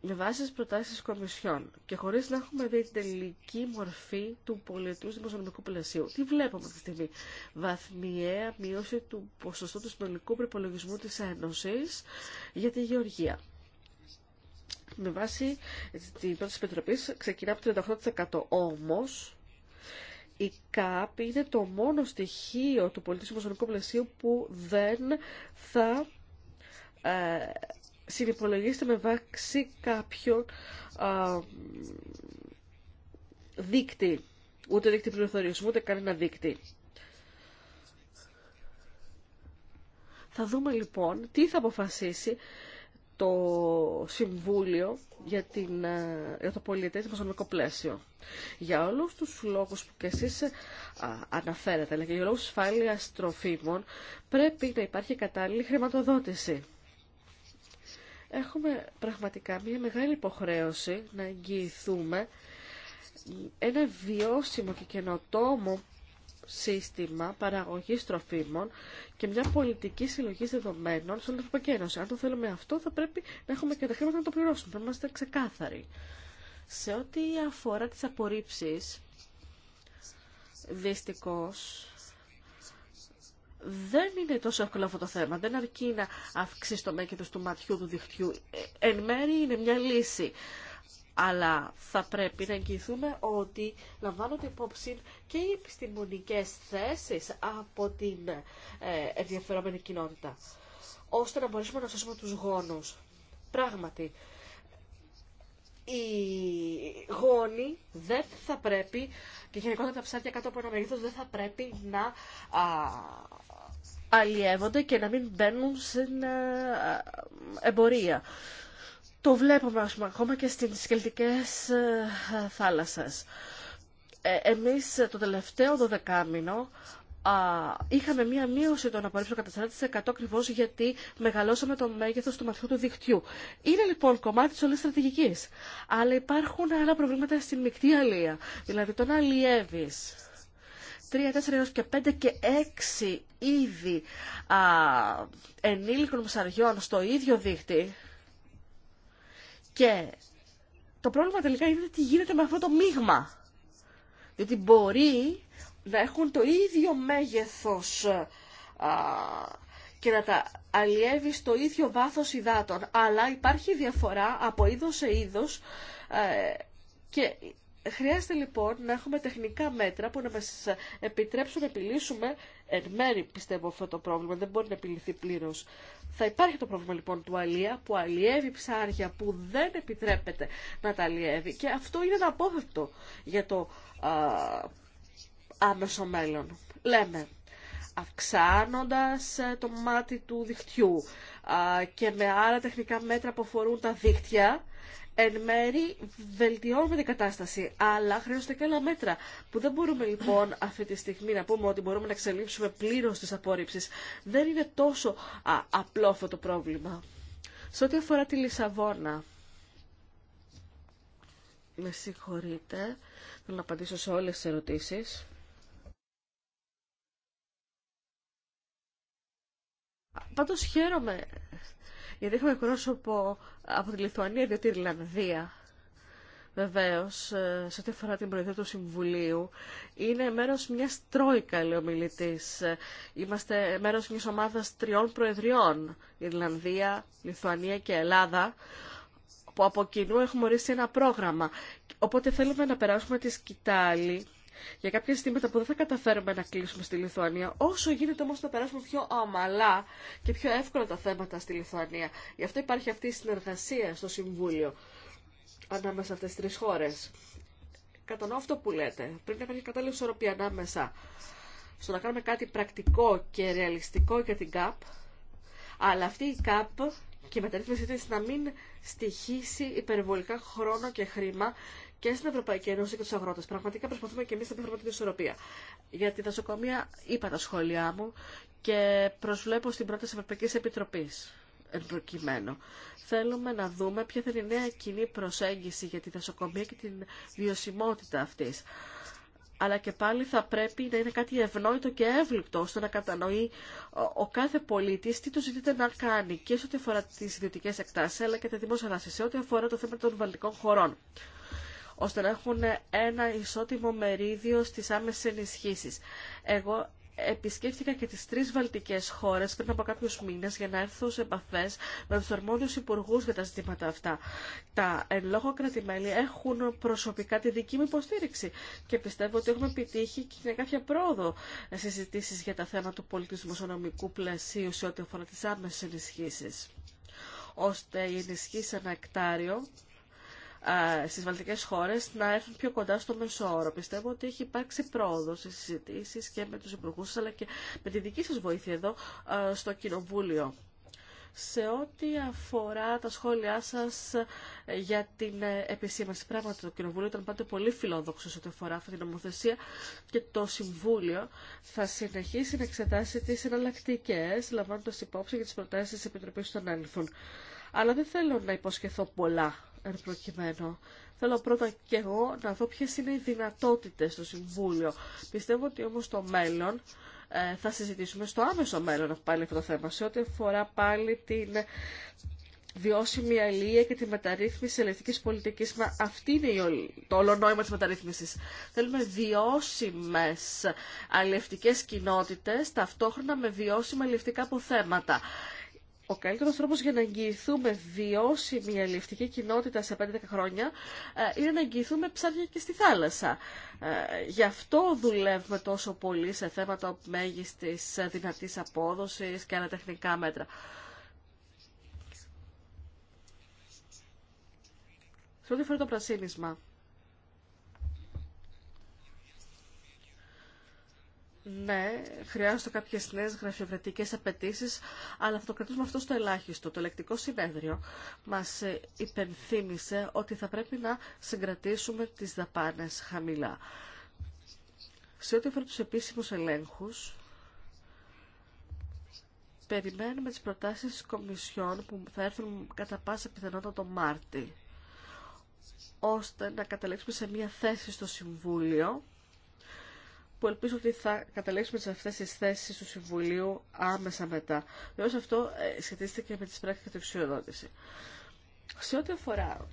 με βάση τι προτάσει Κομισιόν και χωρί να έχουμε δει την τελική μορφή του πολιτού δημοσιονομικού πλασίου. τι βλέπουμε αυτή τη στιγμή. Βαθμιαία μείωση του ποσοστού του συνολικού προπολογισμού τη Ένωση για τη γεωργία. Με βάση την πρόταση επιτροπή ξεκινά από 38%. Όμω, η ΚΑΠ είναι το μόνο στοιχείο του πολιτισμού δημοσιονομικού πλασίου που δεν θα ε, συνυπολογίστε με βάση κάποιον δίκτυ. Ούτε δίκτυ πληροφοριοσμού, ούτε κανένα δίκτυ. Θα δούμε λοιπόν τι θα αποφασίσει το Συμβούλιο για, την, ε, για το πολιετές οικονομικό πλαίσιο. Για όλους τους λόγους που και εσείς ε, αναφέρατε, αλλά και για λόγους ασφάλειας τροφίμων, πρέπει να υπάρχει κατάλληλη χρηματοδότηση έχουμε πραγματικά μια μεγάλη υποχρέωση να εγγυηθούμε ένα βιώσιμο και καινοτόμο σύστημα παραγωγής τροφίμων και μια πολιτική συλλογή δεδομένων στον Ευρωπαϊκή Ένωση. Αν το θέλουμε αυτό, θα πρέπει να έχουμε και τα χρήματα να το πληρώσουμε. Πρέπει να είμαστε ξεκάθαροι. Σε ό,τι αφορά τις απορρίψεις, δυστυχώς, δεν είναι τόσο εύκολο αυτό το θέμα. Δεν αρκεί να αυξήσει το μέγεθο του ματιού του δικτυού. Ε, εν μέρει είναι μια λύση. Αλλά θα πρέπει να εγγυηθούμε ότι λαμβάνονται υπόψη και οι επιστημονικές θέσεις από την ε, ενδιαφερόμενη κοινότητα, ώστε να μπορέσουμε να σώσουμε τους γόνους. Πράγματι, οι γόνοι δεν θα πρέπει και γενικότερα τα ψάρια κάτω από ένα μεγέθο δεν θα πρέπει να αλλιεύονται και να μην μπαίνουν στην ε, ε, εμπορία. Το βλέπουμε ας πούμε, ακόμα και στις κελτικές ε, θάλασσες. Ε, εμείς το τελευταίο 12 είχαμε μία μείωση των απορρίψεων κατά 40% ακριβώ γιατί μεγαλώσαμε το μέγεθο του μαθητού του δικτύου. Είναι λοιπόν κομμάτι τη όλη στρατηγική. Αλλά υπάρχουν άλλα προβλήματα στην μεικτή αλεία. Δηλαδή το να αλλιεύει 3, 4 έως και 5 και 6 είδη α, ενήλικων στο ίδιο δίχτυ και το πρόβλημα τελικά είναι τι γίνεται με αυτό το μείγμα. Διότι μπορεί να έχουν το ίδιο μέγεθος και να τα αλλιεύει στο ίδιο βάθος υδάτων. Αλλά υπάρχει διαφορά από είδος σε είδος ε, και χρειάζεται λοιπόν να έχουμε τεχνικά μέτρα που να μας επιτρέψουν να επιλύσουμε εν μέρη πιστεύω αυτό το πρόβλημα, δεν μπορεί να επιληθεί πλήρως. Θα υπάρχει το πρόβλημα λοιπόν του αλία που αλλιεύει ψάρια που δεν επιτρέπεται να τα αλλιεύει και αυτό είναι ένα απόφευκτο για το άμεσο μέλλον. Λέμε, αυξάνοντας ε, το μάτι του δικτυού και με άλλα τεχνικά μέτρα που αφορούν τα δίκτυα, εν μέρη βελτιώνουμε την κατάσταση, αλλά χρειάζονται και άλλα μέτρα που δεν μπορούμε λοιπόν αυτή τη στιγμή να πούμε ότι μπορούμε να εξελίψουμε πλήρως τις απόρριψεις. Δεν είναι τόσο απλό αυτό το πρόβλημα. Σε ό,τι αφορά τη Λισαβόνα, με συγχωρείτε, θέλω να απαντήσω σε όλες τις ερωτήσεις. Πάντω χαίρομαι γιατί έχουμε πρόσωπο από τη Λιθουανία διότι η Ιρλανδία. Βεβαίω, ε, σε ό,τι αφορά την Προεδρία του Συμβουλίου, είναι μέρο μια τρόικα, λέει ο μιλητή. Είμαστε μέρο μια ομάδα τριών Προεδριών, Ιρλανδία, Λιθουανία και Ελλάδα, που από κοινού έχουμε ορίσει ένα πρόγραμμα. Οπότε θέλουμε να περάσουμε τη σκητάλη για κάποια ζητήματα που δεν θα καταφέρουμε να κλείσουμε στη Λιθουανία, όσο γίνεται όμω να περάσουμε πιο αμαλά και πιο εύκολα τα θέματα στη Λιθουανία. Γι' αυτό υπάρχει αυτή η συνεργασία στο Συμβούλιο ανάμεσα σε αυτέ τι τρει χώρε. Κατανοώ αυτό που λέτε. Πρέπει να υπάρχει κατάλληλη ισορροπία ανάμεσα στο να κάνουμε κάτι πρακτικό και ρεαλιστικό για την ΚΑΠ, αλλά αυτή η ΚΑΠ και η μεταρρύθμιση τη να μην στοιχήσει υπερβολικά χρόνο και χρήμα και στην Ευρωπαϊκή Ένωση και του αγρότε. Πραγματικά προσπαθούμε και εμεί να επιφέρουμε την ισορροπία. Για τη δασοκομεία είπα τα σχόλιά μου και προσβλέπω στην πρόταση Ευρωπαϊκή Επιτροπή. Εν προκειμένου. Θέλουμε να δούμε ποια θα είναι η νέα κοινή προσέγγιση για τη δασοκομεία και την βιωσιμότητα αυτή. Αλλά και πάλι θα πρέπει να είναι κάτι ευνόητο και εύληπτο, ώστε να κατανοεί ο κάθε πολίτη τι του ζητείται να κάνει και σε ό,τι αφορά τι ιδιωτικέ εκτάσει, αλλά και τα δημόσια δάση, σε ό,τι αφορά το θέμα των βαλτικών χωρών ώστε να έχουν ένα ισότιμο μερίδιο στις άμεσες ενισχύσεις. Εγώ επισκέφτηκα και τις τρεις βαλτικές χώρες πριν από κάποιους μήνες για να έρθω σε επαφές με τους αρμόδιους υπουργούς για τα ζητήματα αυτά. Τα εν λόγω κρατημέλη έχουν προσωπικά τη δική μου υποστήριξη και πιστεύω ότι έχουμε επιτύχει και κάποια πρόοδο συζητήσεις για τα θέματα του πολιτισμοσονομικού πλαισίου σε ό,τι αφορά τις άμεσες ενισχύσεις ώστε η σε ένα εκτάριο. Στι βαλτικέ χώρε να έρθουν πιο κοντά στο μέσο όρο. Πιστεύω ότι έχει υπάρξει πρόοδο σε συζητήσει και με του υπουργού σα, αλλά και με τη δική σα βοήθεια εδώ στο Κοινοβούλιο. Σε ό,τι αφορά τα σχόλιά σα ε, για την ε, επισήμανση πράγματι το Κοινοβούλιο ήταν πάντα πολύ φιλόδοξο ό,τι αφορά αυτή την νομοθεσία και το Συμβούλιο θα συνεχίσει να εξετάσει τι εναλλακτικέ, λαμβάνοντα υπόψη για τι προτάσει τη επιτροπή των Έλθων. Αλλά δεν θέλω να υποσχεθώ πολλά εν Θέλω πρώτα και εγώ να δω ποιε είναι οι δυνατότητες στο Συμβούλιο. Πιστεύω ότι όμως το μέλλον ε, θα συζητήσουμε στο άμεσο μέλλον πάλι αυτό το θέμα, σε ό,τι αφορά πάλι την βιώσιμη αλληλεία και τη μεταρρύθμιση ελευτική πολιτικής. Μα αυτή είναι η, το όλο νόημα της μεταρρύθμισης. Θέλουμε βιώσιμε αλληλευτικέ κοινότητε, ταυτόχρονα με βιώσιμα αλληλευτικά αποθέματα ο καλύτερος τρόπος για να εγγυηθούμε βιώσιμη αλληλευτική κοινότητα σε 5-10 χρόνια ε, είναι να εγγυηθούμε ψάρια και στη θάλασσα. Ε, γι' αυτό δουλεύουμε τόσο πολύ σε θέματα μέγιστης ε, δυνατής απόδοσης και ανατεχνικά μέτρα. Σε ό,τι το πρασίνισμα. Ναι, χρειάζονται κάποιε νέε γραφειοκρατικέ απαιτήσει, αλλά θα το κρατήσουμε αυτό στο ελάχιστο. Το ελεκτικό συνέδριο μα ε, υπενθύμησε ότι θα πρέπει να συγκρατήσουμε τι δαπάνε χαμηλά. Σε ό,τι αφορά του επίσημου ελέγχου, περιμένουμε τι προτάσει τη Κομισιόν που θα έρθουν κατά πάσα πιθανότητα το Μάρτι, ώστε να καταλήξουμε σε μία θέση στο Συμβούλιο που ελπίζω ότι θα καταλήξουμε σε αυτές τις θέσεις του Συμβουλίου άμεσα μετά. Βεβαίως αυτό ε, σχετίζεται και με τις πράξεις αξιοδότηση. Σε ό,τι αφορά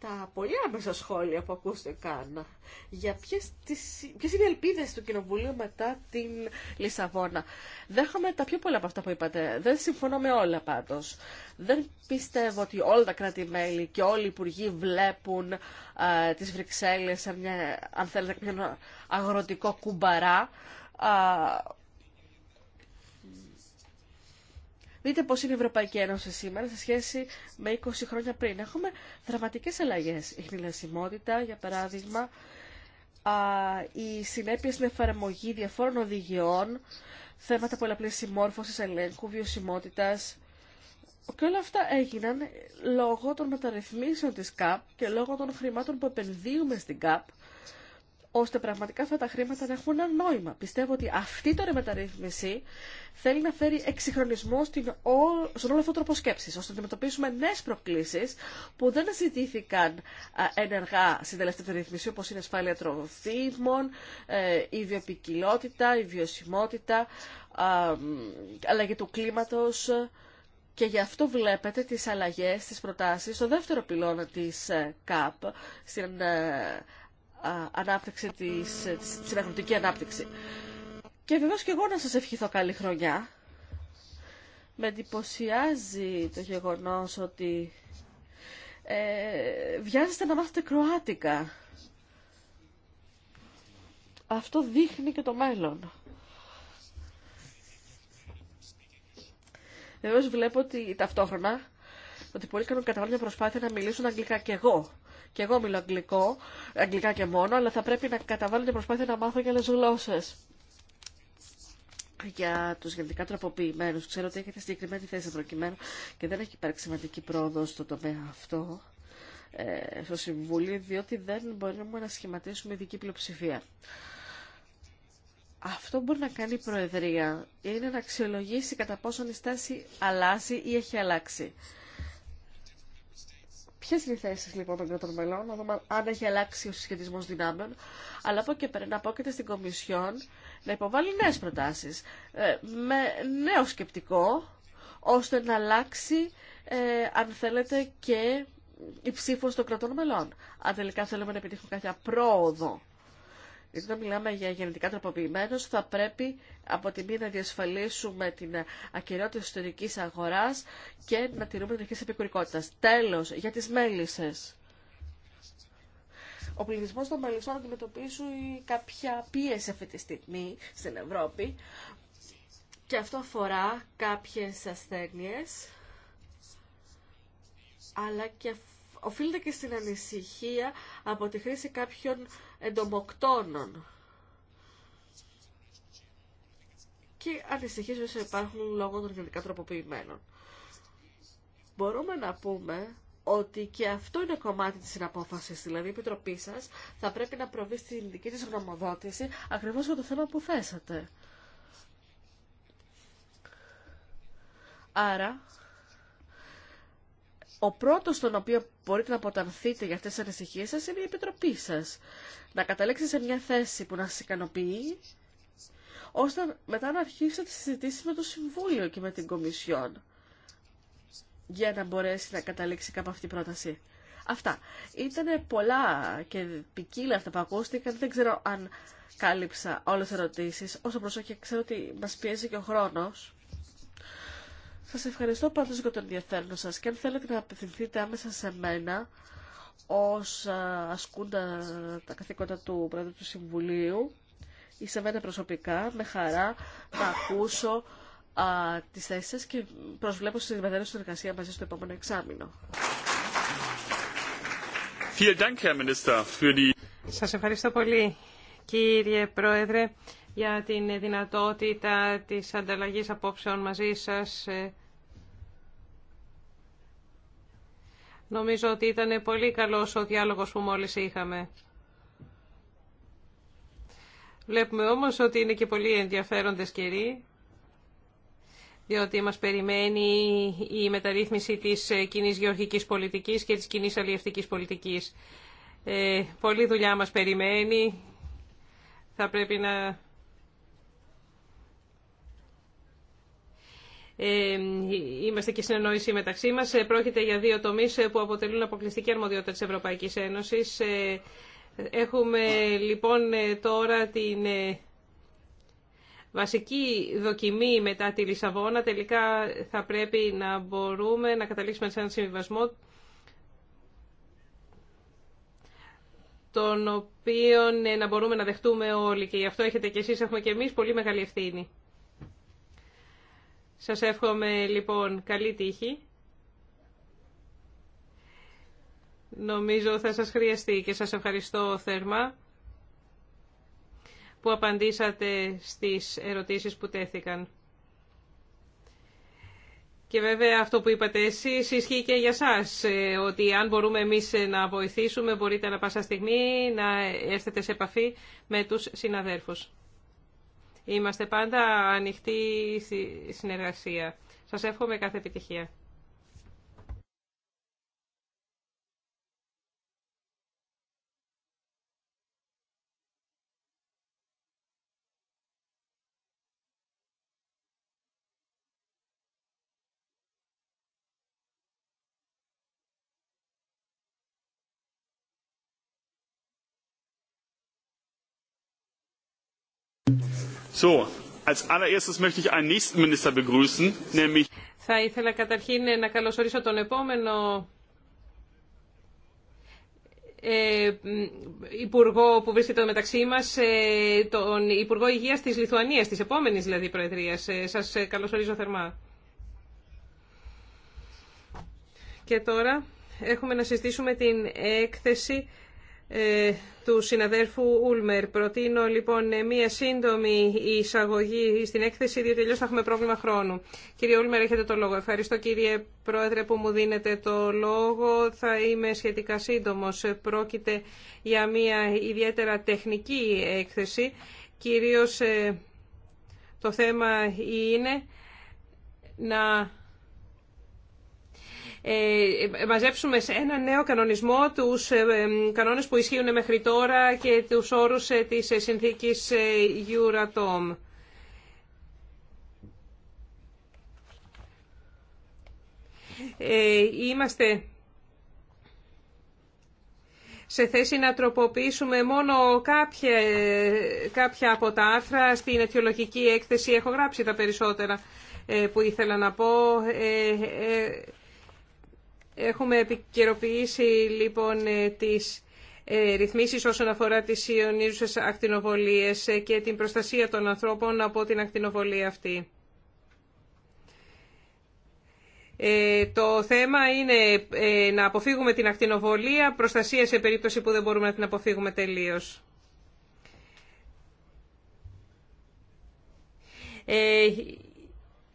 τα πολύ άμεσα σχόλια που ακούστηκαν για ποιες, τις, ποιες είναι οι ελπίδες του Κοινοβουλίου μετά την Λισαβόνα. Δέχομαι τα πιο πολλά από αυτά που είπατε. Δεν συμφωνώ με όλα πάντως. Δεν πιστεύω ότι όλα τα κράτη-μέλη και όλοι οι υπουργοί βλέπουν ε, τις Βρυξέλλες σε μια, αν θέλετε, μια αγροτικό κουμπαρά α, Δείτε πώς είναι η Ευρωπαϊκή Ένωση σήμερα σε σχέση με 20 χρόνια πριν. Έχουμε δραματικές αλλαγές. Η χνηλασιμότητα, για παράδειγμα, οι συνέπειε στην εφαρμογή διαφόρων οδηγιών, θέματα πολλαπλής συμμόρφωσης, ελέγχου, βιωσιμότητας. Και όλα αυτά έγιναν λόγω των μεταρρυθμίσεων της ΚΑΠ και λόγω των χρημάτων που επενδύουμε στην ΚΑΠ ώστε πραγματικά αυτά τα χρήματα να έχουν ένα νόημα. Πιστεύω ότι αυτή τώρα η μεταρρύθμιση θέλει να φέρει εξυγχρονισμό στην ό, στον όλο αυτό τρόπο σκέψη, ώστε να αντιμετωπίσουμε νέε προκλήσει που δεν συζητήθηκαν ενεργά στην τελευταία μεταρρύθμιση όπω είναι ασφάλεια τροφίμων, ε, η βιοπικιλότητα, η βιωσιμότητα, αλλαγή του κλίματο. και γι' αυτό βλέπετε τις αλλαγές, τις προτάσεις στο δεύτερο πυλώνα της ε, ΚΑΠ, στην ε, ανάπτυξη τη της, ε, ανάπτυξη. Και βεβαίω και εγώ να σας ευχηθώ καλή χρονιά. Με εντυπωσιάζει το γεγονός ότι ε, βιάζεστε να μάθετε κροάτικα. Αυτό δείχνει και το μέλλον. Βεβαίω, βλέπω ότι ταυτόχρονα ότι πολλοί κάνουν καταβάλουν προσπάθεια να μιλήσουν αγγλικά και εγώ. Και εγώ μιλώ αγγλικό, αγγλικά και μόνο, αλλά θα πρέπει να καταβάλω την προσπάθεια να μάθω και άλλε γλώσσε. Για του γενικά τροποποιημένου, ξέρω ότι έχετε συγκεκριμένη θέση προκειμένου και δεν έχει υπάρξει σημαντική πρόοδο στο τομέα αυτό ε, στο Συμβούλιο, διότι δεν μπορούμε να σχηματίσουμε ειδική πλειοψηφία. Αυτό που μπορεί να κάνει η Προεδρία είναι να αξιολογήσει κατά πόσον η στάση αλλάζει ή έχει αλλάξει. Ποιε είναι οι θέσει λοιπόν των κρατών μελών, να δούμε αν έχει αλλάξει ο συσχετισμό δυνάμεων, αλλά από και πέρα να και στην Κομισιόν να υποβάλει νέε προτάσει ε, με νέο σκεπτικό, ώστε να αλλάξει, ε, αν θέλετε, και η ψήφο των κρατών μελών. Αν τελικά θέλουμε να επιτύχουμε κάποια πρόοδο γιατί μιλάμε για γενετικά τροποποιημένο, θα πρέπει από τη μία να διασφαλίσουμε την ακυριότητα της ιστορικής αγοράς και να τηρούμε την αρχή της επικουρικότητας. Τέλος, για τις μέλισσε. Ο πληθυσμό των μελισσών αντιμετωπίζει κάποια πίεση αυτή τη στιγμή στην Ευρώπη και αυτό αφορά κάποιες ασθένειες αλλά και οφείλεται και στην ανησυχία από τη χρήση κάποιων εντομοκτώνων. Και ανησυχίες όσο υπάρχουν λόγω των γενικά τροποποιημένων. Μπορούμε να πούμε ότι και αυτό είναι κομμάτι της συναπόφασης, δηλαδή η Επιτροπή σας θα πρέπει να προβεί στην δική της γνωμοδότηση ακριβώς για το θέμα που θέσατε. Άρα, ο πρώτος στον οποίο μπορείτε να αποτανθείτε για αυτές τις ανησυχίες σας είναι η επιτροπή σας. Να καταλέξετε σε μια θέση που να σας ικανοποιεί, ώστε μετά να αρχίσετε τις συζητήσεις με το Συμβούλιο και με την Κομισιόν, για να μπορέσει να καταλήξει κάπου αυτή η πρόταση. Αυτά. Ήταν πολλά και ποικίλα αυτά που ακούστηκαν. Δεν ξέρω αν κάλυψα όλες τις ερωτήσεις. Όσο προσοχή, ξέρω ότι μας πιέζει και ο χρόνος. Σας ευχαριστώ πάντως για το ενδιαφέρον σας και αν θέλετε να απευθυνθείτε άμεσα σε μένα ως ασκούντα τα καθήκοντα του Πρόεδρου του Συμβουλίου ή σε μένα προσωπικά, με χαρά να ακούσω τι τις θέσεις και προσβλέπω στη μετέρα συνεργασία μαζί στο επόμενο εξάμεινο. Σας ευχαριστώ πολύ κύριε Πρόεδρε για την δυνατότητα της ανταλλαγής απόψεων μαζί σας. Νομίζω ότι ήταν πολύ καλός ο διάλογος που μόλις είχαμε. Βλέπουμε όμως ότι είναι και πολύ ενδιαφέροντες καιροί, διότι μας περιμένει η μεταρρύθμιση της κοινή γεωργικής πολιτικής και της κοινή αλλιευτικής πολιτικής. Ε, πολλή δουλειά μας περιμένει. Θα πρέπει να είμαστε και συνεννόηση μεταξύ μας. Ε, πρόκειται για δύο τομείς ε, που αποτελούν αποκλειστική αρμοδιότητα της Ευρωπαϊκής Ένωσης. Ε, έχουμε λοιπόν τώρα την βασική δοκιμή μετά τη Λισαβόνα. Τελικά θα πρέπει να μπορούμε να καταλήξουμε σε έναν συμβιβασμό τον οποίο να μπορούμε να δεχτούμε όλοι. Και γι' αυτό έχετε και εσείς, έχουμε και εμείς πολύ μεγάλη ευθύνη. Σας εύχομαι λοιπόν καλή τύχη. Νομίζω θα σας χρειαστεί και σας ευχαριστώ θερμά που απαντήσατε στις ερωτήσεις που τέθηκαν. Και βέβαια αυτό που είπατε εσείς ισχύει και για σας, ε, ότι αν μπορούμε εμείς να βοηθήσουμε μπορείτε να πάσα στιγμή να έρθετε σε επαφή με τους συναδέρφους. Είμαστε πάντα ανοιχτοί στη συνεργασία. Σας εύχομαι κάθε επιτυχία. θα ήθελα καταρχήν να καλωσορίσω τον επόμενο ε, υπουργό που βρίσκεται μεταξύ μας, ε, τον Υπουργό Υγείας της Λιθουανίας, της επόμενης δηλαδή Προεδρίας. Ε, σας καλωσορίζω θερμά. Και τώρα έχουμε να συζητήσουμε την έκθεση ε, του συναδέλφου Ούλμερ. Προτείνω λοιπόν ε, μία σύντομη εισαγωγή στην έκθεση, διότι αλλιώ θα έχουμε πρόβλημα χρόνου. Κύριε Ούλμερ, έχετε το λόγο. Ευχαριστώ κύριε Πρόεδρε που μου δίνετε το λόγο. Θα είμαι σχετικά σύντομο. Πρόκειται για μία ιδιαίτερα τεχνική έκθεση. Κυρίω ε, το θέμα είναι να ε, ε, μαζέψουμε σε ένα νέο κανονισμό τους ε, κανόνες που ισχύουν μέχρι τώρα και τους όρους της συνθήκης Euratom. Είμαστε σε θέση να τροποποιήσουμε μόνο κάποια, κάποια από τα άρθρα. Στην αιτιολογική έκθεση έχω γράψει τα περισσότερα που ήθελα να πω. Έχουμε επικαιροποιήσει λοιπόν ε, τις ε, ρυθμίσεις όσον αφορά τις ιονίζουσες ακτινοβολίες ε, και την προστασία των ανθρώπων από την ακτινοβολία αυτή. το θέμα είναι να αποφύγουμε την ακτινοβολία, προστασία σε περίπτωση που δεν μπορούμε να την αποφύγουμε τελείως.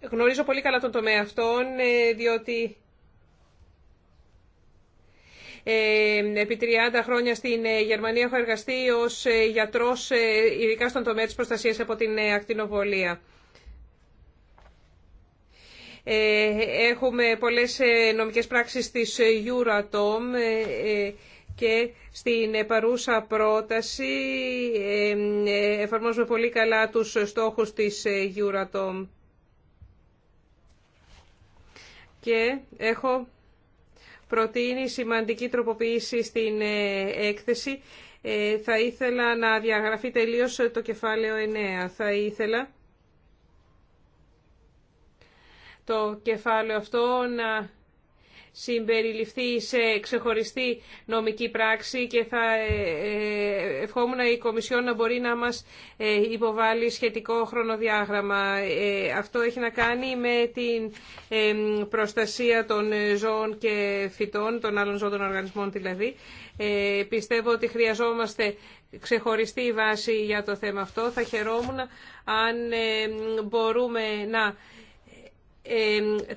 γνωρίζω πολύ καλά τον τομέα αυτόν, διότι ε, επί 30 χρόνια στην ε, Γερμανία έχω εργαστεί ως ε, γιατρός ειδικά στον τομέα της προστασίας από την ακτινοβολία. Έχουμε πολλές νομικές πράξεις της Euratom και στην παρούσα πρόταση εφαρμόζουμε πολύ καλά τους στόχους της Euratom. Και έχω προτείνει σημαντική τροποποίηση στην ε, έκθεση. Ε, θα ήθελα να διαγραφεί τελείως το κεφάλαιο 9. Θα ήθελα το κεφάλαιο αυτό να συμπεριληφθεί σε ξεχωριστή νομική πράξη και θα ε, ε, ευχόμουν η Κομισιόν να μπορεί να μας ε, υποβάλει σχετικό χρονοδιάγραμμα. Αυτό έχει να κάνει με την προστασία των ζώων και φυτών, των άλλων ζώων των οργανισμών δηλαδή. Πιστεύω ότι χρειαζόμαστε ξεχωριστή βάση για το θέμα αυτό. Θα χαιρόμουν αν μπορούμε να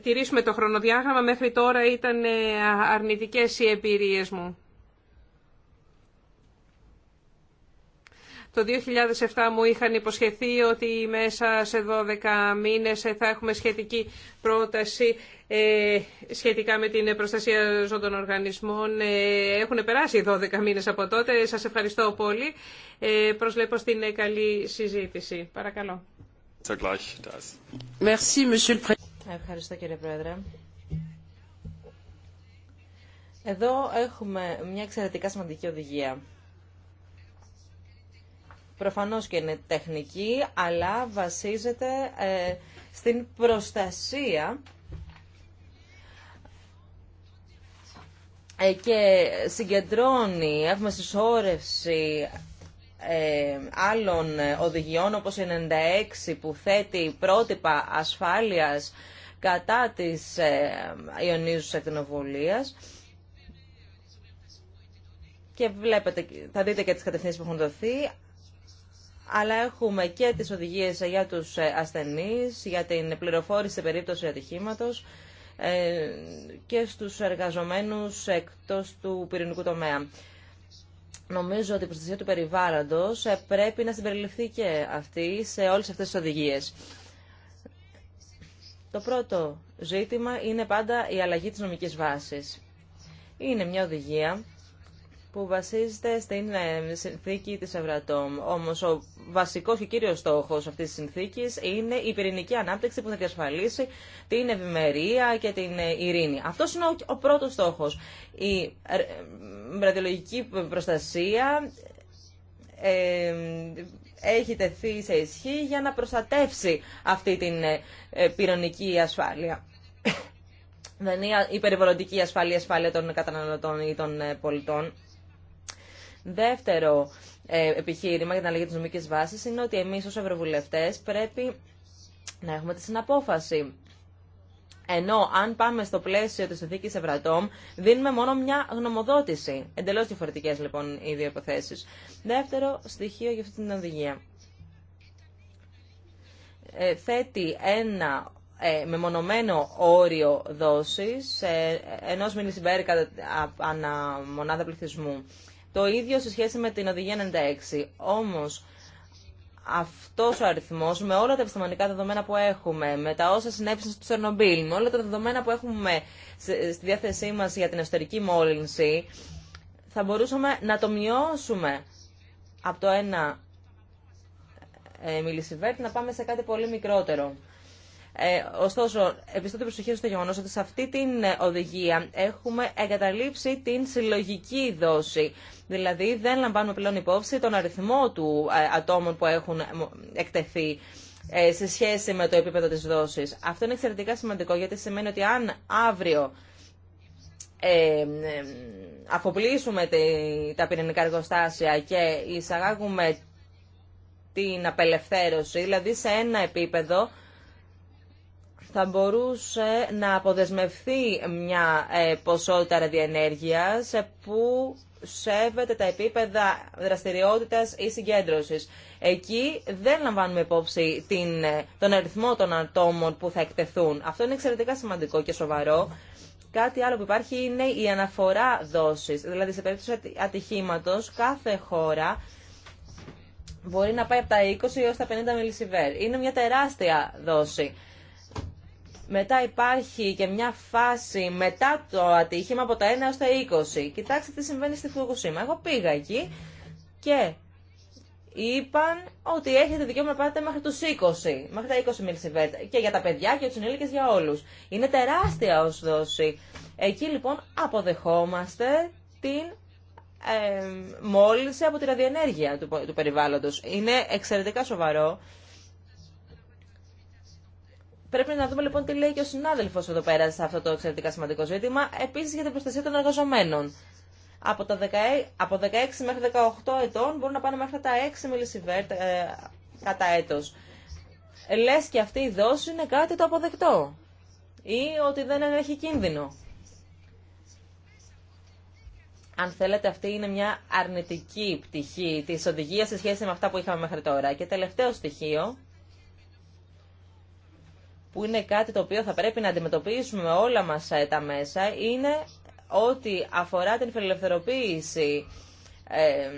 τηρήσουμε το χρονοδιάγραμμα. Μέχρι τώρα ήταν ε, αρνητικές οι εμπειρίες μου. Το 2007 μου είχαν υποσχεθεί ότι μέσα σε 12 μήνες ε, θα έχουμε σχετική πρόταση ε, σχετικά με την προστασία ζώντων οργανισμών. Έχουν περάσει 12 μήνες από τότε. Σας ευχαριστώ πολύ. Προσλέπω στην καλή συζήτηση. Παρακαλώ. Merci, Ευχαριστώ κύριε Πρόεδρε. Εδώ έχουμε μια εξαιρετικά σημαντική οδηγία. Προφανώς και είναι τεχνική, αλλά βασίζεται ε, στην προστασία ε, και συγκεντρώνει έχουμε ε, άλλων οδηγιών όπως η 96 που θέτει πρότυπα ασφάλειας κατά της ε, Ιωνίζους Ακτινοβουλίας. Και βλέπετε, θα δείτε και τις κατευθύνσεις που έχουν δοθεί, αλλά έχουμε και τις οδηγίες για τους ε, ασθενείς, για την πληροφόρηση σε περίπτωση ατυχήματος ε, και στους εργαζομένους εκτός του πυρηνικού τομέα. Νομίζω ότι η προστασία του περιβάλλοντος πρέπει να συμπεριληφθεί και αυτή σε όλες αυτές τις οδηγίες. Το πρώτο ζήτημα είναι πάντα η αλλαγή της νομικής βάσης. Είναι μια οδηγία που βασίζεται στην ε, συνθήκη της Ευρατόμ. Όμως ο βασικός και κύριος στόχος αυτής της συνθήκης είναι η πυρηνική ανάπτυξη που θα διασφαλίσει την ευημερία και την ε, ειρήνη. Αυτός είναι ο πρώτος στόχος. Η ε, ραδιολογική προστασία έχει τεθεί σε ισχύ για να προστατεύσει αυτή την ε, ε, πυρονική ασφάλεια. Δεν είναι η περιβαλλοντική ασφάλεια ασφάλεια των καταναλωτών ή των ε, πολιτών. Δεύτερο επιχείρημα για την αλλαγή της νομικής βάσης είναι ότι εμείς ως ευρωβουλευτές πρέπει να έχουμε τη συναπόφαση ενώ αν πάμε στο πλαίσιο της συνθήκη Ευρατόμ, δίνουμε μόνο μια γνωμοδότηση. Εντελώς διαφορετικές λοιπόν οι δύο υποθέσει. Δεύτερο στοιχείο για αυτή την οδηγία. Ε, θέτει ένα ε, μεμονωμένο όριο δόσης ε, ενός μιλισιμπέρ ανά μονάδα πληθυσμού. Το ίδιο σε σχέση με την οδηγία 96. Όμως, αυτός ο αριθμός με όλα τα επιστημονικά δεδομένα που έχουμε, με τα όσα συνέβησαν στο Τσερνομπίλ, με όλα τα δεδομένα που έχουμε στη διάθεσή μα για την εσωτερική μόλυνση, θα μπορούσαμε να το μειώσουμε από το ένα ε, μιλισιβέρτ να πάμε σε κάτι πολύ μικρότερο. Ε, ωστόσο, επιστώ την προσοχή στο γεγονό ότι σε αυτή την ε, οδηγία έχουμε εγκαταλείψει την συλλογική δόση. Δηλαδή, δεν λαμβάνουμε πλέον υπόψη τον αριθμό του ε, ατόμων που έχουν εκτεθεί σε σχέση με το επίπεδο της δόσης. Αυτό είναι εξαιρετικά σημαντικό γιατί σημαίνει ότι αν αύριο ε, αφοπλίσουμε τα πυρηνικά εργοστάσια και εισαγάγουμε την απελευθέρωση, δηλαδή σε ένα επίπεδο θα μπορούσε να αποδεσμευθεί μια ε, ποσότητα ραδιενέργειας ε, που σέβεται τα επίπεδα δραστηριότητας ή συγκέντρωσης. Εκεί δεν λαμβάνουμε υπόψη την, ε, τον αριθμό των ατόμων που θα εκτεθούν. Αυτό είναι εξαιρετικά σημαντικό και σοβαρό. Κάτι άλλο που υπάρχει είναι η αναφορά δόσης. Δηλαδή σε περίπτωση ατυχήματος κάθε χώρα μπορεί να πάει από τα 20 έως τα 50 μιλισιβέρ. Είναι μια τεράστια δόση. Μετά υπάρχει και μια φάση μετά το ατύχημα από τα 1 έως τα 20. Κοιτάξτε τι συμβαίνει στη Φουκουσίμα. Εγώ πήγα εκεί και είπαν ότι έχετε δικαίωμα να πάτε μέχρι τους 20, μέχρι τα 20 μιλισιβέρτ και για τα παιδιά και τους ενήλικες για όλους. Είναι τεράστια ως δόση. Εκεί λοιπόν αποδεχόμαστε την ε, μόλυνση από τη ραδιενέργεια του, του περιβάλλοντος. Είναι εξαιρετικά σοβαρό Πρέπει να δούμε λοιπόν τι λέει και ο συνάδελφο εδώ πέρα σε αυτό το εξαιρετικά σημαντικό ζήτημα. Επίση για την προστασία των εργαζομένων. Από, τα 16, από 16 μέχρι 18 ετών μπορούν να πάνε μέχρι τα 6 μιλισιβέρτ ε, κατά έτο. Λε και αυτή η δόση είναι κάτι το αποδεκτό. Ή ότι δεν έχει κίνδυνο. Αν θέλετε, αυτή είναι μια αρνητική πτυχή της οδηγία σε σχέση με αυτά που είχαμε μέχρι τώρα. Και τελευταίο στοιχείο, που είναι κάτι το οποίο θα πρέπει να αντιμετωπίσουμε όλα μας ε, τα μέσα, είναι ότι αφορά την φιλελευθερωποίηση. Ε,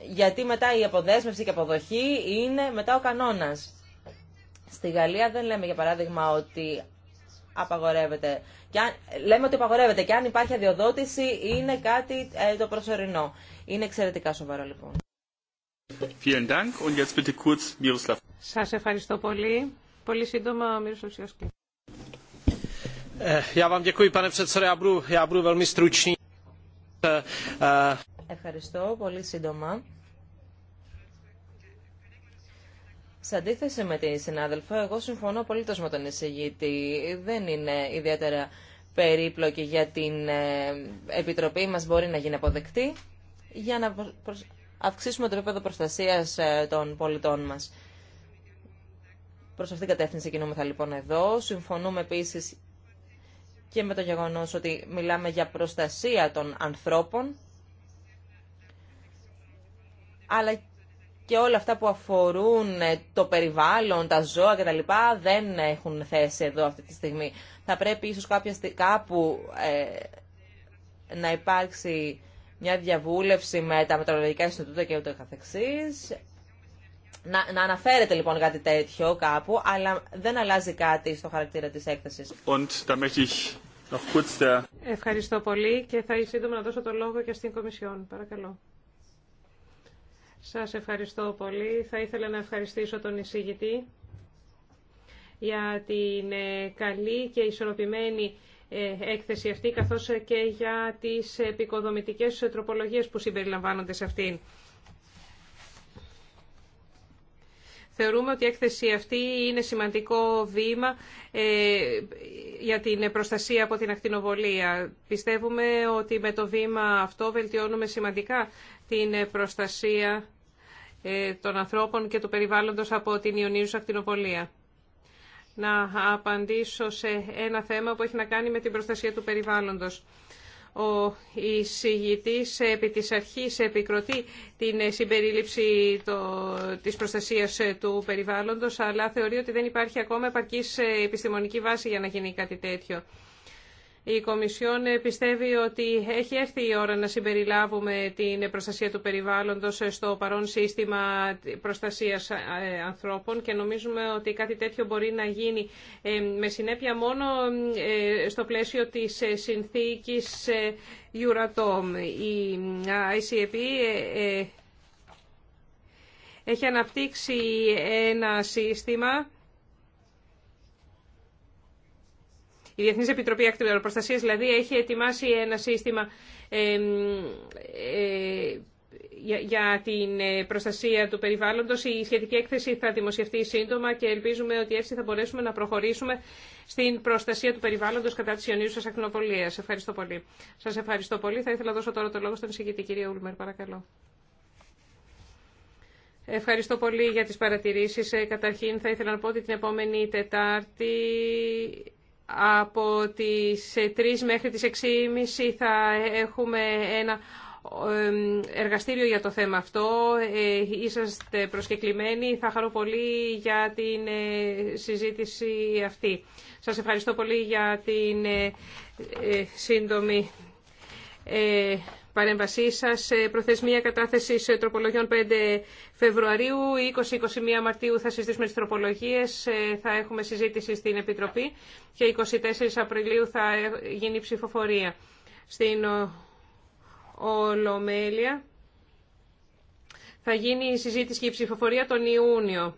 γιατί μετά η αποδέσμευση και αποδοχή είναι μετά ο κανόνας. Στη Γαλλία δεν λέμε για παράδειγμα ότι απαγορεύεται. Και λέμε ότι απαγορεύεται και αν υπάρχει αδειοδότηση είναι κάτι ε, το προσωρινό. Είναι εξαιρετικά σοβαρό λοιπόν. Σας ευχαριστώ πολύ. Πολύ σύντομα, ο Μύρος Ουσιασκή. Ε, e, e. Ευχαριστώ, πολύ σύντομα. Σε αντίθεση με τη συνάδελφο, εγώ συμφωνώ απολύτως με τον εισηγήτη. Δεν είναι ιδιαίτερα περίπλοκη για την ε, Επιτροπή μας μπορεί να γίνει αποδεκτή για να αυξήσουμε το επίπεδο προστασίας ε, των πολιτών μας. Προς αυτήν την κατεύθυνση κινούμεθα λοιπόν εδώ. Συμφωνούμε επίσης και με το γεγονός ότι μιλάμε για προστασία των ανθρώπων, αλλά και όλα αυτά που αφορούν ε, το περιβάλλον, τα ζώα κτλ. δεν έχουν θέση εδώ αυτή τη στιγμή. Θα πρέπει ίσως κάποια κάπου ε, να υπάρξει μια διαβούλευση με τα μετρολογικά Ινστιτούτα και ούτω καθεξής να, να αναφέρεται λοιπόν κάτι τέτοιο κάπου, αλλά δεν αλλάζει κάτι στο χαρακτήρα της έκθεσης. Ευχαριστώ πολύ και θα σύντομα να δώσω το λόγο και στην Κομισιόν. Παρακαλώ. Σας ευχαριστώ πολύ. Θα ήθελα να ευχαριστήσω τον εισηγητή για την ε, καλή και ισορροπημένη ε, έκθεση αυτή, καθώς και για τις επικοδομητικές τροπολογίες που συμπεριλαμβάνονται σε αυτήν. Θεωρούμε ότι η έκθεση αυτή είναι σημαντικό βήμα ε, για την προστασία από την ακτινοβολία. Πιστεύουμε ότι με το βήμα αυτό βελτιώνουμε σημαντικά την προστασία ε, των ανθρώπων και του περιβάλλοντος από την ιονίζουσα ακτινοβολία. Να απαντήσω σε ένα θέμα που έχει να κάνει με την προστασία του περιβάλλοντος. Ο εισηγητής επί της αρχής επικροτεί την συμπερίληψη το, της προστασίας του περιβάλλοντος, αλλά θεωρεί ότι δεν υπάρχει ακόμα επαρκής επιστημονική βάση για να γίνει κάτι τέτοιο. Η Κομισιόν πιστεύει ότι έχει έρθει η ώρα να συμπεριλάβουμε την προστασία του περιβάλλοντος στο παρόν σύστημα προστασίας ε, ανθρώπων και νομίζουμε ότι κάτι τέτοιο μπορεί να γίνει ε, με συνέπεια μόνο ε, στο πλαίσιο της συνθήκης Euratom. Η ICEP έχει αναπτύξει ένα σύστημα Η Διεθνής Επιτροπή Προστασίας, δηλαδή έχει ετοιμάσει ένα σύστημα ε, ε, για, την ε, προστασία του περιβάλλοντος. Η σχετική έκθεση θα δημοσιευτεί σύντομα και ελπίζουμε ότι έτσι θα μπορέσουμε να προχωρήσουμε στην προστασία του περιβάλλοντος κατά της Ακνοπολία. Σας Ευχαριστώ πολύ. Σας ευχαριστώ πολύ. Θα ήθελα να δώσω τώρα το λόγο στον εισηγητή κυρία Ούλμερ. Παρακαλώ. Ευχαριστώ πολύ για τις παρατηρήσεις. Ε, καταρχήν θα ήθελα να πω ότι την επόμενη Τετάρτη από τις 3 ε, μέχρι τις 6.30 θα έχουμε ένα εργαστήριο για το θέμα αυτό. Ε, είσαστε προσκεκλημένοι. Θα χαρώ πολύ για την ε, συζήτηση αυτή. Σας ευχαριστώ πολύ για την σύντομη παρέμβασή σα Προθεσμία κατάθεση τροπολογιών 5 Φεβρουαρίου, 20-21 Μαρτίου θα συζητήσουμε τι τροπολογίε. Ε, θα έχουμε συζήτηση στην Επιτροπή και 24 Απριλίου θα γίνει ψηφοφορία στην ε, Ολομέλεια. Θα γίνει η συζήτηση και η ψηφοφορία τον Ιούνιο.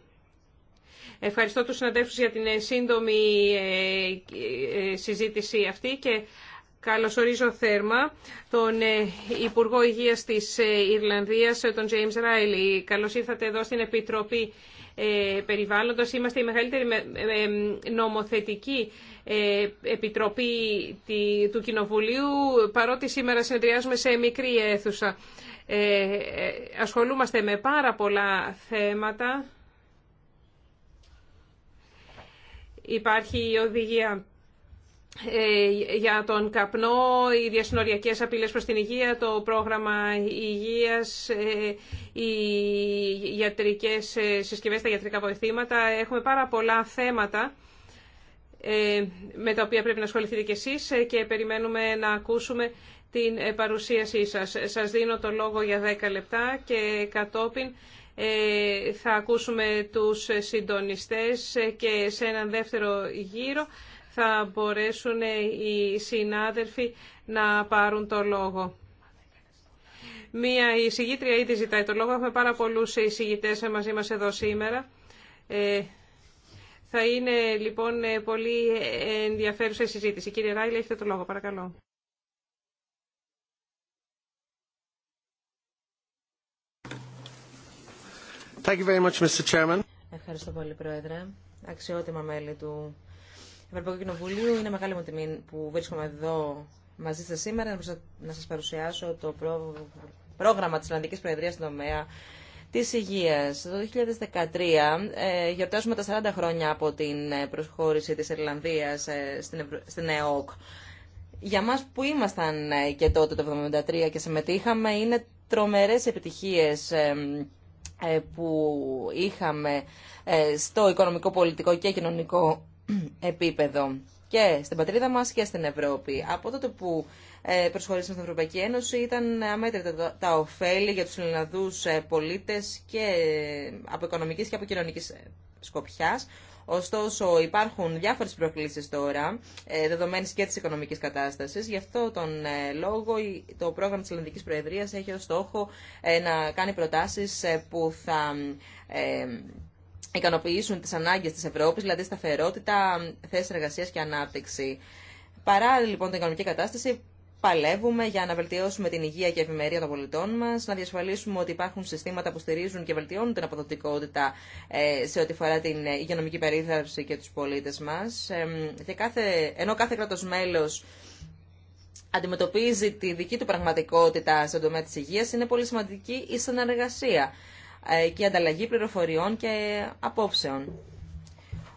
Ευχαριστώ τους συναδέλφους για την ε, σύντομη συζήτηση αυτή και ορίζω θέρμα τον ε, Υπουργό Υγείας της ε, Ιρλανδίας, ε, τον James Ράιλι. Καλώς ήρθατε εδώ στην Επιτροπή Περιβάλλοντος. Είμαστε η μεγαλύτερη νομοθετική επιτροπή του Κοινοβουλίου, παρότι σήμερα συνεδριάζουμε σε μικρή αίθουσα. Ασχολούμαστε με πάρα πολλά θέματα. Υπάρχει η οδηγία ε, για τον καπνό, οι διασυνοριακές απειλές προς την υγεία, το πρόγραμμα υγείας, ε, οι ιατρικές ε, συσκευές, τα ιατρικά βοηθήματα. Έχουμε πάρα πολλά θέματα με τα οποία πρέπει να ασχοληθείτε κι εσείς και περιμένουμε να ακούσουμε την παρουσίασή σας. Σας δίνω το λόγο για 10 λεπτά και κατόπιν θα ακούσουμε τους συντονιστές και σε έναν δεύτερο γύρο θα μπορέσουν οι συνάδελφοι να πάρουν το λόγο. Μία εισηγήτρια ήδη ζητάει το λόγο. Έχουμε πάρα πολλούς εισηγητές μαζί μας εδώ σήμερα. Ε, θα είναι λοιπόν πολύ ενδιαφέρουσα η συζήτηση. Κύριε Ράιλε, έχετε το λόγο, παρακαλώ. Thank you very much, Mr. Chairman. Ευχαριστώ πολύ, Πρόεδρε. Αξιότιμα μέλη του Ευρωπαϊκού Κοινοβουλίου. Είναι μεγάλη μου τιμή που βρίσκομαι εδώ μαζί σας σήμερα να σας παρουσιάσω το πρόγραμμα της Ολλανδικής Προεδρίας στην τομέα της υγεία. Το 2013 ε, γιορτάζουμε τα 40 χρόνια από την ε, προσχώρηση της Ιρλανδία ε, στην, στην ΕΟΚ. Για μας που ήμασταν ε, και τότε το 1973 και συμμετείχαμε είναι τρομερές επιτυχίες που είχαμε στο οικονομικό, πολιτικό και κοινωνικό επίπεδο και στην πατρίδα μας και στην Ευρώπη. Από τότε που ε, προσχωρήσαμε στην Ευρωπαϊκή Ένωση ήταν αμέτρητα τα ωφέλη για τους Ελληναδούς ε, πολίτες και ε, από οικονομικής και από κοινωνικής σκοπιάς. Ωστόσο υπάρχουν διάφορες προκλήσεις τώρα, δεδομένες και της οικονομικής κατάστασης. Γι' αυτό τον λόγο το πρόγραμμα της Ελληνικής Προεδρίας έχει ως στόχο να κάνει προτάσεις που θα ικανοποιήσουν τις ανάγκες της Ευρώπης, δηλαδή σταθερότητα, θέσεις εργασίας και ανάπτυξη. Παρά λοιπόν την οικονομική κατάσταση, παλεύουμε για να βελτιώσουμε την υγεία και ευημερία των πολιτών μας, να διασφαλίσουμε ότι υπάρχουν συστήματα που στηρίζουν και βελτιώνουν την αποδοτικότητα ε, σε ό,τι φορά την υγειονομική περίθαρψη και τους πολίτες μας. Και κάθε, ενώ κάθε κράτος μέλος αντιμετωπίζει τη δική του πραγματικότητα στον τομέα της υγείας, είναι πολύ σημαντική η συνεργασία ε, και ανταλλαγή πληροφοριών και απόψεων.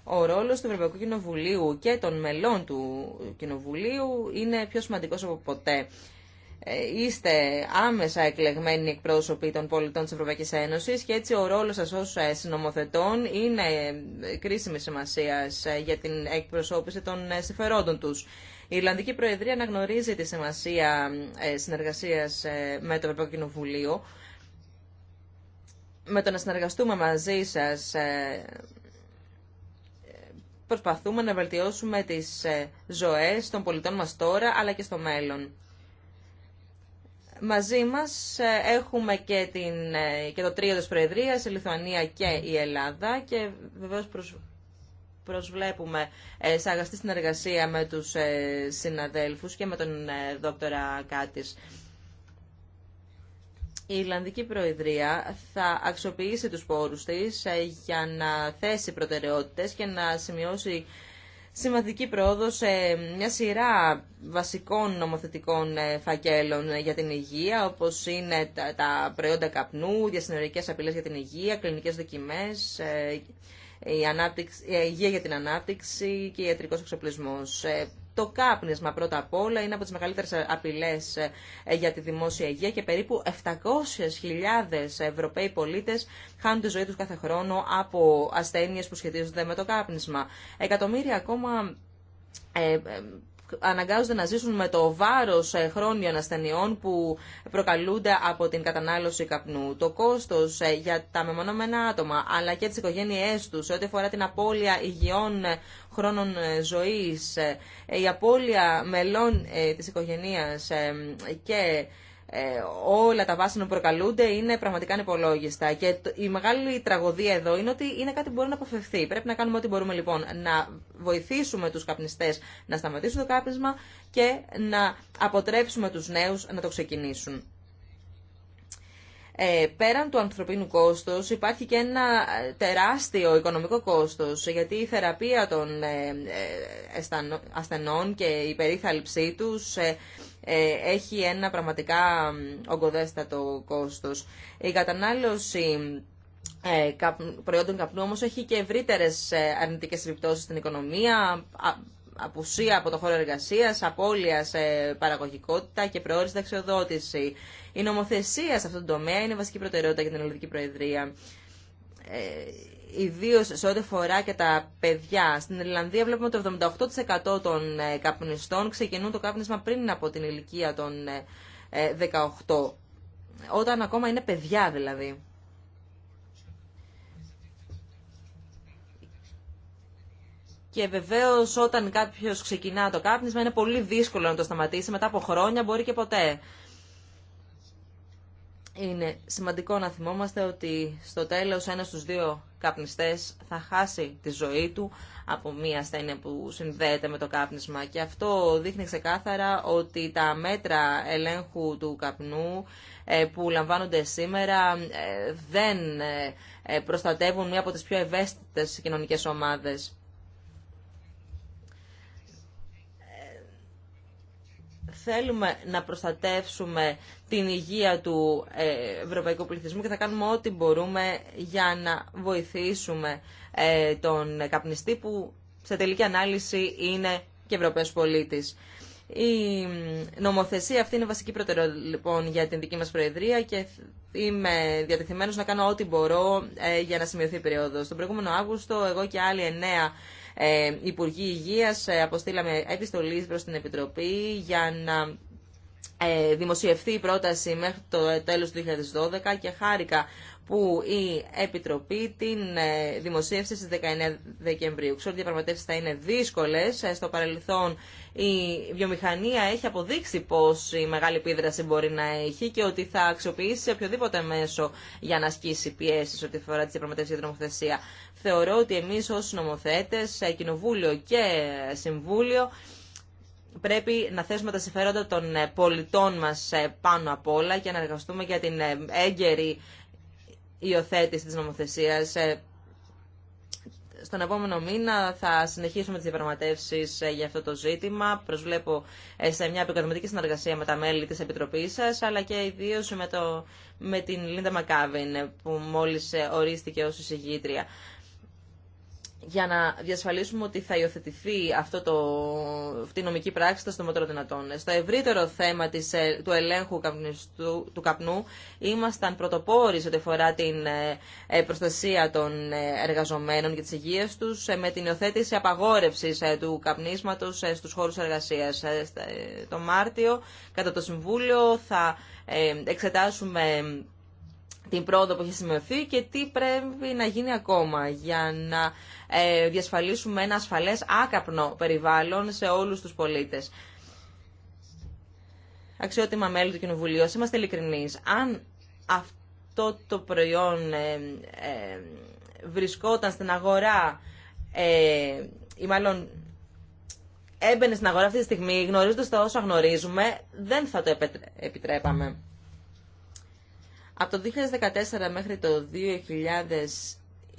Ο ρόλος του Ευρωπαϊκού Κοινοβουλίου και των μελών του Κοινοβουλίου είναι πιο σημαντικός από ποτέ. Ε, είστε άμεσα εκλεγμένοι εκπρόσωποι των πολιτών της Ευρωπαϊκής Ένωσης και έτσι ο ρόλος σας ως ε, συνομοθετών είναι κρίσιμη σημασία για την εκπροσώπηση των συμφερόντων τους. Η Ιρλανδική Προεδρία αναγνωρίζει τη σημασία συνεργασίας με το Ευρωπαϊκό Κοινοβουλίο με το να συνεργαστούμε μαζί σας ε, προσπαθούμε να βελτιώσουμε τις ε, ζωές των πολιτών μας τώρα αλλά και στο μέλλον. Μαζί μας ε, έχουμε και, την, και το τρίο της Προεδρίας, η Λιθουανία και η Ελλάδα και βεβαίως προσβλέπουμε σε αγαστή συνεργασία με τους συναδέλφους και με τον δόκτορα Κάτης η Ιρλανδική Προεδρία θα αξιοποιήσει τους πόρους της ε, για να θέσει προτεραιότητες και να σημειώσει σημαντική πρόοδο σε μια σειρά βασικών νομοθετικών ε, φακέλων για την υγεία, όπως είναι τα προϊόντα καπνού, διασυνορικές απειλές για την υγεία, κλινικές δοκιμές, ε, η, ανάπτυξη, υγεία για την ανάπτυξη και ιατρικός εξοπλισμός. Το κάπνισμα πρώτα απ' όλα είναι από τις μεγαλύτερες απειλές ε, ε, για τη δημόσια υγεία και περίπου 700.000 Ευρωπαίοι πολίτες χάνουν τη ζωή τους κάθε χρόνο από ασθένειες που σχετίζονται με το κάπνισμα. Εκατομμύρια ακόμα ε, αναγκάζονται να ζήσουν με το βάρο ε, χρόνιων ασθενειών που προκαλούνται από την κατανάλωση καπνού. Το κόστος ε, για τα μεμονωμένα άτομα αλλά και τι οικογένειε τους ό,τι αφορά την απώλεια υγιών ε, χρόνων ζωής, η απώλεια μελών της οικογένειας και ε, όλα τα βάσανα που προκαλούνται είναι πραγματικά ανυπολόγιστα. Και η μεγάλη τραγωδία εδώ είναι ότι είναι κάτι που μπορεί να αποφευθεί. Πρέπει να κάνουμε ό,τι μπορούμε λοιπόν. Να βοηθήσουμε του καπνιστέ να σταματήσουν το κάπνισμα και να αποτρέψουμε του νέου να το ξεκινήσουν. Ε, πέραν του ανθρωπίνου κόστος υπάρχει και ένα ε, τεράστιο οικονομικό κόστος γιατί η θεραπεία των ασθενών και η περίθαλψή τους ε, έχει ένα πραγματικά ογκοδέστατο κόστος. Η κατανάλωση ε, προϊόντων καπνού όμως έχει και ευρύτερες ε, αρνητικές επιπτώσεις στην οικονομία, απουσία από το χώρο εργασίας, απώλεια σε παραγωγικότητα και προώρηση δεξιοδότηση. Η νομοθεσία σε αυτόν τον τομέα είναι βασική προτεραιότητα για την Ελληνική Προεδρία. Ε, ιδίω σε ό,τι φορά και τα παιδιά. Στην Ιρλανδία βλέπουμε ότι το 78% των ε, καπνιστών ξεκινούν το κάπνισμα πριν από την ηλικία των 18. Ε, όταν ακόμα είναι παιδιά δηλαδή. Και βεβαίω όταν κάποιο ξεκινά το κάπνισμα είναι πολύ δύσκολο να το σταματήσει μετά από χρόνια, μπορεί και ποτέ. Είναι σημαντικό να θυμόμαστε ότι στο τέλος ένας στους δύο καπνιστές θα χάσει τη ζωή του από μία ασθένεια που συνδέεται με το κάπνισμα και αυτό δείχνει ξεκάθαρα ότι τα μέτρα ελέγχου του καπνού ε, που λαμβάνονται σήμερα ε, δεν ε, προστατεύουν μία από τις πιο ευαίσθητες κοινωνικές ομάδες. Θέλουμε να προστατεύσουμε την υγεία του ε, ευρωπαϊκού πληθυσμού και θα κάνουμε ό,τι μπορούμε για να βοηθήσουμε ε, τον καπνιστή που σε τελική ανάλυση είναι και Ευρωπαίος πολίτης. Η νομοθεσία αυτή είναι βασική προτεραιότητα λοιπόν για την δική μας Προεδρία και είμαι διατεθειμένος να κάνω ό,τι μπορώ ε, για να σημειωθεί η περίοδος. Τον προηγούμενο Αύγουστο εγώ και άλλοι εννέα Υπουργοί Υγείας αποστήλαμε επιστολή προς την Επιτροπή για να ε, δημοσιευθεί η πρόταση μέχρι το τέλος του 2012 και χάρηκα που η Επιτροπή την ε, δημοσίευσε στις 19 Δεκεμβρίου. Ξέρω ότι οι διαπραγματεύσεις θα είναι δύσκολες. Ε, στο παρελθόν η βιομηχανία έχει αποδείξει πως η μεγάλη επίδραση μπορεί να έχει και ότι θα αξιοποιήσει σε οποιοδήποτε μέσο για να ασκήσει πιέσεις ό,τι αφορά τις διαπραγματεύσεις για την νομοθεσία. Θεωρώ ότι εμείς ως νομοθέτες, Κοινοβούλιο και Συμβούλιο, πρέπει να θέσουμε τα συμφέροντα των ε, πολιτών μας ε, πάνω απ' όλα και να εργαστούμε για την ε, έγκαιρη υιοθέτηση της νομοθεσίας. Στον επόμενο μήνα θα συνεχίσουμε τις διαπραγματεύσεις για αυτό το ζήτημα. Προσβλέπω σε μια επικοδομητική συνεργασία με τα μέλη της Επιτροπής σας, αλλά και ιδίως με, με την Λίντα Μακάβιν, που μόλις ορίστηκε ως εισηγήτρια για να διασφαλίσουμε ότι θα υιοθετηθεί αυτό το, αυτή η νομική πράξη στο στομότερο δυνατόν. Στο ευρύτερο θέμα της, ε, του ελέγχου καπνιστού, του καπνού ήμασταν πρωτοπόροι σε ό,τι αφορά την ε, ε, προστασία των εργαζομένων και της υγείας τους με την υιοθέτηση απαγόρευσης του καπνίσματος στους χώρους εργασίας. Το Μάρτιο, κατά το Συμβούλιο, θα εξετάσουμε την πρόοδο που έχει σημειωθεί και τι πρέπει να γίνει ακόμα για να ε, διασφαλίσουμε ένα ασφαλές άκαπνο περιβάλλον σε όλους τους πολίτες. Αξιότιμα μέλη του Κοινοβουλίου, είμαστε ειλικρινεί. Αν αυτό το προϊόν ε, ε, βρισκόταν στην αγορά ε, ή μάλλον έμπαινε στην αγορά αυτή τη στιγμή γνωρίζοντα τα όσα γνωρίζουμε, δεν θα το επιτρέπαμε. Από το 2014 μέχρι το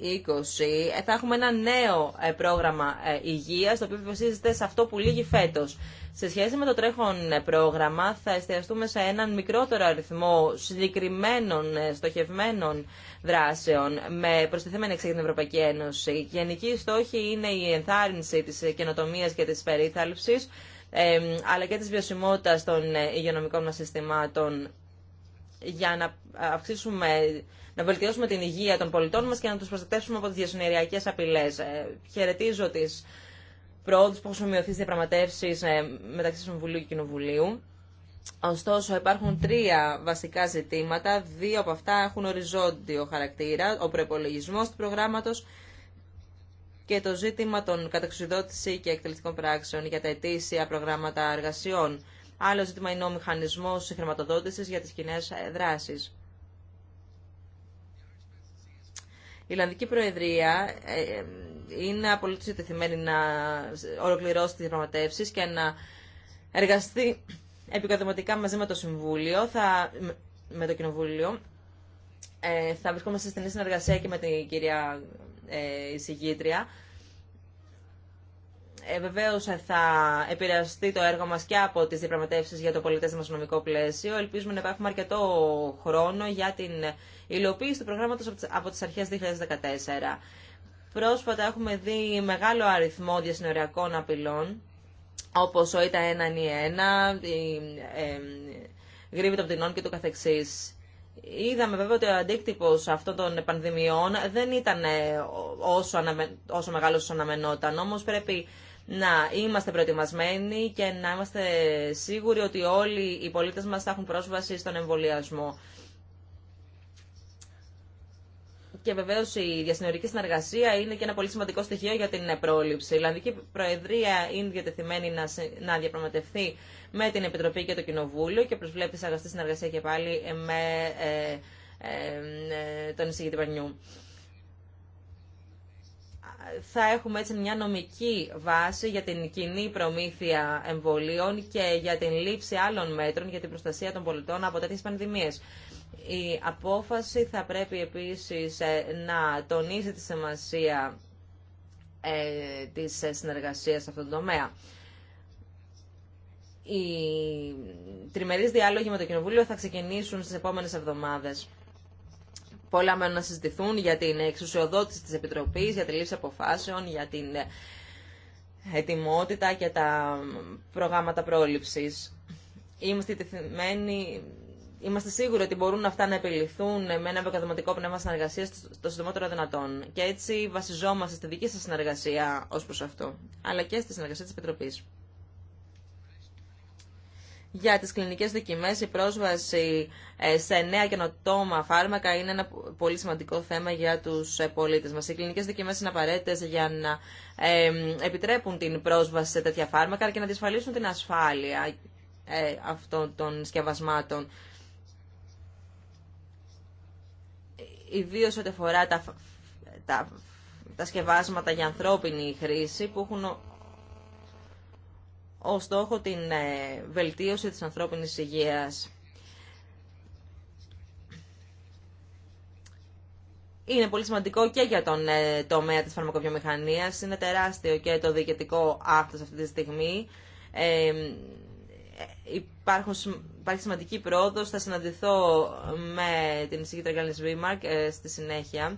ε, θα έχουμε ένα νέο ε, πρόγραμμα ε, υγείας, το οποίο βασίζεται σε αυτό που λύγει φέτος. Σε σχέση με το τρέχον πρόγραμμα θα εστιαστούμε σε έναν μικρότερο αριθμό συγκεκριμένων στοχευμένων δράσεων με προστιθέμενη εξήγηση την Ευρωπαϊκή Ένωση. Η γενική στόχη είναι η ενθάρρυνση της καινοτομίας και της περίθαλψης αλλά και της βιωσιμότητας των υγειονομικών μας συστημάτων για να αυξήσουμε να βελτιώσουμε την υγεία των πολιτών μα και να του προστατεύσουμε από τις διασυνεριακέ απειλές. Ε, χαιρετίζω τι προόδου που έχουν σημειωθεί διαπραγματεύσει διαπραγματεύσεις ε, μεταξύ Συμβουλίου και Κοινοβουλίου. Ωστόσο, υπάρχουν τρία βασικά ζητήματα. Δύο από αυτά έχουν οριζόντιο χαρακτήρα. Ο προπολογισμό του προγράμματο και το ζήτημα των καταξιδότηση και εκτελεστικών πράξεων για τα ετήσια προγράμματα εργασιών. Άλλο ζήτημα είναι ο μηχανισμό χρηματοδότηση για τι κοινέ ε, δράσει. Η Ιλλανδική Προεδρία ε, ε, είναι απολύτως ετεθειμένη να ολοκληρώσει τις διαπραγματεύσει και να εργαστεί επικοδηματικά μαζί με το Συμβούλιο, θα, με το Κοινοβούλιο. Ε, θα βρισκόμαστε σε στενή συνεργασία και με την κυρία ε, εισηγήτρια. Ε, Βεβαίω ε, θα επηρεαστεί το έργο μα και από τι διαπραγματεύσει για το πολιτέ δημοσιονομικό πλαίσιο. Ελπίζουμε να υπάρχουμε αρκετό χρόνο για την υλοποίηση του προγράμματος από τις αρχές 2014. Πρόσφατα έχουμε δει μεγάλο αριθμό διασυνοριακών απειλών, όπως ο ΙΤΑ 1 η 1, η ε, γρήβη των πτυνών και το καθεξής. Είδαμε βέβαια ότι ο αντίκτυπος αυτών των πανδημιών δεν ήταν ε, όσο, αναμε... όσο μεγάλος όσο αναμενόταν, όμως πρέπει να είμαστε προετοιμασμένοι και να είμαστε σίγουροι ότι όλοι οι πολίτες μας θα έχουν πρόσβαση στον εμβολιασμό και βεβαίω η διασυνορική συνεργασία είναι και ένα πολύ σημαντικό στοιχείο για την πρόληψη. Η Ιλλανδική Προεδρία είναι διατεθειμένη να, να διαπραγματευτεί με την Επιτροπή και το Κοινοβούλιο και προσβλέπει σε αγαστή συνεργασία και πάλι με ε, ε, ε, τον εισηγητή Πανιού. Θα έχουμε έτσι μια νομική βάση για την κοινή προμήθεια εμβολίων και για την λήψη άλλων μέτρων για την προστασία των πολιτών από τέτοιες πανδημίες. Η απόφαση θα πρέπει επίσης ε, να τονίσει τη σημασία ε, της ε, συνεργασίας σε αυτόν τον τομέα. Οι τριμερείς διάλογοι με το Κοινοβούλιο θα ξεκινήσουν στις επόμενες εβδομάδες. Πολλά μένουν να συζητηθούν για την εξουσιοδότηση της Επιτροπής, για τη λήψη αποφάσεων, για την ετοιμότητα και τα προγράμματα πρόληψης. Είμαστε τεθειμένοι είμαστε σίγουροι ότι μπορούν αυτά να επιληθούν με ένα επαγγελματικό πνεύμα συνεργασία το συντομότερο δυνατόν. Και έτσι βασιζόμαστε στη δική σα συνεργασία ω προ αυτό, αλλά και στη συνεργασία τη Επιτροπή. Για τις κλινικές δοκιμές η πρόσβαση ε, σε νέα καινοτόμα φάρμακα είναι ένα πολύ σημαντικό θέμα για τους ε, πολίτες μας. Οι κλινικές δοκιμές είναι απαραίτητες για να ε, επιτρέπουν την πρόσβαση σε τέτοια φάρμακα και να διασφαλίσουν την ασφάλεια αυτών των σκευασμάτων. Ιδίω ό,τι αφορά τα, τα, τα σκευάσματα για ανθρώπινη χρήση που έχουν ως στόχο την ε, βελτίωση της ανθρώπινης υγείας. Είναι πολύ σημαντικό και για τον ε, τομέα της φαρμακοβιομηχανίας. Είναι τεράστιο και το διοικητικό άκθος αυτή τη στιγμή. Ε, υπάρχουν, υπάρχει σημαντική πρόοδος. Θα συναντηθώ με την εισηγήτρια Γκάλνης Βίμαρκ ε, στη συνέχεια.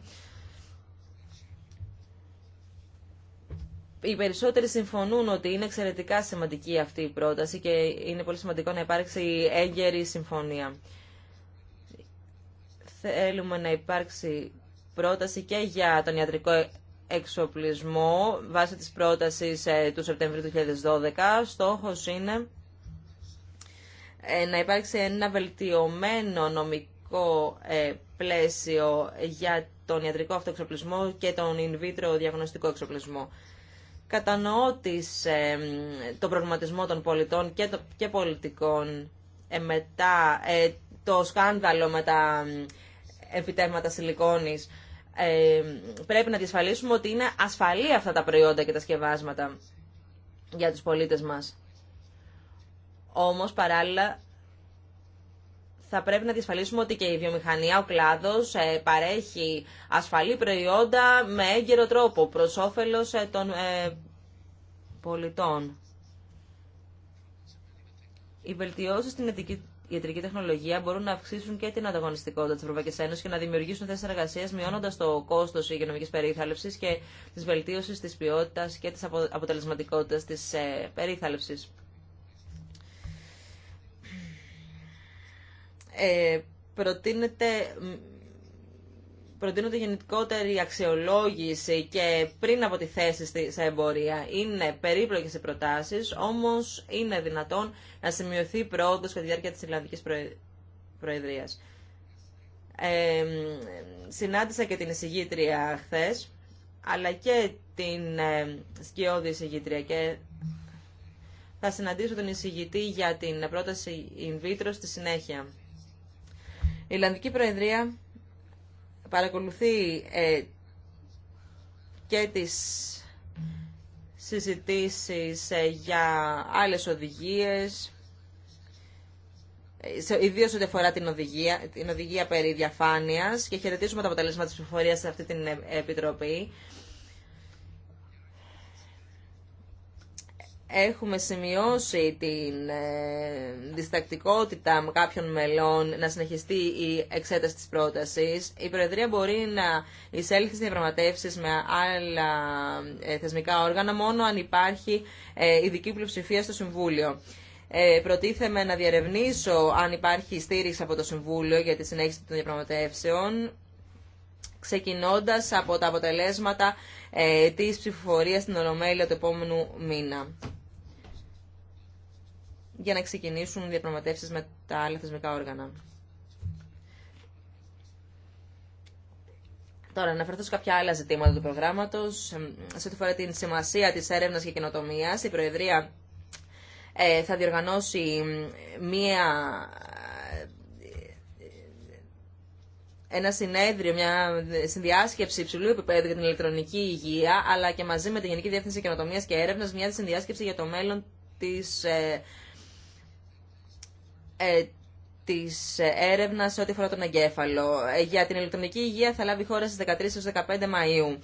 Οι περισσότεροι συμφωνούν ότι είναι εξαιρετικά σημαντική αυτή η πρόταση και είναι πολύ σημαντικό να υπάρξει έγκαιρη συμφωνία. Θέλουμε να υπάρξει πρόταση και για τον ιατρικό εξοπλισμό βάσει της πρότασης ε, του Σεπτεμβρίου του 2012. Στόχος είναι ε, να υπάρξει ένα βελτιωμένο νομικό ε, πλαίσιο για τον ιατρικό αυτοεξοπλισμό και τον in vitro διαγνωστικό εξοπλισμό. Κατανοώ τις, ε, τον προβληματισμό των πολιτών και, το, και πολιτικών ε, μετά το σκάνδαλο με τα επιτέρματα σιλικόνης. πρέπει να διασφαλίσουμε ότι είναι ασφαλή αυτά τα προϊόντα και τα σκευάσματα για τους πολίτες μας. Όμως παράλληλα θα πρέπει να διασφαλίσουμε ότι και η βιομηχανία, ο κλάδος ε, παρέχει ασφαλή προϊόντα με έγκαιρο τρόπο προς όφελος ε, των ε, πολιτών. Οι βελτιώσει στην ιατρική τεχνολογία μπορούν να αυξήσουν και την ανταγωνιστικότητα τη Ευρωπαϊκή Ένωση και να δημιουργήσουν θέσει εργασία, μειώνοντα το κόστο υγειονομική περίθαλψη και τη βελτίωση τη ποιότητα και τη αποτελεσματικότητα τη περίθαλψη. ε, προτείνεται προτείνονται γενικότερη αξιολόγηση και πριν από τη θέση σε εμπορία. Είναι περίπλοκες οι προτάσεις, όμως είναι δυνατόν να σημειωθεί πρόοδος κατά τη διάρκεια της Ιλλανδικής Προεδρίας. Ε, συνάντησα και την εισηγήτρια χθε, αλλά και την ε, σκιώδη εισηγήτρια και θα συναντήσω τον εισηγητή για την πρόταση in vitro στη συνέχεια. Η Ιρλανδική Προεδρία παρακολουθεί ε, και τις συζητήσεις ε, για άλλες οδηγίες, ε, ιδίω ό,τι αφορά την οδηγία, την οδηγία περί διαφάνειας και χαιρετίζουμε τα αποτελέσματα της ψηφοφορίας σε αυτή την ε, Επιτροπή. Έχουμε σημειώσει την ε, διστακτικότητα κάποιων μελών να συνεχιστεί η εξέταση της πρότασης. Η Προεδρία μπορεί να εισέλθει στις διαπραγματεύσεις με άλλα ε, θεσμικά όργανα μόνο αν υπάρχει ε, ειδική πλειοψηφία στο Συμβούλιο. Ε, προτίθεμαι να διαρευνήσω αν υπάρχει στήριξη από το Συμβούλιο για τη συνέχιση των διαπραγματεύσεων, ξεκινώντας από τα αποτελέσματα της ψηφοφορίας στην Ολομέλεια του επόμενου μήνα για να ξεκινήσουν διαπραγματεύσει διαπραγματεύσεις με τα άλλα θεσμικά όργανα. Τώρα, να αναφερθώ σε κάποια άλλα ζητήματα του προγράμματο. Ε, σε ό,τι φορά την σημασία τη έρευνα και καινοτομία, η Προεδρία ε, θα διοργανώσει μία. Ένα συνέδριο, μια συνδιάσκεψη υψηλού επίπεδου για την ηλεκτρονική υγεία, αλλά και μαζί με τη Γενική Διεύθυνση Καινοτομία και Έρευνα, μια συνδιάσκεψη για το μέλλον τη ε, ε, της έρευνας σε ό,τι αφορά τον εγκέφαλο. Ε, για την ηλεκτρονική υγεία θα λάβει χώρα στις 13 15 Μαΐου.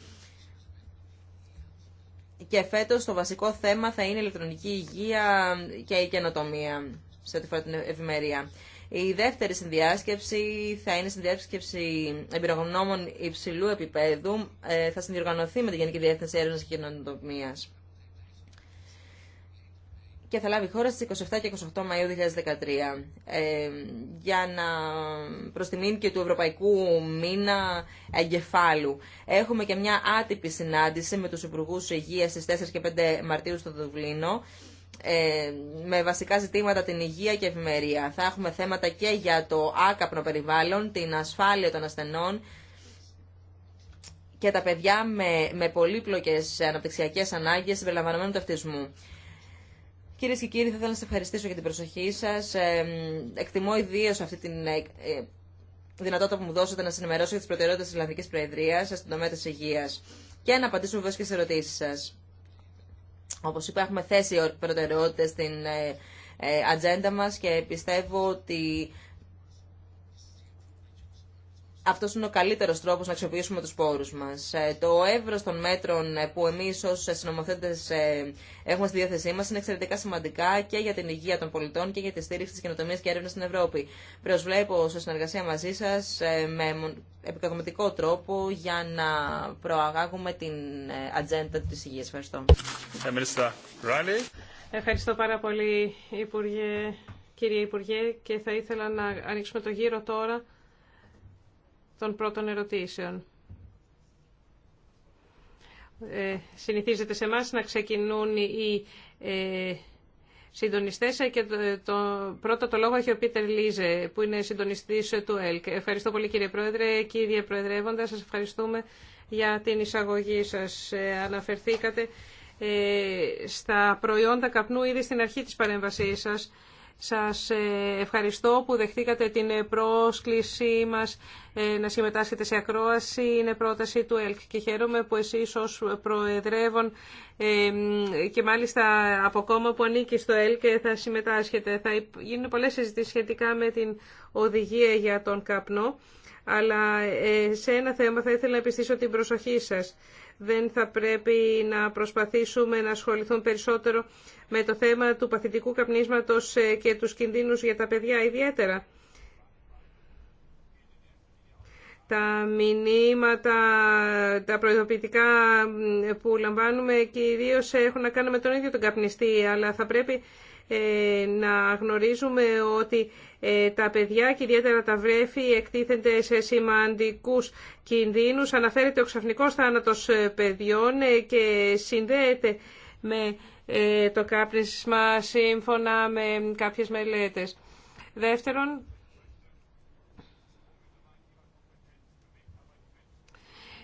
Και φέτος το βασικό θέμα θα είναι η ηλεκτρονική υγεία και η καινοτομία σε ό,τι αφορά την ευημερία. Η δεύτερη συνδιάσκεψη θα είναι συνδιάσκεψη εμπειρογνώμων υψηλού επίπεδου. Ε, θα συνδιοργανωθεί με τη Γενική Διεύθυνση Έρευνα και Καινοτομία και θα λάβει χώρα στις 27 και 28 Μαΐου 2013 ε, για να προστιμήν και του Ευρωπαϊκού Μήνα Εγκεφάλου. Έχουμε και μια άτυπη συνάντηση με τους Υπουργούς Υγείας στις 4 και 5 Μαρτίου στο Δουβλίνο ε, με βασικά ζητήματα την υγεία και ευημερία. Θα έχουμε θέματα και για το άκαπνο περιβάλλον, την ασφάλεια των ασθενών, και τα παιδιά με, με πολύπλοκες αναπτυξιακές ανάγκες συμπεριλαμβανομένου του αυτισμού. Κυρίε και κύριοι, θα ήθελα να σα ευχαριστήσω για την προσοχή σα. Ε, εκτιμώ ιδίω αυτή τη ε, ε, δυνατότητα που μου δώσατε να σα ενημερώσω για τι προτεραιότητε τη Ισλανδική Προεδρία στην τομέα τη υγεία και να απαντήσω βεβαίω και στι ερωτήσει σα. Όπω είπα, έχουμε θέσει προτεραιότητε στην ατζέντα μα και πιστεύω ότι αυτό είναι ο καλύτερο τρόπο να αξιοποιήσουμε του πόρου μα. Ε, το εύρο των μέτρων ε, που εμεί ω ε, συνομοθέτε έχουμε στη διάθεσή μα είναι εξαιρετικά σημαντικά και για την υγεία των πολιτών και για τη στήριξη τη καινοτομία και έρευνα στην Ευρώπη. Προσβλέπω σε συνεργασία μαζί σα με επικοδομητικό τρόπο για να προαγάγουμε την ατζέντα τη υγεία. Ευχαριστώ. Ευχαριστώ πάρα πολύ, Υπουργέ, κύριε Υπουργέ, και θα ήθελα να ανοίξουμε το γύρο τώρα των πρώτων ερωτήσεων. Ε, συνηθίζεται σε εμά να ξεκινούν οι ε, ε και το, ε, το, πρώτο το λόγο έχει ο Πίτερ Λίζε που είναι συντονιστή ε, του ΕΛΚ. Ευχαριστώ πολύ κύριε Πρόεδρε. Κύριε Προεδρεύοντα, Σα ευχαριστούμε για την εισαγωγή σα. Ε, αναφερθήκατε στα προϊόντα καπνού ήδη στην αρχή της παρεμβασή σα. Σας ε, ευχαριστώ που δεχτήκατε την ε, πρόσκλησή μας ε, να συμμετάσχετε σε ακρόαση. Είναι πρόταση του ΕΛΚ και χαίρομαι που εσείς ως προεδρεύων και μάλιστα από κόμμα που ανήκει στο ΕΛΚ θα συμμετάσχετε. Θα γίνουν πολλές συζητήσεις σχετικά με την οδηγία για τον καπνό αλλά ε, σε ένα θέμα θα ήθελα να επιστήσω την προσοχή σας. Δεν θα πρέπει να προσπαθήσουμε να ασχοληθούν περισσότερο με το θέμα του παθητικού καπνίσματος ε, και του κινδύνους για τα παιδιά ιδιαίτερα. Τα μηνύματα, τα προειδοποιητικά που λαμβάνουμε κυρίως έχουν να κάνουν με τον ίδιο τον καπνιστή, αλλά θα πρέπει ε, να γνωρίζουμε ότι ε, τα παιδιά και ιδιαίτερα τα βρέφη εκτίθενται σε σημαντικούς κινδύνους. Αναφέρεται ο ξαφνικός θάνατος ε, παιδιών και συνδέεται με το κάπνισμα σύμφωνα με κάποιες μελέτες. Δεύτερον,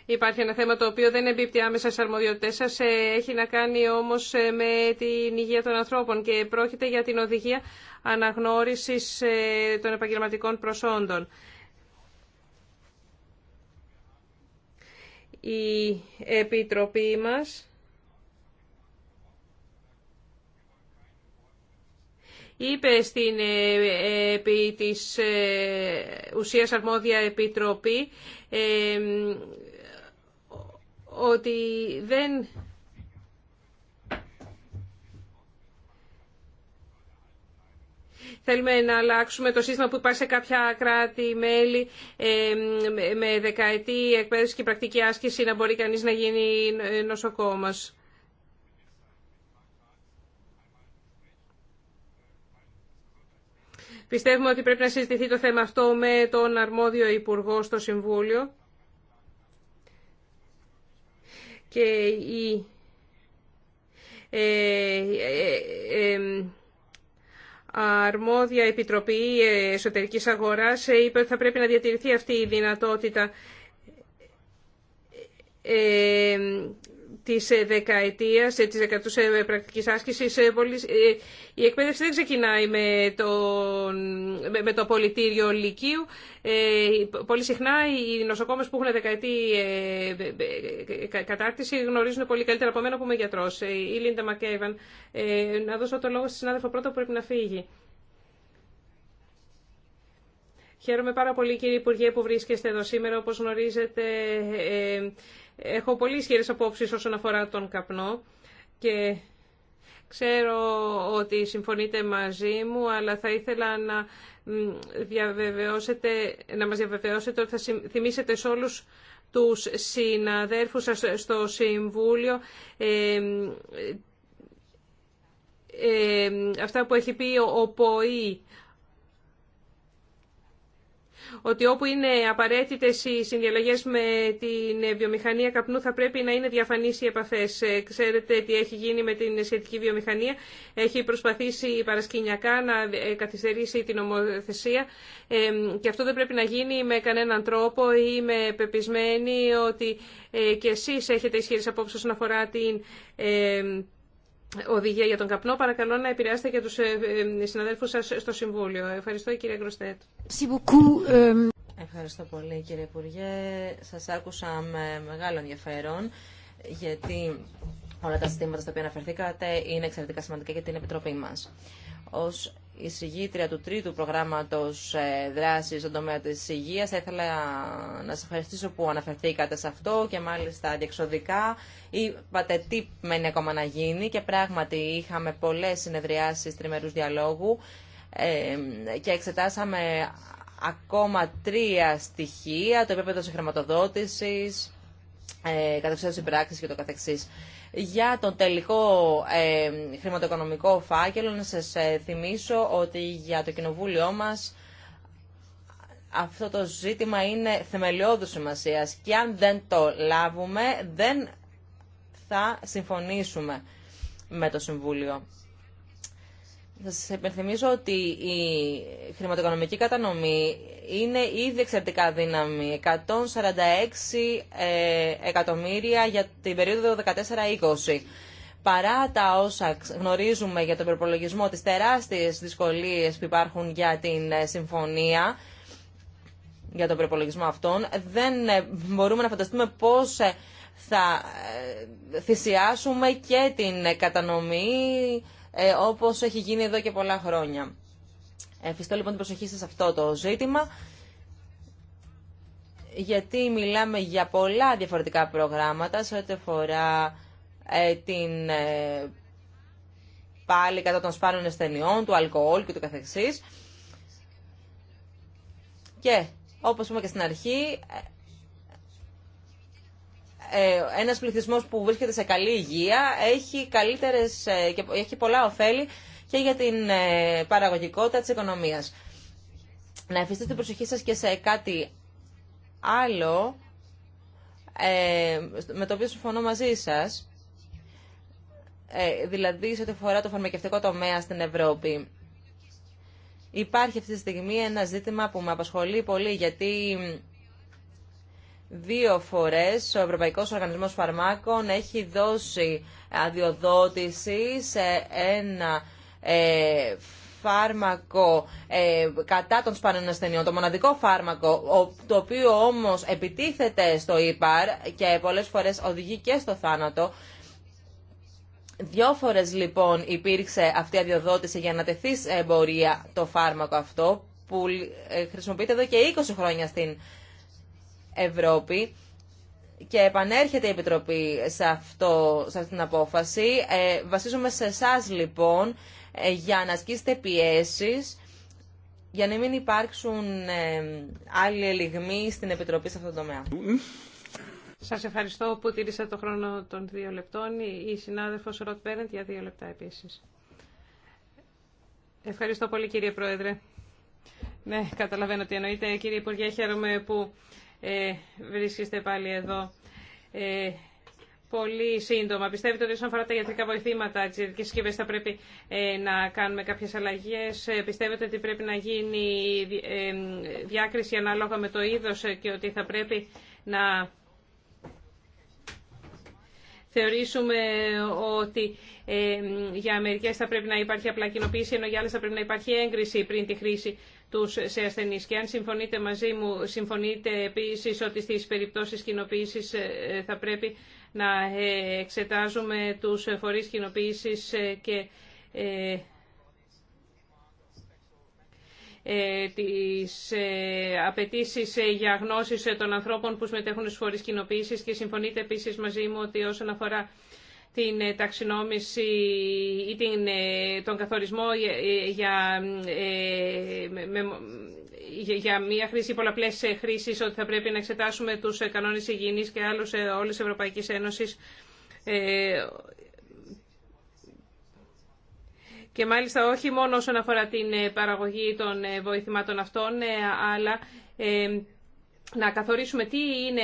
Υπάρχει ένα θέμα το οποίο δεν εμπίπτει άμεσα στι αρμοδιότητέ σα, ε, έχει να κάνει όμω ε, με την υγεία των ανθρώπων και πρόκειται για την οδηγία αναγνώριση ε, των επαγγελματικών προσόντων. Η Επιτροπή μας είπε στην επί της ουσίας αρμόδια επιτροπή ότι δεν Θέλουμε να αλλάξουμε το σύστημα που υπάρχει σε κάποια κράτη-μέλη ε, με δεκαετή εκπαίδευση και πρακτική άσκηση να μπορεί κανείς να γίνει νοσοκόμος. Πιστεύουμε ότι πρέπει να συζητηθεί το θέμα αυτό με τον αρμόδιο Υπουργό στο Συμβούλιο. και η ε, ε, ε, αρμόδια Επιτροπή Εσωτερικής Αγοράς είπε ότι θα πρέπει να διατηρηθεί αυτή η δυνατότητα της ε, δεκαετίας, ε, της δεκατούς ε, πρακτικής άσκησης, η εκπαίδευση δεν ξεκινάει με το, με το πολιτήριο λυκείου. Πολύ συχνά οι νοσοκόμες που έχουν δεκαετή κατάρτιση γνωρίζουν πολύ καλύτερα από μένα που είμαι γιατρός. Η Λίντα Μακέιβαν, να δώσω το λόγο στη συνάδελφα πρώτα που πρέπει να φύγει. Χαίρομαι πάρα πολύ κύριε Υπουργέ που βρίσκεστε εδώ σήμερα. Όπως γνωρίζετε Έχω πολύ ισχυρέ απόψει όσον αφορά τον καπνό και ξέρω ότι συμφωνείτε μαζί μου, αλλά θα ήθελα να, διαβεβαιώσετε, να μας διαβεβαιώσετε ότι θα θυμίσετε σε όλους τους συναδέρφους σας στο Συμβούλιο ε, ε, ε, αυτά που έχει πει ο ΠΟΗ ότι όπου είναι απαραίτητε οι συνδιαλλαγέ με την βιομηχανία καπνού θα πρέπει να είναι διαφανεί οι επαφέ. Ε, ξέρετε τι έχει γίνει με την σχετική βιομηχανία. Έχει προσπαθήσει παρασκηνιακά να ε, καθυστερήσει την ομοθεσία ε, και αυτό δεν πρέπει να γίνει με κανέναν τρόπο. Είμαι πεπισμένη ότι και εσείς έχετε ισχυρέ απόψει όσον αφορά την οδηγία για τον καπνό. Παρακαλώ να επηρεάσετε και τους ε, ε, συναδέλφους σας στο Συμβούλιο. Ευχαριστώ κύριε Γκροστέτ. Ε, Ευχαριστώ πολύ κύριε Υπουργέ. Σας άκουσα με μεγάλο ενδιαφέρον γιατί όλα τα συστήματα στα οποία αναφερθήκατε είναι εξαιρετικά σημαντικά για την Επιτροπή μας η συγγήτρια του τρίτου προγράμματος ε, δράσης στον τομέα της υγείας. Θα ήθελα να σας ευχαριστήσω που αναφερθήκατε σε αυτό και μάλιστα διεξοδικά. Είπατε τι μένει ακόμα να γίνει και πράγματι είχαμε πολλές συνεδριάσεις τριμερούς διαλόγου ε, και εξετάσαμε ακόμα τρία στοιχεία, το επίπεδο της χρηματοδότησης, ε, και το καθεξής. Για τον τελικό ε, χρηματοοικονομικό φάκελο να σας ε, θυμίσω ότι για το κοινοβούλιο μας αυτό το ζήτημα είναι θεμελιώδου σημασία και αν δεν το λάβουμε δεν θα συμφωνήσουμε με το Συμβούλιο. Θα σας υπενθυμίσω ότι η χρηματοοικονομική κατανομή είναι ήδη εξαιρετικά δύναμη. 146 ε, εκατομμύρια για την περίοδο 14-20. Παρά τα όσα γνωρίζουμε για τον προπολογισμό, τις τεράστιες δυσκολίες που υπάρχουν για την ε, συμφωνία, για τον προπολογισμό αυτών, δεν ε, μπορούμε να φανταστούμε πώς θα θυσιάσουμε και την κατανομή όπως έχει γίνει εδώ και πολλά χρόνια. Εμφιστώ λοιπόν την προσοχή σας σε αυτό το ζήτημα, γιατί μιλάμε για πολλά διαφορετικά προγράμματα σε ό,τι αφορά ε, την ε, πάλι κατά των σπάνων ασθενειών, του αλκοόλ και του καθεξής. Και, όπως είπαμε και στην αρχή, ε, ε ένας πληθυσμός που βρίσκεται σε καλή υγεία έχει, καλύτερες, ε, και έχει πολλά ωφέλη και για την ε, παραγωγικότητα της οικονομίας. Να εφιστείτε την προσοχή σας και σε κάτι άλλο, ε, με το οποίο συμφωνώ μαζί σας, ε, δηλαδή σε ό,τι αφορά το φαρμακευτικό τομέα στην Ευρώπη. Υπάρχει αυτή τη στιγμή ένα ζήτημα που με απασχολεί πολύ, γιατί δύο φορές ο Ευρωπαϊκός Οργανισμός Φαρμάκων έχει δώσει αδειοδότηση σε ένα ε, φάρμακο ε, κατά των σπάνιων ασθενειών, το μοναδικό φάρμακο, το οποίο όμως επιτίθεται στο ύπαρ και πολλές φορές οδηγεί και στο θάνατο, Δυο φορές λοιπόν υπήρξε αυτή η αδειοδότηση για να τεθεί σε εμπορία το φάρμακο αυτό που ε, χρησιμοποιείται εδώ και 20 χρόνια στην Ευρώπη και επανέρχεται η Επιτροπή σε, αυτό, σε αυτή την απόφαση. Ε, βασίζομαι σε εσά λοιπόν ε, για να ασκήσετε πιέσεις για να μην υπάρξουν ε, άλλοι ελιγμοί στην Επιτροπή σε αυτό το τομέα. Σας ευχαριστώ που τήρησα το χρόνο των δύο λεπτών. Η συνάδελφος Ροτ Πέρεντ για δύο λεπτά επίσης. Ευχαριστώ πολύ κύριε Πρόεδρε. Ναι, καταλαβαίνω τι εννοείται. Κύριε Υπουργέ, χαίρομαι που ε, βρίσκεστε πάλι εδώ. Ε, πολύ σύντομα. Πιστεύετε ότι όσον αφορά τα ιατρικά βοηθήματα τι ιατρικέ συσκευέ θα πρέπει ε, να κάνουμε κάποιε αλλαγέ. Ε, πιστεύετε ότι πρέπει να γίνει ε, διάκριση ανάλογα με το είδο και ότι θα πρέπει να θεωρήσουμε ότι για μερικέ θα πρέπει να υπάρχει απλά κοινοποίηση, ενώ για άλλε θα πρέπει να υπάρχει έγκριση πριν τη χρήση του σε ασθενεί. Και αν συμφωνείτε μαζί μου, συμφωνείτε επίση ότι στι περιπτώσει κοινοποίηση θα πρέπει να ε, εξετάζουμε τους φορείς κοινοποίησης ε, και ε, τις απαιτήσεις για γνώσεις των ανθρώπων που συμμετέχουν στις φορείς κοινοποίησης και συμφωνείτε επίσης μαζί μου ότι όσον αφορά την ταξινόμηση ή την, τον καθορισμό για, για μια χρήση πολλαπλέ ε, χρήσει ότι θα πρέπει να εξετάσουμε του ε, κανόνε υγιεινή και άλλου ε, όλη τη Ευρωπαϊκή Ένωση. Και μάλιστα όχι μόνο όσον αφορά την παραγωγή των βοηθημάτων αυτών, αλλά να καθορίσουμε τι είναι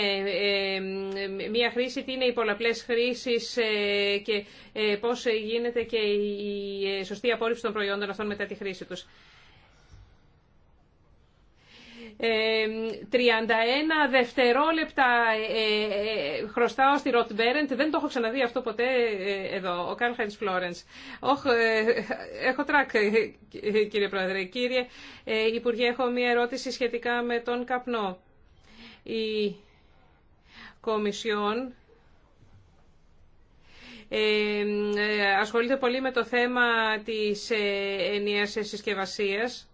μία χρήση, τι είναι οι πολλαπλές χρήσεις και πώς γίνεται και η σωστή απόρριψη των προϊόντων αυτών μετά τη χρήση τους. 31 δευτερόλεπτα ε, ε, χρωστάω στη Ροτ Μπέρεντ. Δεν το έχω ξαναδεί αυτό ποτέ ε, εδώ. Ο Καρλ Έχω τρακ, κύριε Πρόεδρε. Κύριε Υπουργέ, έχω μία ερώτηση σχετικά με τον καπνό. Η Κομισιόν ασχολείται πολύ με το θέμα της ενιαίας συσκευασίας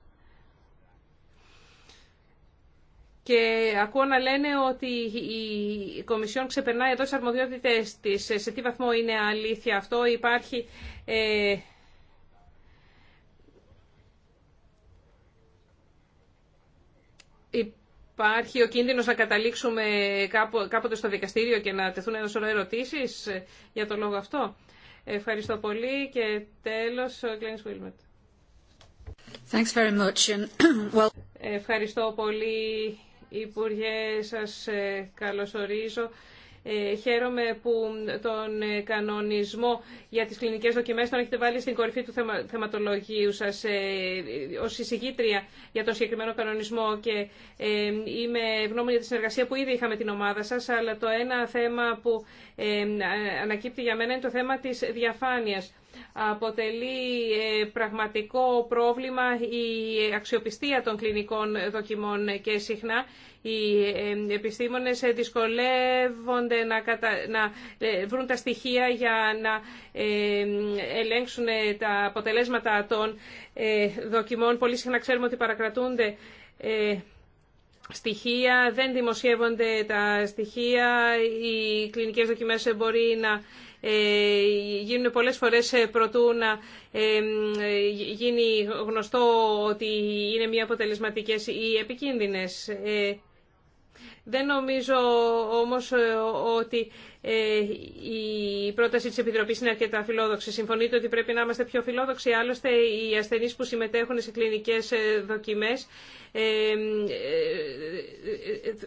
Και ακούω να λένε ότι η Κομισιόν ξεπερνάει εδώ τι αρμοδιότητε τη. Ε, σε τι βαθμό είναι αλήθεια αυτό, υπάρχει. Ε, υπάρχει ο κίνδυνος να καταλήξουμε κάποτε στο δικαστήριο και να τεθούν ένα σωρό ερωτήσεις ε, για το λόγο αυτό. Ευχαριστώ πολύ και τέλος ο Γκλένις Βίλμετ. Ευχαριστώ πολύ Υπουργέ, σας ε, καλωσορίζω. Ε, χαίρομαι που τον ε, κανονισμό για τις κλινικές δοκιμές τον έχετε βάλει στην κορυφή του θεματολογίου σας ως εισηγήτρια για τον συγκεκριμένο κανονισμό και είμαι ευγνώμων για τη συνεργασία που ήδη είχαμε την ομάδα σας, αλλά το ένα θέμα που ανακύπτει για μένα είναι το θέμα της διαφάνειας αποτελεί ε, πραγματικό πρόβλημα η αξιοπιστία των κλινικών δοκιμών και συχνά οι ε, επιστήμονες δυσκολεύονται να, να ε, βρουν τα στοιχεία για να ελέγξουν τα αποτελέσματα των δοκιμών. Πολύ συχνά ξέρουμε ότι παρακρατούνται στοιχεία, δεν δημοσιεύονται τα στοιχεία, οι κλινικές δοκιμές μπορεί να ε, γίνουν πολλές φορές ε, προτού να ε, γίνει γνωστό ότι είναι μια αποτελεσματικές ή επικίνδυνες. Δεν νομίζω όμως ότι ε, η πρόταση της Επιτροπής είναι αρκετά φιλόδοξη. Συμφωνείτε ότι πρέπει να είμαστε πιο φιλόδοξοι. Άλλωστε, οι ασθενείς που συμμετέχουν σε κλινικές ε, δοκιμές ε,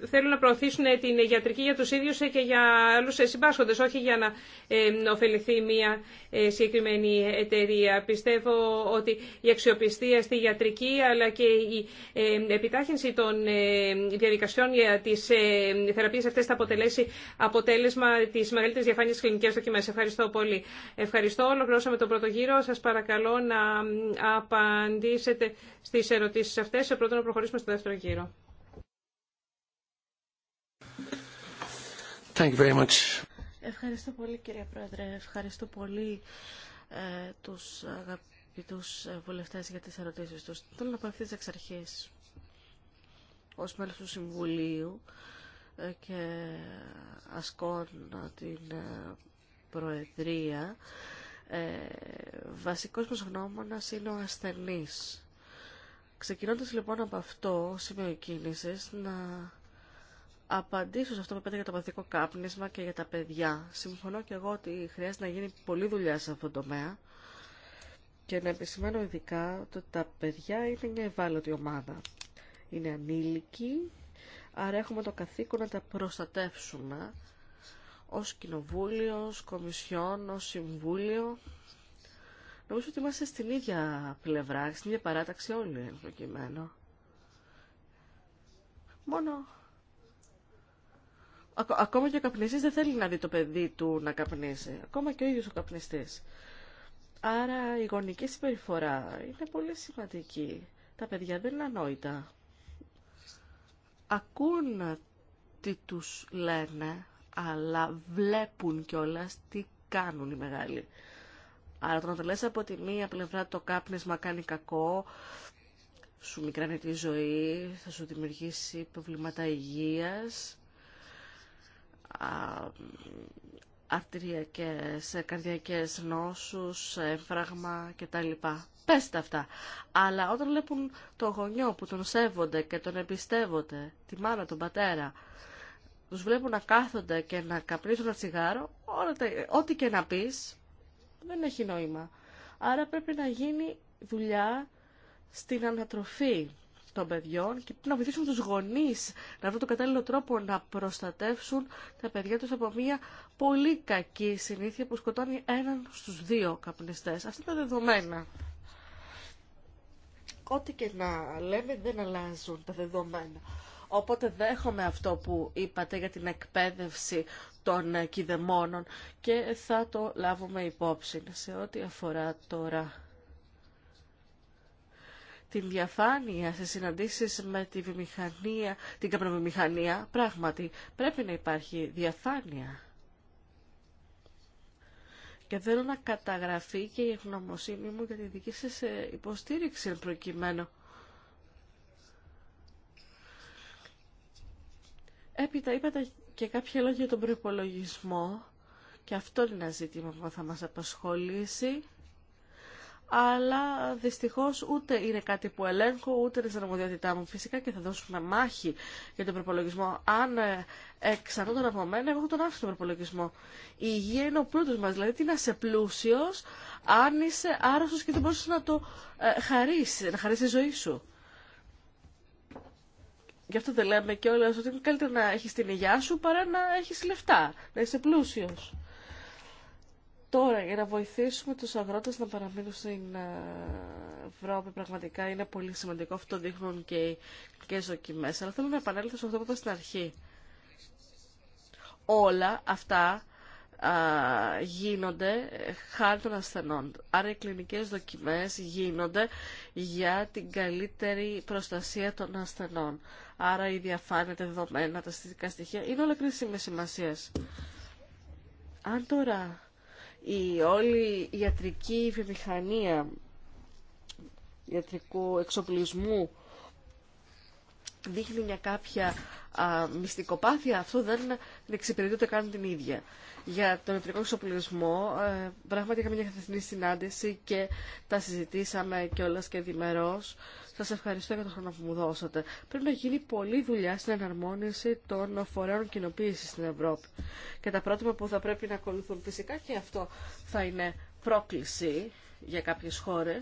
θέλουν να προωθήσουν την γιατρική για τους ίδιους και για άλλους συμπάσχοντες, όχι για να ωφεληθεί μια συγκεκριμένη εταιρεία. Πιστεύω ότι η αξιοπιστία στη γιατρική αλλά και η επιτάχυνση των διαδικασιών για τις θεραπείες αυτές θα αποτελέσει αποτέλεσμα τι μεγαλύτερε διαφάνειε στις κλινικές Ευχαριστώ πολύ. Ευχαριστώ. Ολοκληρώσαμε τον πρώτο γύρο. Σας παρακαλώ να απαντήσετε στις ερωτήσεις αυτές. Σε πρώτο να προχωρήσουμε στο δεύτερο γύρο. Thank you very much. Ευχαριστώ πολύ κύριε Πρόεδρε. Ευχαριστώ πολύ ε, τους αγαπητούς ε, βουλευτές για τις ερωτήσεις τους. Θέλω να πω εξ αρχής ως μέλος του Συμβουλίου και ασκών την ε, Προεδρία, ε, βασικός μας γνώμονας είναι ο ασθενής. Ξεκινώντας λοιπόν από αυτό, σημείο κίνησης, να απαντήσω σε αυτό που είπατε για το παθητικό κάπνισμα και για τα παιδιά. Συμφωνώ και εγώ ότι χρειάζεται να γίνει πολλή δουλειά σε αυτό το τομέα και να επισημαίνω ειδικά ότι τα παιδιά είναι μια ευάλωτη ομάδα. Είναι ανήλικοι, Άρα έχουμε το καθήκον να τα προστατεύσουμε ως κοινοβούλιο, ως κομισιόν, ως συμβούλιο. Νομίζω ότι είμαστε στην ίδια πλευρά, στην ίδια παράταξη όλοι προκειμένου. Μόνο ακόμα και ο καπνιστής δεν θέλει να δει το παιδί του να καπνίσει. Ακόμα και ο ίδιος ο καπνιστής. Άρα η γονική συμπεριφορά είναι πολύ σημαντική. Τα παιδιά δεν είναι ανόητα ακούν τι τους λένε, αλλά βλέπουν κιόλα τι κάνουν οι μεγάλοι. Άρα το να το λες από τη μία πλευρά το κάπνισμα κάνει κακό, σου μικράνει τη ζωή, θα σου δημιουργήσει προβλήματα υγείας, αρτηριακές, καρδιακές νόσους, έμφραγμα κτλ. Πέστε αυτά. Αλλά όταν βλέπουν το γονιό που τον σέβονται και τον εμπιστεύονται, τη μάνα, τον πατέρα, τους βλέπουν να κάθονται και να καπνίζουν ένα τσιγάρο, ό,τι και να πεις, δεν έχει νόημα. Άρα πρέπει να γίνει δουλειά στην ανατροφή των παιδιών και να βοηθήσουν τους γονείς να βρουν τον κατάλληλο τρόπο να προστατεύσουν τα παιδιά τους από μια πολύ κακή συνήθεια που σκοτώνει έναν στους δύο καπνιστές. Αυτά τα δεδομένα. Ό,τι και να λέμε δεν αλλάζουν τα δεδομένα. Οπότε δέχομαι αυτό που είπατε για την εκπαίδευση των κηδεμόνων και θα το λάβουμε υπόψη σε ό,τι αφορά τώρα την διαφάνεια σε συναντήσεις με τη την καπνοβιομηχανία, πράγματι πρέπει να υπάρχει διαφάνεια. Και θέλω να καταγραφεί και η ευγνωμοσύνη μου για τη δική σας ε, υποστήριξη προκειμένου. Έπειτα είπατε και κάποια λόγια για τον προπολογισμό και αυτό είναι ένα ζήτημα που θα μας απασχολήσει αλλά δυστυχώ ούτε είναι κάτι που ελέγχω, ούτε είναι στην αρμοδιότητά μου. Φυσικά και θα δώσουμε μάχη για τον προπολογισμό. Αν ε, εξαρτώνταν από μένα, εγώ τον άφησα τον προπολογισμό. Η υγεία είναι ο πλούτο μα, δηλαδή τι να είσαι πλούσιο, αν είσαι άρρωστο και δεν μπορούσε να το ε, χαρίσει να χαρίσει τη ζωή σου. Γι' αυτό δεν λέμε κιόλα ότι είναι καλύτερα να έχει την υγειά σου παρά να έχει λεφτά, να είσαι πλούσιο. Τώρα, για να βοηθήσουμε τους αγρότες να παραμείνουν στην ε, Ευρώπη, πραγματικά είναι πολύ σημαντικό. Αυτό δείχνουν και οι κλικές δοκιμές. Αλλά θέλω να επανέλθω σε αυτό που είπα στην αρχή. Όλα αυτά γίνονται χάρη των ασθενών. Άρα οι κλινικές δοκιμές γίνονται για την καλύτερη προστασία των ασθενών. Άρα η διαφάνεια, τα δεδομένα, τα στατιστικά στοιχεία είναι όλα κρίσιμες σημασία. Αν τώρα η όλη ιατρική βιομηχανία ιατρικού εξοπλισμού δείχνει μια κάποια α, μυστικοπάθεια, αυτό δεν εξυπηρετεί ούτε καν την ίδια. Για τον ηλεκτρικό εξοπλισμό, ε, πράγματι είχαμε μια χθεσινή συνάντηση και τα συζητήσαμε κιόλα και διμερώς. Σα ευχαριστώ για τον χρόνο που μου δώσατε. Πρέπει να γίνει πολλή δουλειά στην εναρμόνιση των φορέων κοινοποίηση στην Ευρώπη. Και τα πρότυπα που θα πρέπει να ακολουθούν φυσικά και αυτό θα είναι πρόκληση για κάποιε χώρε,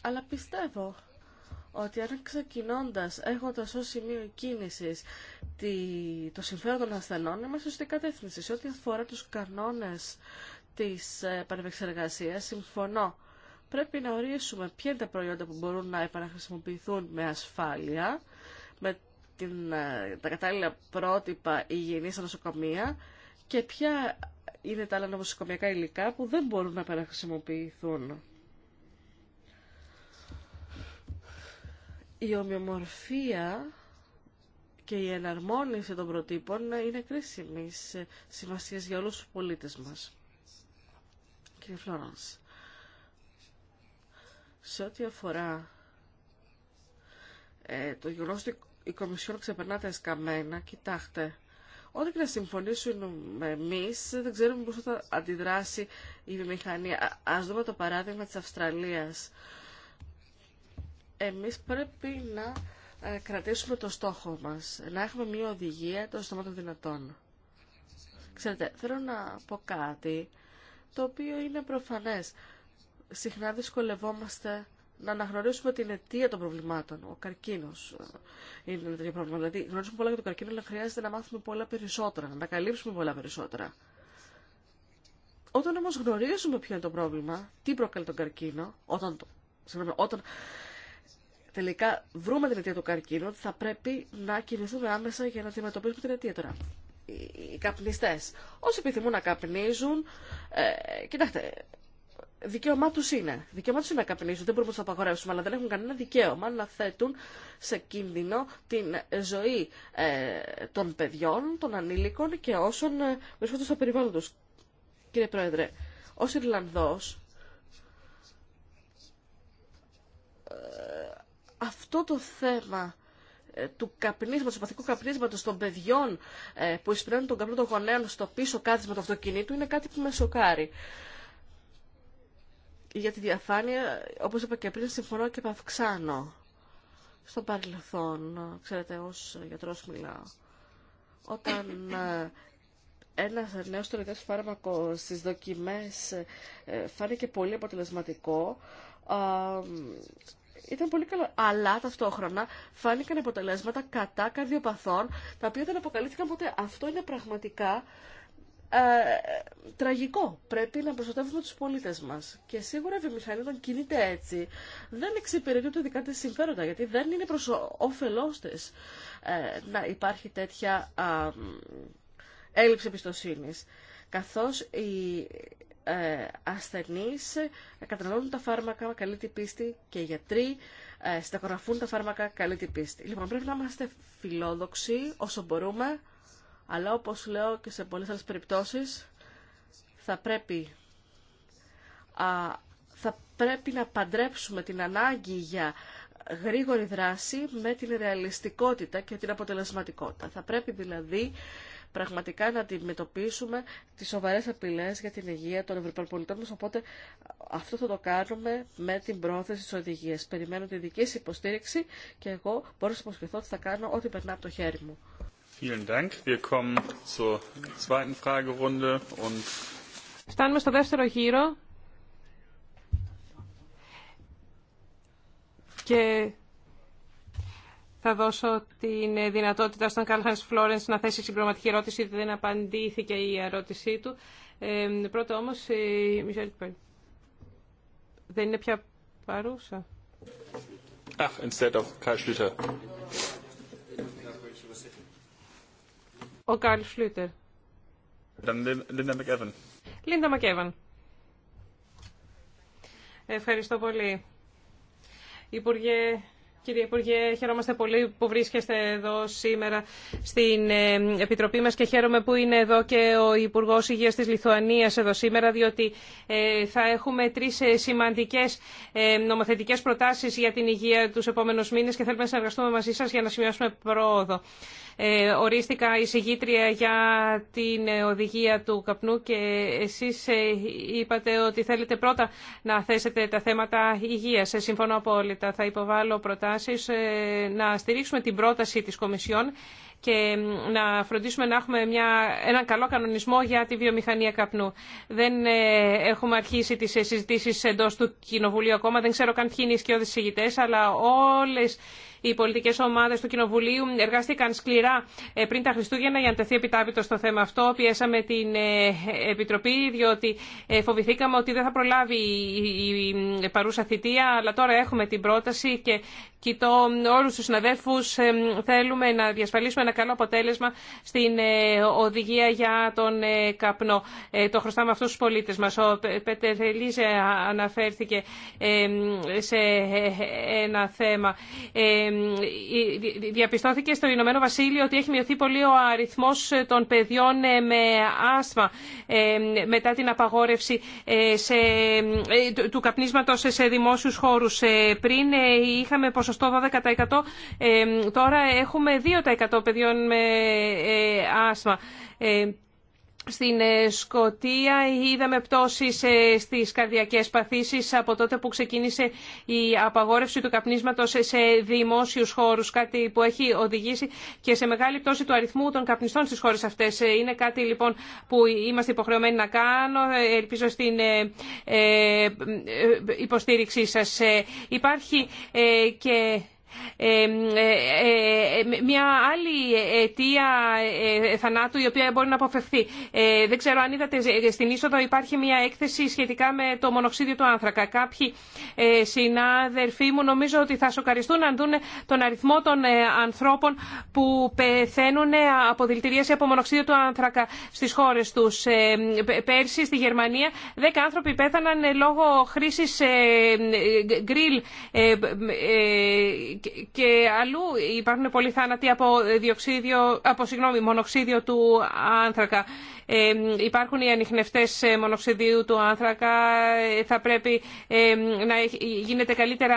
Αλλά πιστεύω ότι αν ξεκινώντα έχοντα ω σημείο κίνηση το συμφέρον των ασθενών είμαστε στην κατεύθυνση. Σε ό,τι αφορά τους κανόνες της επανεπεξεργασίας, συμφωνώ. Πρέπει να ορίσουμε ποια είναι τα προϊόντα που μπορούν να επαναχρησιμοποιηθούν με ασφάλεια, με την, ε, τα κατάλληλα πρότυπα υγιεινής στα νοσοκομεία και ποια είναι τα άλλα νοσοκομιακά υλικά που δεν μπορούν να επαναχρησιμοποιηθούν. η ομοιομορφία και η εναρμόνιση των προτύπων είναι κρίσιμη σημασία για όλους τους πολίτες μας. Κύριε Φλόρανς, σε ό,τι αφορά ε, το γεγονό ότι η Κομισιόν ξεπερνά τα εσκαμμένα, κοιτάξτε, ό,τι και να με εμεί, δεν ξέρουμε πώ θα αντιδράσει η βιομηχανία. Α δούμε το παράδειγμα τη Αυστραλία, εμείς πρέπει να ε, κρατήσουμε το στόχο μας, να έχουμε μια οδηγία των στομάτων δυνατών. Ξέρετε, θέλω να πω κάτι το οποίο είναι προφανές. Συχνά δυσκολευόμαστε να αναγνωρίσουμε την αιτία των προβλημάτων. Ο καρκίνο ε, είναι ένα τέτοιο πρόβλημα. Δηλαδή, γνωρίζουμε πολλά για τον καρκίνο, αλλά χρειάζεται να μάθουμε πολλά περισσότερα, να καλύψουμε πολλά περισσότερα. Όταν όμω γνωρίζουμε ποιο είναι το πρόβλημα, τι προκαλεί τον καρκίνο, όταν, όταν τελικά βρούμε την αιτία του καρκίνου, θα πρέπει να κινηθούμε άμεσα για να αντιμετωπίσουμε την αιτία τώρα. Οι καπνιστές, όσοι επιθυμούν να καπνίζουν, ε, κοιτάξτε, δικαίωμά του είναι. Δικαίωμά του είναι να καπνίζουν, δεν μπορούμε να του απαγορεύσουμε, αλλά δεν έχουν κανένα δικαίωμα να θέτουν σε κίνδυνο την ζωή ε, των παιδιών, των ανήλικων και όσων ε, βρίσκονται στο περιβάλλον του. Κύριε Πρόεδρε, ω Ιρλανδό, ε, αυτό το θέμα ε, του καπνίσματος, του παθικού καπνίσματος των παιδιών ε, που εισπραίνουν τον καπνό των γονέων στο πίσω κάθισμα του αυτοκινήτου είναι κάτι που με σοκάρει. Για τη διαφάνεια, όπως είπα και πριν, συμφωνώ και επαυξάνω στο παρελθόν. Ξέρετε, ως γιατρός μιλάω. Όταν ε, ένα νέο τολικό φάρμακο στις δοκιμές φάνηκε πολύ αποτελεσματικό, ήταν πολύ καλό. Αλλά ταυτόχρονα φάνηκαν αποτελέσματα κατά καρδιοπαθών, τα οποία δεν αποκαλύφθηκαν ποτέ. Αυτό είναι πραγματικά ε, τραγικό. Πρέπει να προστατεύουμε τους πολίτες μας. Και σίγουρα η βιομηχανία όταν κινείται έτσι δεν εξυπηρετεί ούτε δικά τη συμφέροντα, γιατί δεν είναι προ όφελό της ε, να υπάρχει τέτοια έλλειψη εμπιστοσύνη. Καθώς η ε, ασθενείς ε, καταναλώνουν τα φάρμακα με καλή την πίστη και οι γιατροί ε, συνταγραφούν τα φάρμακα καλή την πίστη. Λοιπόν, πρέπει να είμαστε φιλόδοξοι όσο μπορούμε, αλλά όπως λέω και σε πολλές άλλες περιπτώσεις, θα πρέπει, θα πρέπει να παντρέψουμε την ανάγκη για γρήγορη δράση με την ρεαλιστικότητα και την αποτελεσματικότητα. Θα πρέπει δηλαδή πραγματικά να αντιμετωπίσουμε τις σοβαρές απειλές για την υγεία των Ευρωπαϊκών πολιτών μας, οπότε αυτό θα το κάνουμε με την πρόθεση της οδηγίας. Περιμένω τη δική σας υποστήριξη και εγώ μπορώ να σας υποσχεθώ ότι θα κάνω ό,τι περνά από το χέρι μου. Φτάνουμε στο δεύτερο γύρο. Και θα δώσω την δυνατότητα στον Καλχάνς Φλόρενς να θέσει συμπληρωματική ερώτηση, δεν απαντήθηκε η ερώτησή του. Ε, πρώτα όμως, η Μιζέλ Δεν είναι πια παρούσα. Αχ, instead of Karl Schlüter. Ο Καρλ Σλούτερ. Λίντα Μακέβαν. Λίντα Μακέβαν. Ευχαριστώ πολύ. Υπουργέ Κύριε Υπουργέ, χαιρόμαστε πολύ που βρίσκεστε εδώ σήμερα στην ε, Επιτροπή μας και χαίρομαι που είναι εδώ και ο Υπουργό Υγείας της Λιθουανίας εδώ σήμερα, διότι ε, θα έχουμε τρεις ε, σημαντικές νομοθετικές προτάσεις για την υγεία τους επόμενους μήνες και θέλουμε να συνεργαστούμε μαζί σας για να σημειώσουμε πρόοδο. Ορίστηκα εισηγήτρια για την οδηγία του καπνού και εσείς είπατε ότι θέλετε πρώτα να θέσετε τα θέματα υγείας. Συμφωνώ απόλυτα. Θα υποβάλω προτάσεις ε, να στηρίξουμε την πρόταση της Κομισιόν και να φροντίσουμε να έχουμε μια, έναν καλό κανονισμό για τη βιομηχανία καπνού. Δεν ε, έχουμε αρχίσει τις ε, συζητήσεις εντός του Κοινοβουλίου ακόμα, δεν ξέρω καν ποιοι είναι οι σκιώδες αλλά όλες οι πολιτικέ ομάδε του Κοινοβουλίου εργάστηκαν σκληρά ε, πριν τα Χριστούγεννα για να τεθεί επιτάπητο στο θέμα αυτό. Πιέσαμε την ε, Επιτροπή διότι ε, φοβηθήκαμε ότι δεν θα προλάβει η παρούσα θητεία αλλά τώρα έχουμε την πρόταση και κοιτώ όλου του συναδέλφου. θέλουμε να διασφαλίσουμε ένα καλό αποτέλεσμα στην οδηγία για τον καπνό. Το χρωστάμε αυτού του πολίτε μα. Ο Πέτερ Λίζε αναφέρθηκε σε ένα θέμα. Ε, ε, διαπιστώθηκε στο Ηνωμένο Βασίλειο ότι έχει μειωθεί πολύ ο αριθμός ε, των παιδιών με άσθμα μετά την απαγόρευση του καπνίσματος σε δημόσιους χώρους. Πριν είχαμε ποσοστό 12%, τώρα έχουμε 2% παιδιών με άσθμα. Στην ε, Σκοτία είδαμε πτώσεις ε, στις καρδιακές παθήσεις από τότε που ξεκίνησε η απαγόρευση του καπνίσματος σε δημόσιους χώρους, κάτι που έχει οδηγήσει και σε μεγάλη πτώση του αριθμού των καπνιστών στις χώρες αυτές. Ε, είναι κάτι λοιπόν που είμαστε υποχρεωμένοι να κάνω. Ελπίζω στην υποστήριξή σας. Υπάρχει και ε, ε, ε, μια άλλη αιτία θανάτου η οποία μπορεί να αποφευθεί. Δεν ξέρω αν είδατε στην είσοδο υπάρχει μια έκθεση σχετικά με το μονοξίδιο του άνθρακα. Κάποιοι συνάδελφοί μου νομίζω ότι θα σοκαριστούν αν δουν τον αριθμό των ανθρώπων που πεθαίνουν από δηλητηρίαση από μονοξίδιο του άνθρακα στις χώρες τους. Πέρσι στη Γερμανία 10 άνθρωποι πέθαναν λόγω χρήσης γκριλ και αλλού υπάρχουν πολλοί θάνατοι από, διοξίδιο, από συγγνώμη, μονοξίδιο του άνθρακα. Ε, υπάρχουν οι ανιχνευτές ε, μονοξιδίου του άνθρακα. Ε, θα πρέπει ε, να γίνεται καλύτερα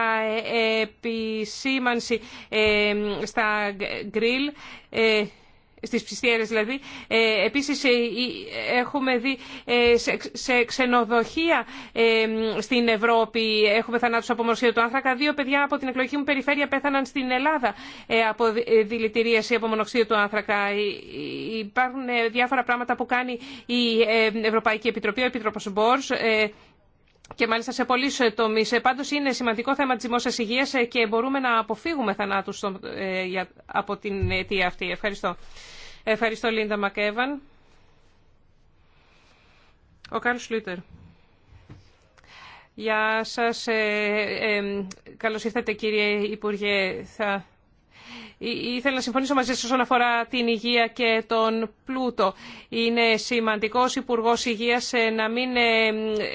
επισήμανση στα γκριλ στις ψηστιέρες δηλαδή. Ε, επίσης ε, ε, έχουμε δει ε, σε, ξενοδοχεία στην Ευρώπη, έχουμε θανάτους από μορφή του άνθρακα. Δύο παιδιά από την εκλογική μου περιφέρεια πέθαναν στην Ελλάδα από δηλητηρίαση από μονοξίδιο του άνθρακα. Υπάρχουν διάφορα πράγματα που κάνει η Ευρωπαϊκή Επιτροπή, ο Επίτροπος Μπόρς, και μάλιστα σε πολλού τομεί. Πάντω είναι σημαντικό θέμα τη δημόσια υγεία και μπορούμε να αποφύγουμε θανάτου από την αιτία αυτή. Ευχαριστώ. Ευχαριστώ, Λίντα Μακέβαν. Ο Καρλ Σλούτερ. Γεια σας. Ε, ε, ε, καλώς ήρθατε, κύριε Υπουργέ. Θα... Ήθελα να συμφωνήσω μαζί σας όσον αφορά την υγεία και τον πλούτο. Είναι σημαντικός υπουργό Υγείας να μην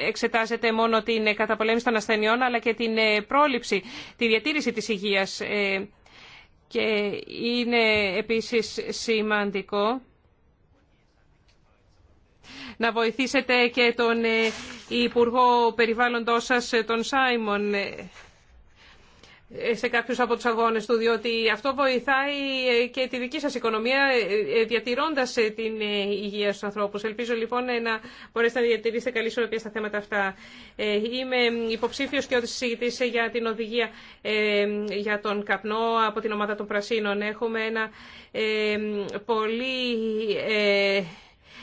εξετάζεται μόνο την καταπολέμηση των ασθενειών αλλά και την πρόληψη, τη διατήρηση της υγείας. Και είναι επίσης σημαντικό να βοηθήσετε και τον ε, Υπουργό Περιβάλλοντός σας, ε, τον Σάιμον, σε κάποιου από του αγώνε του, διότι αυτό βοηθάει ε, και τη δική σα οικονομία ε, ε, διατηρώντα την υγεία στου ανθρώπου. Ελπίζω λοιπόν να μπορέσετε να διατηρήσετε καλή ισορροπία στα θέματα αυτά. Είμαι υποψήφιο και ότι συζητήσε για την οδηγία για τον καπνό από την ομάδα των Πρασίνων. Έχουμε ένα πολύ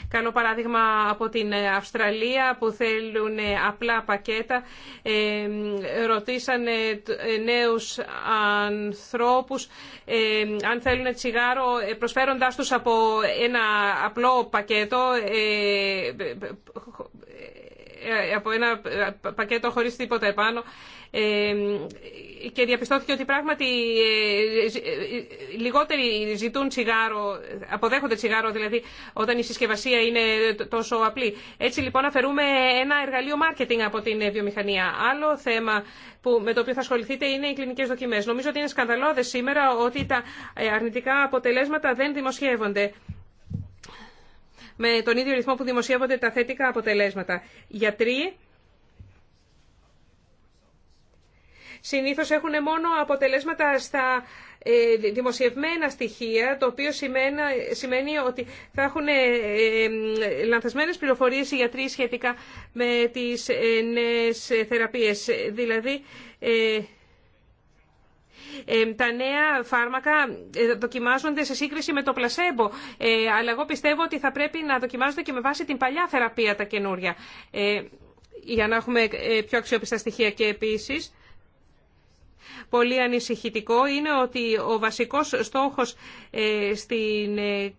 Κάνω παράδειγμα από την Αυστραλία που θέλουν απλά πακέτα. Ε, ρωτήσανε ε, νέους ανθρώπους ε, αν θέλουν τσιγάρο προσφέροντάς τους από ένα απλό πακέτο από ένα πακέτο χωρίς τίποτα επάνω και διαπιστώθηκε ότι πράγματι ε, ε, λιγότεροι ζητούν τσιγάρο, αποδέχονται τσιγάρο δηλαδή όταν η συσκευασία είναι τόσο απλή. Έτσι λοιπόν αφαιρούμε ένα εργαλείο marketing από την ε, βιομηχανία. Άλλο θέμα που, με το οποίο θα ασχοληθείτε είναι οι κλινικέ δοκιμέ. Νομίζω ότι είναι σκανδαλώδε σήμερα ότι τα αρνητικά αποτελέσματα δεν δημοσιεύονται με τον ίδιο ρυθμό που δημοσιεύονται τα θετικά αποτελέσματα. Γιατροί συνήθως έχουν μόνο αποτελέσματα στα ε, δημοσιευμένα στοιχεία, το οποίο σημαίνει ότι θα έχουν ε, ε, λανθασμένες πληροφορίες οι γιατροί σχετικά με τις νέες θεραπείες. Δηλαδή, τα νέα φάρμακα δοκιμάζονται σε σύγκριση με το πλασέμπο, αλλά εγώ πιστεύω ότι θα πρέπει να δοκιμάζονται και με βάση την παλιά θεραπεία τα καινούρια, για να έχουμε πιο αξιόπιστα στοιχεία και επίσης πολύ ανησυχητικό είναι ότι ο βασικός στόχος ε, στην ε,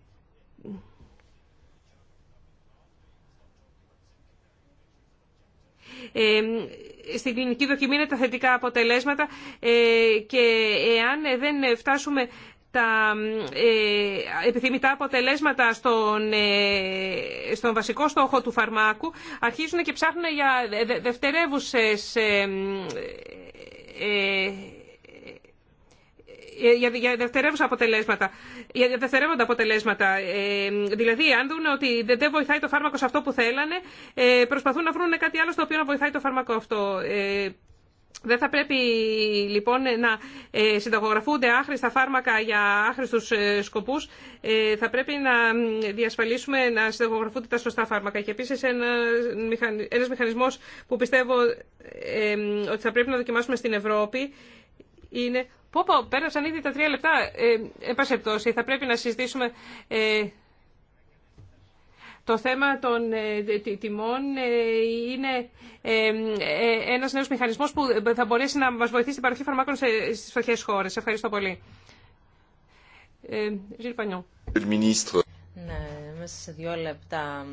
ε, στην κλινική δοκιμή είναι τα θετικά αποτελέσματα και εάν δεν φτάσουμε τα επιθυμητά αποτελέσματα στον, στον βασικό στόχο του φαρμάκου αρχίζουν και ψάχνουν για δευτερεύουσες ε, ε, για, δευτερεύοντα αποτελέσματα. Για δευτερεύοντα αποτελέσματα. Ε, δηλαδή, αν δουν ότι δεν βοηθάει το φάρμακο σε αυτό που θέλανε, ε, προσπαθούν να βρουν κάτι άλλο στο οποίο να βοηθάει το φάρμακο αυτό. Ε, δεν θα πρέπει λοιπόν να ε, συνταγογραφούνται άχρηστα φάρμακα για άχρηστους ε, σκοπούς. Ε, θα πρέπει να διασφαλίσουμε να συνταγογραφούνται τα σωστά φάρμακα. Και επίσης ένας μηχανισμός που πιστεύω ότι θα πρέπει να δοκιμάσουμε στην Ευρώπη είναι... Πω πέρασαν ήδη τα τρία λεπτά. Ε, θα πρέπει να συζητήσουμε το θέμα των ε, τιμών ε, είναι ε, ένας νέος μηχανισμός που θα μπορέσει να μας βοηθήσει την παροχή φαρμάκων στις φτωχές χώρες. Ευχαριστώ πολύ. Ναι, μέσα σε δύο λεπτά,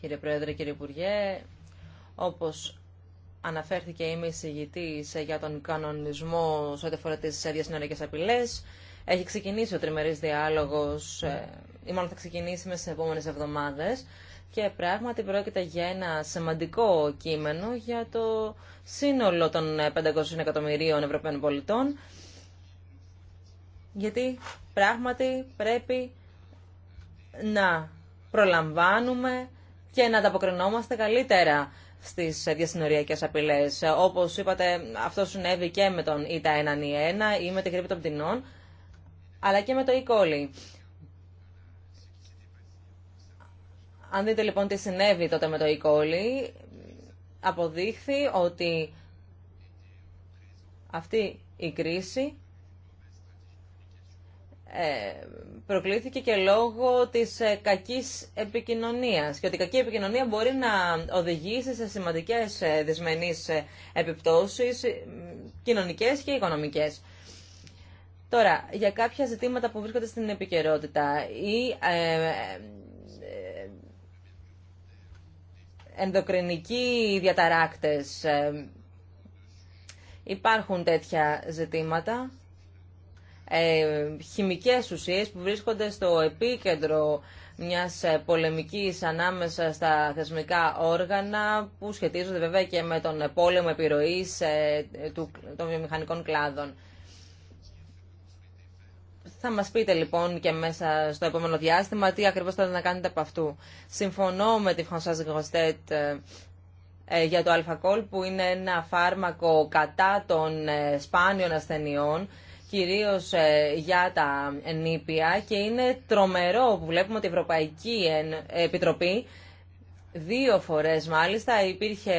κύριε Πρόεδρε, κύριε Υπουργέ, όπως αναφέρθηκε είμαι εισηγητή για τον κανονισμό σε ό,τι αφορά τις διασυνορικές απειλέ, έχει ξεκινήσει ο τριμερής διάλογος ή μάλλον θα ξεκινήσει μέσα στι επόμενες εβδομάδες και πράγματι πρόκειται για ένα σημαντικό κείμενο για το σύνολο των 500 εκατομμυρίων Ευρωπαίων πολιτών γιατί πράγματι πρέπει να προλαμβάνουμε και να ανταποκρινόμαστε καλύτερα στις διασυνοριακές απειλές. Όπως είπατε, αυτό συνέβη και με τον ΙΤΑ 1 ή 1 ή με την γρήπη των πτηνών, αλλά και με το e Αν δείτε λοιπόν τι συνέβη τότε με το e αποδείχθη ότι αυτή η κρίση ε, προκλήθηκε και λόγω της ε, κακής επικοινωνίας και ότι η κακή επικοινωνία μπορεί να οδηγήσει σε σημαντικές ε, δυσμενείς επιπτώσεις κοινωνικές και οικονομικές. Τώρα, για κάποια ζητήματα που βρίσκονται στην επικαιρότητα ή ενδοκρινικοί διαταράκτες. Ε, υπάρχουν τέτοια ζητήματα. Ε, χημικές ουσίες που βρίσκονται στο επίκεντρο μιας ε, πολεμικής ανάμεσα στα θεσμικά όργανα που σχετίζονται βέβαια και με τον πόλεμο επιρροής ε, των βιομηχανικών κλάδων. Θα μας πείτε λοιπόν και μέσα στο επόμενο διάστημα τι ακριβώς θα να κάνετε από αυτού. Συμφωνώ με τη Φρανσάζ Γκοστέτ ε, ε, για το αλφακόλ που είναι ένα φάρμακο κατά των ε, σπάνιων ασθενειών κυρίως για τα νήπια και είναι τρομερό που βλέπουμε ότι η Ευρωπαϊκή Επιτροπή δύο φορές μάλιστα υπήρχε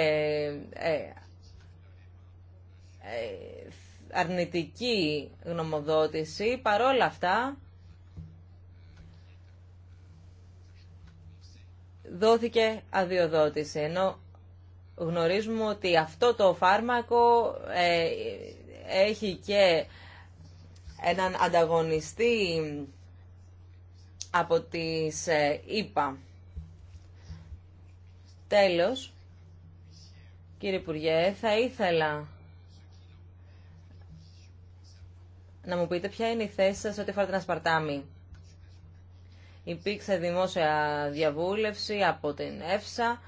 αρνητική γνωμοδότηση. Παρόλα αυτά, δόθηκε αδειοδότηση. Ενώ γνωρίζουμε ότι αυτό το φάρμακο ε, έχει και έναν ανταγωνιστή από τις ΕΠΑ. Τέλος, κύριε Υπουργέ, θα ήθελα να μου πείτε ποια είναι η θέση σας ό,τι φορά την Ασπαρτάμι. Υπήρξε δημόσια διαβούλευση από την ΕΦΣΑ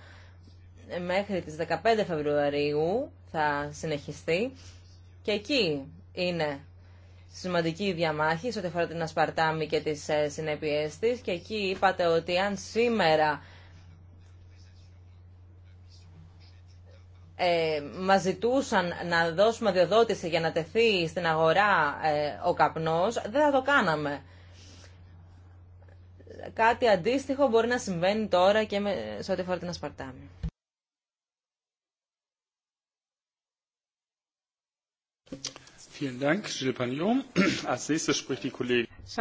μέχρι τις 15 Φεβρουαρίου θα συνεχιστεί και εκεί είναι σημαντική διαμάχη σε ό,τι αφορά την Ασπαρτάμι και τις ε, συνέπειές της και εκεί είπατε ότι αν σήμερα ε, μας ζητούσαν να δώσουμε διοδότηση για να τεθεί στην αγορά ε, ο καπνός, δεν θα το κάναμε. Κάτι αντίστοιχο μπορεί να συμβαίνει τώρα και με, σε ό,τι αφορά την ασπαρτάμι.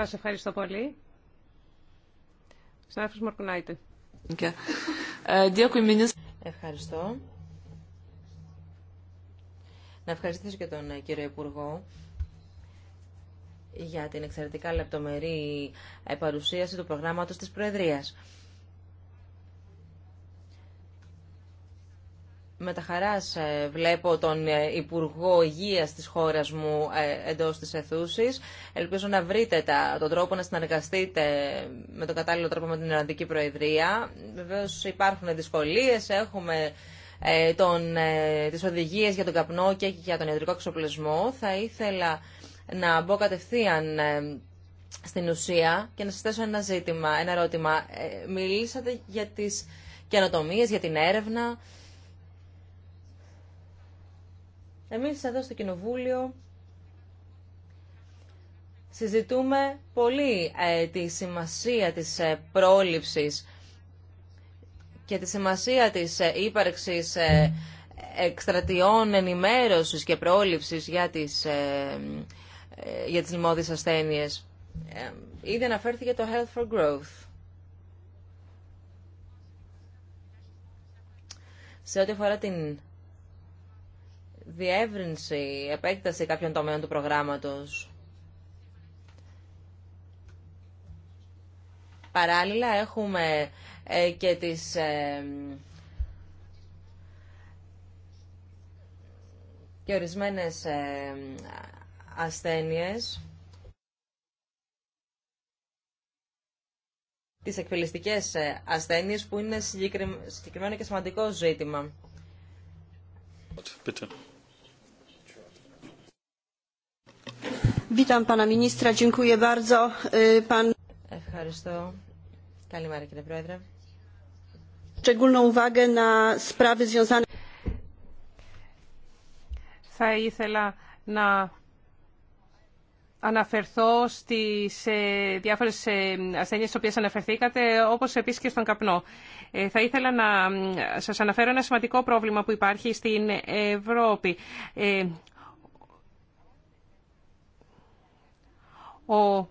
ευχαριστώ πολύ. Ε, ευχαριστώ. Να ευχαριστήσω και τον ε, κύριο Υπουργό για την εξαιρετικά λεπτομερή ε, παρουσίαση του προγράμματος της Προεδρίας. Με τα χαράς ε, βλέπω τον Υπουργό Υγείας της χώρας μου εντός της αιθούσης. Ελπίζω να βρείτε τα, τον τρόπο να συνεργαστείτε με τον κατάλληλο τρόπο με την Ιρλανδική Προεδρία. Βεβαίως υπάρχουν δυσκολίες, έχουμε ε, των, ε, τις οδηγίες για τον καπνό και για τον ιατρικό εξοπλισμό. Θα ήθελα να μπω κατευθείαν ε, στην ουσία και να σας θέσω ένα ζήτημα, ένα ερώτημα. Μιλήσατε για τις καινοτομίες, για την έρευνα. Εμείς εδώ στο Κοινοβούλιο συζητούμε πολύ τη σημασία της πρόληψης και τη σημασία της ε, ύπαρξης ε, εκστρατιών ενημέρωσης και πρόληψης για τις, ε, για τις ασθένειες. Ήδη αναφέρθηκε το Health for Growth. Σε ό,τι αφορά την διεύρυνση, επέκταση κάποιων τομέων του προγράμματος, παράλληλα έχουμε ε, και τις ε, και ορισμένες ε, ασθένειες, τις εκφυλιστικές ασθένειες που είναι συγκεκριμένο και σημαντικό ζήτημα. E, Ευχαριστώ. Καλημέρα κύριε Πρόεδρε θα ήθελα να αναφερθώ στις ε, διάφορες ε, ασθένειες στις οποίες αναφερθήκατε, όπως επίσης και στον καπνό. Ε, θα ήθελα να σας αναφέρω ένα σημαντικό πρόβλημα που υπάρχει στην Ευρώπη. Ο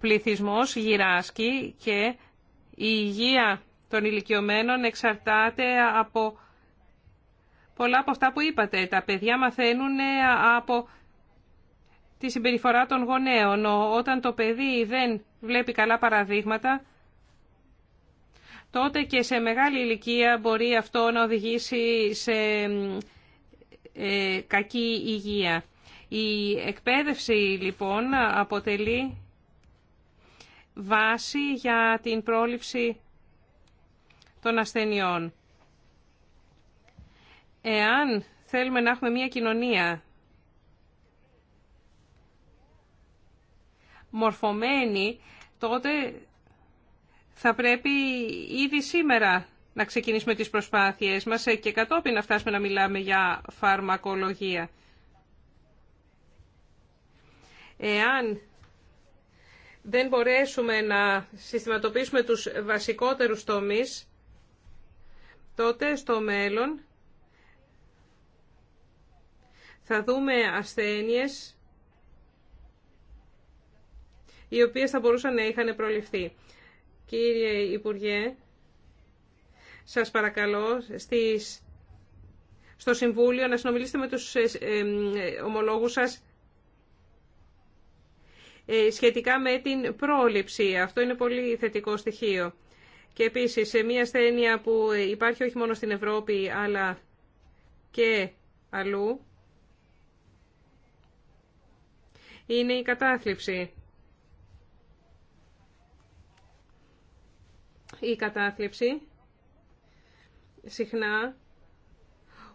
πληθυσμός γυράσκει και η υγεία των ηλικιωμένων εξαρτάται από πολλά από αυτά που είπατε. Τα παιδιά μαθαίνουν ε, από τη συμπεριφορά των γονέων. Όταν το παιδί δεν βλέπει καλά παραδείγματα, τότε και σε μεγάλη ηλικία μπορεί αυτό να οδηγήσει σε ε, κακή υγεία. Η εκπαίδευση λοιπόν αποτελεί βάση για την πρόληψη των ασθενειών. Εάν θέλουμε να έχουμε μια κοινωνία μορφωμένη, τότε θα πρέπει ήδη σήμερα να ξεκινήσουμε τις προσπάθειές μας ε, και κατόπιν να φτάσουμε να μιλάμε για φαρμακολογία. Εάν δεν μπορέσουμε να συστηματοποιήσουμε τους βασικότερους τομείς, τότε στο μέλλον θα δούμε ασθένειες οι οποίες θα μπορούσαν να είχαν προληφθεί. Κύριε Υπουργέ, σας παρακαλώ στις, στο Συμβούλιο να συνομιλήσετε με τους ε, ε, ομολόγους σας ε, σχετικά με την πρόληψη. Αυτό είναι πολύ θετικό στοιχείο. Και επίση σε μια ασθένεια που υπάρχει όχι μόνο στην Ευρώπη αλλά και αλλού είναι η κατάθλιψη. Η κατάθλιψη συχνά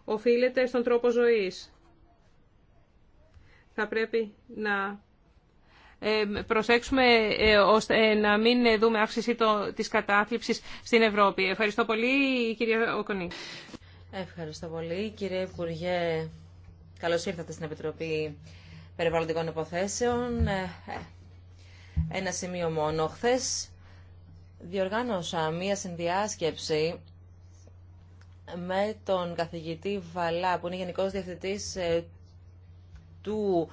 οφείλεται στον τρόπο ζωής. Θα πρέπει να προσέξουμε ε, ώστε να μην δούμε αύξηση το, της κατάθλιψης στην Ευρώπη. Ευχαριστώ πολύ, κυρία Οκονή. Ευχαριστώ πολύ. Κύριε Υπουργέ, καλώς ήρθατε στην Επιτροπή Περιβαλλοντικών Υποθέσεων. Ε, ε, ένα σημείο μόνο. Χθε διοργάνωσα μία συνδιάσκεψη με τον καθηγητή Βαλά, που είναι Γενικός Διευθυντής του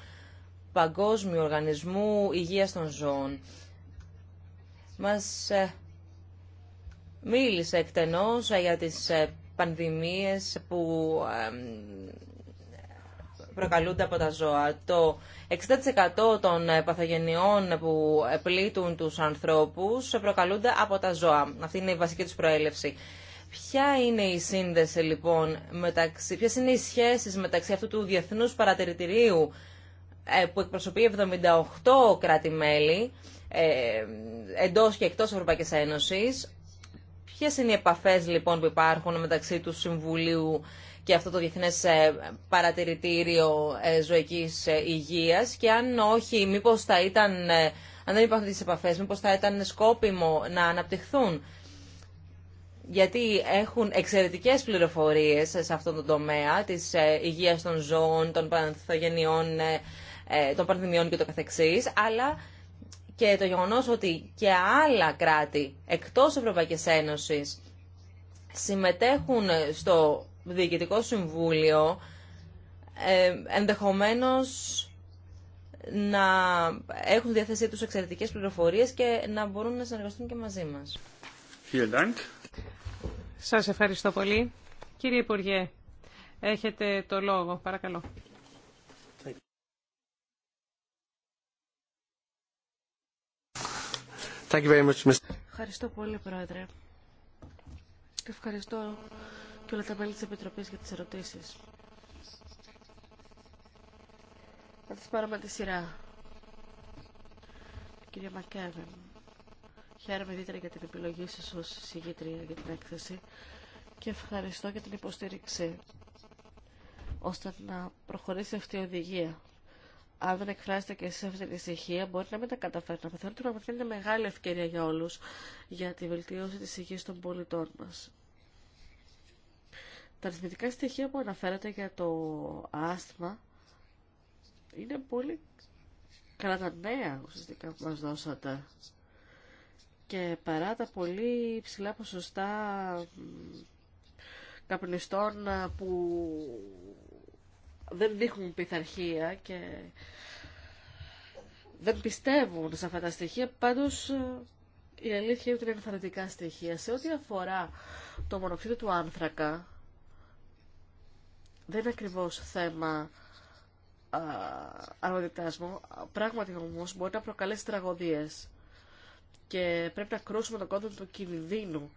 Παγκόσμιου Οργανισμού Υγείας των Ζώων. Μας ε, μίλησε εκτενώς ε, για τις ε, πανδημίες που προκαλούνται από τα ζώα. Το 60% των παθογενειών που πλήττουν τους ανθρώπους προκαλούνται από τα ζώα. Αυτή είναι η βασική τους προέλευση. Ποια είναι η σύνδεση λοιπόν, μεταξύ, ποιες είναι οι σχέσεις μεταξύ αυτού του διεθνούς παρατηρητηρίου ε, που εκπροσωπεί 78 κράτη-μέλη ε, εντός και εκτός Ευρωπαϊκής Ένωσης. Ποιες είναι οι επαφές λοιπόν που υπάρχουν μεταξύ του Συμβουλίου και αυτό το Διεθνές ε, Παρατηρητήριο Ζωικής Υγείας και αν όχι, μήπως θα ήταν, αν δεν υπάρχουν τις επαφές, μήπως θα ήταν σκόπιμο να αναπτυχθούν. Γιατί έχουν εξαιρετικές πληροφορίες σε αυτόν τον τομέα της υγείας των ζώων, των πανθογενειών ε, των πανδημιών και το καθεξής, αλλά και το γεγονός ότι και άλλα κράτη εκτός Ευρωπαϊκής Ένωσης συμμετέχουν στο Διοικητικό Συμβούλιο ε, ενδεχομένως να έχουν διάθεσή τους εξαιρετικές πληροφορίες και να μπορούν να συνεργαστούν και μαζί μας. Σας ευχαριστώ πολύ. Κύριε Υπουργέ, έχετε το λόγο. Παρακαλώ. Ευχαριστώ πολύ, Πρόεδρε. Και ευχαριστώ και όλα τα μέλη της Επιτροπής για τις ερωτήσεις. Θα τις πάρω με τη σειρά. Κυρία Μακέβεν, χαίρομαι ιδιαίτερα για την επιλογή σας ως συγγήτρια για την έκθεση και ευχαριστώ για την υποστήριξη ώστε να προχωρήσει αυτή η οδηγία αν δεν εκφράσετε και εσείς αυτή την στοιχεία, μπορεί να μην τα καταφέρετε. θεωρείτε ότι είναι μεγάλη ευκαιρία για όλους για τη βελτίωση της υγείας των πολιτών μας. Τα αριθμητικά στοιχεία που αναφέρατε για το άσθμα είναι πολύ καλά ουσιαστικά που μας δώσατε. Και παρά τα πολύ ψηλά ποσοστά καπνιστών που δεν δείχνουν πειθαρχία και δεν πιστεύουν σε αυτά τα στοιχεία, πάντως ε, η αλήθεια είναι ότι είναι ενθαρρυντικά στοιχεία. Σε ό,τι αφορά το μονοξίδιο του άνθρακα, δεν είναι ακριβώς θέμα αρμοδιτάσμου, μου. Πράγματι όμως μπορεί να προκαλέσει τραγωδίες και πρέπει να κρούσουμε τον κόδωνα του κινδύνου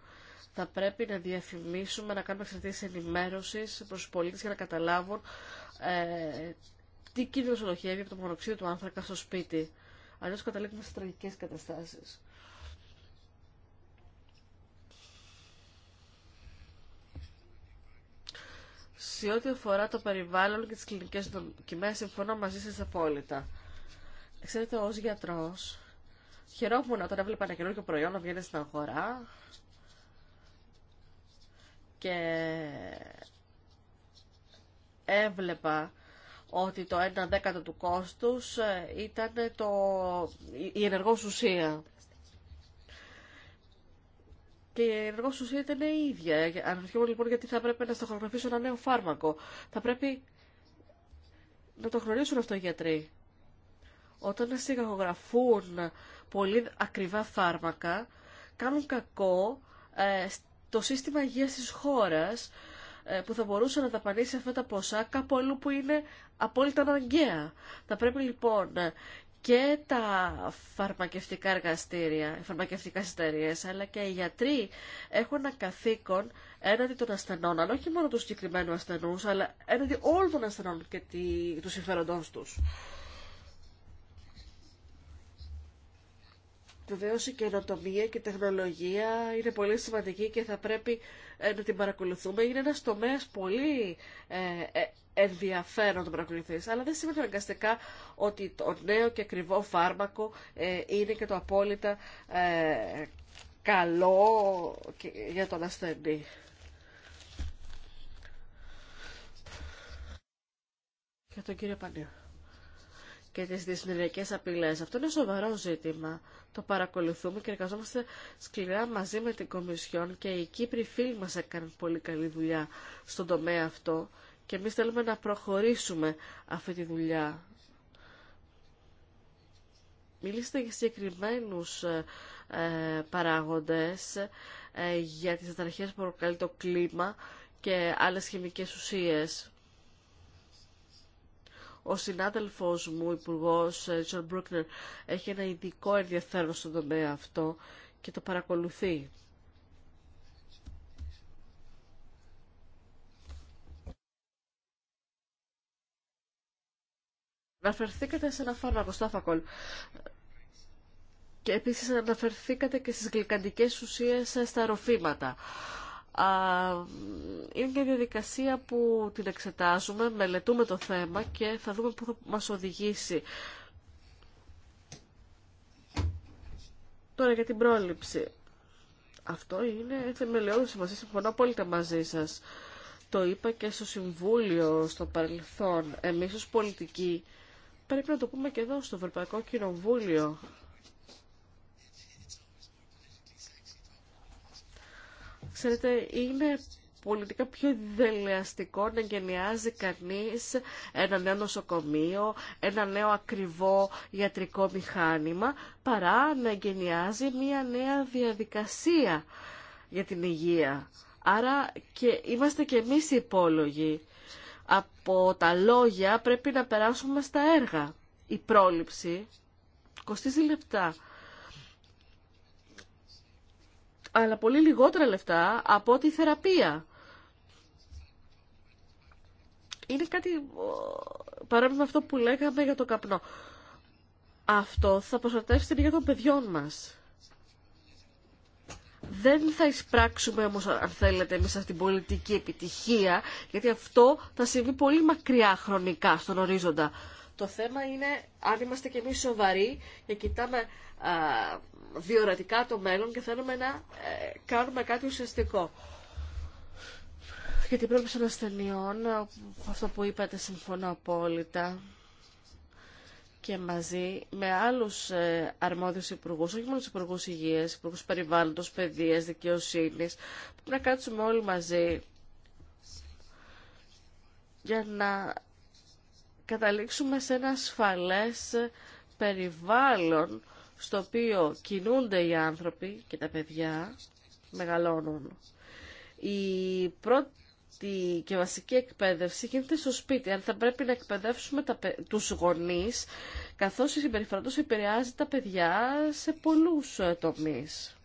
θα πρέπει να διαφημίσουμε, να κάνουμε εξαρτήσεις ενημέρωσης προς τους πολίτες για να καταλάβουν ε, τι κίνδυνος ολοχεύει από το μονοξείο του άνθρακα στο σπίτι. Αλλιώς καταλήγουμε σε τραγικές καταστάσεις. Σε ό,τι αφορά το περιβάλλον και τις κλινικές δοκιμές, συμφωνώ μαζί σας απόλυτα. Ξέρετε, ως γιατρός, χαιρόμουν όταν έβλεπα ένα καινούργιο προϊόν να βγαίνει στην αγορά και έβλεπα ότι το 1 δέκατο του κόστους ε, ήταν το, η ενεργό ουσία. Και η ενεργό ουσία ήταν η ίδια. Ε, Αναρωτιόμουν λοιπόν γιατί θα πρέπει να στοχογραφήσω ένα νέο φάρμακο. Θα πρέπει να το γνωρίσουν αυτό οι γιατροί. Όταν στοιχογραφούν πολύ ακριβά φάρμακα, κάνουν κακό ε, το σύστημα υγείας της χώρας ε, που θα μπορούσε να ταπανίσει αυτά τα ποσά κάπου αλλού που είναι απόλυτα αναγκαία. Θα πρέπει λοιπόν ε, και τα φαρμακευτικά εργαστήρια, οι φαρμακευτικά εταιρείε, αλλά και οι γιατροί έχουν ένα καθήκον έναντι των ασθενών, αλλά όχι μόνο του συγκεκριμένου ασθενούς, αλλά έναντι όλων των ασθενών και του συμφέροντών τους. Βεβαίω η καινοτομία και η τεχνολογία είναι πολύ σημαντική και θα πρέπει ε, να την παρακολουθούμε. Είναι ένα τομέα πολύ ε, ε, ενδιαφέρον να τον παρακολουθεί. Αλλά δεν σημαίνει αναγκαστικά ότι το νέο και ακριβό φάρμακο είναι και το απόλυτα καλό για τον ασθενή. Για τον κύριο Πανίου και τις δυσμενειακές απειλές. Αυτό είναι σοβαρό ζήτημα. Το παρακολουθούμε και εργαζόμαστε σκληρά μαζί με την Κομισιόν και οι Κύπροι φίλοι μας έκαναν πολύ καλή δουλειά στον τομέα αυτό και εμείς θέλουμε να προχωρήσουμε αυτή τη δουλειά. Μιλήστε για συγκεκριμένου ε, παράγοντες, ε, για τις αταραχές που προκαλεί το κλίμα και άλλες χημικές ουσίες. Ο συνάδελφός μου, ο Υπουργός Τζον ε, Μπρούκνερ, έχει ένα ειδικό ενδιαφέρον στον τομέα αυτό και το παρακολουθεί. Αναφερθήκατε σε ένα φάρμακο, στάφακολ. Και επίσης αναφερθήκατε και στις γλυκαντικές ουσίες ε, στα ροφήματα είναι μια διαδικασία που την εξετάζουμε, μελετούμε το θέμα και θα δούμε πού θα μας οδηγήσει. Τώρα για την πρόληψη. Αυτό είναι θεμελιώδη σημασία. Συμφωνώ απόλυτα μαζί σα. Το είπα και στο Συμβούλιο στο παρελθόν. Εμεί ω πολιτικοί πρέπει να το πούμε και εδώ στο Ευρωπαϊκό Κοινοβούλιο. Ξέρετε, είναι πολιτικά πιο δελεαστικό να γενιάζει κανείς ένα νέο νοσοκομείο, ένα νέο ακριβό ιατρικό μηχάνημα, παρά να γενιάζει μια νέα διαδικασία για την υγεία. Άρα και είμαστε και εμείς υπόλογοι. Από τα λόγια πρέπει να περάσουμε στα έργα. Η πρόληψη κοστίζει λεπτά αλλά πολύ λιγότερα λεφτά από τη θεραπεία. Είναι κάτι παρόμοιο με αυτό που λέγαμε για το καπνό. Αυτό θα προστατεύσει την υγεία των παιδιών μας. Δεν θα εισπράξουμε όμως, αν θέλετε, εμεί αυτή την πολιτική επιτυχία, γιατί αυτό θα συμβεί πολύ μακριά χρονικά στον ορίζοντα. Το θέμα είναι αν είμαστε κι εμείς σοβαροί και κοιτάμε α, διορατικά το μέλλον και θέλουμε να ε, κάνουμε κάτι ουσιαστικό. Για την πρόληψη των ασθενειών, αυτό που είπατε συμφωνώ απόλυτα και μαζί με άλλους ε, αρμόδιους υπουργούς, όχι μόνο τους υπουργούς υγείας, υπουργούς περιβάλλοντος, παιδείας, δικαιοσύνης, πρέπει να κάτσουμε όλοι μαζί για να καταλήξουμε σε ένα ασφαλές περιβάλλον στο οποίο κινούνται οι άνθρωποι και τα παιδιά μεγαλώνουν. Η πρώτη και βασική εκπαίδευση γίνεται στο σπίτι, Αν θα πρέπει να εκπαιδεύσουμε τα, τους γονείς, καθώς η συμπεριφορά τους επηρεάζει τα παιδιά σε πολλούς ε, τομείς.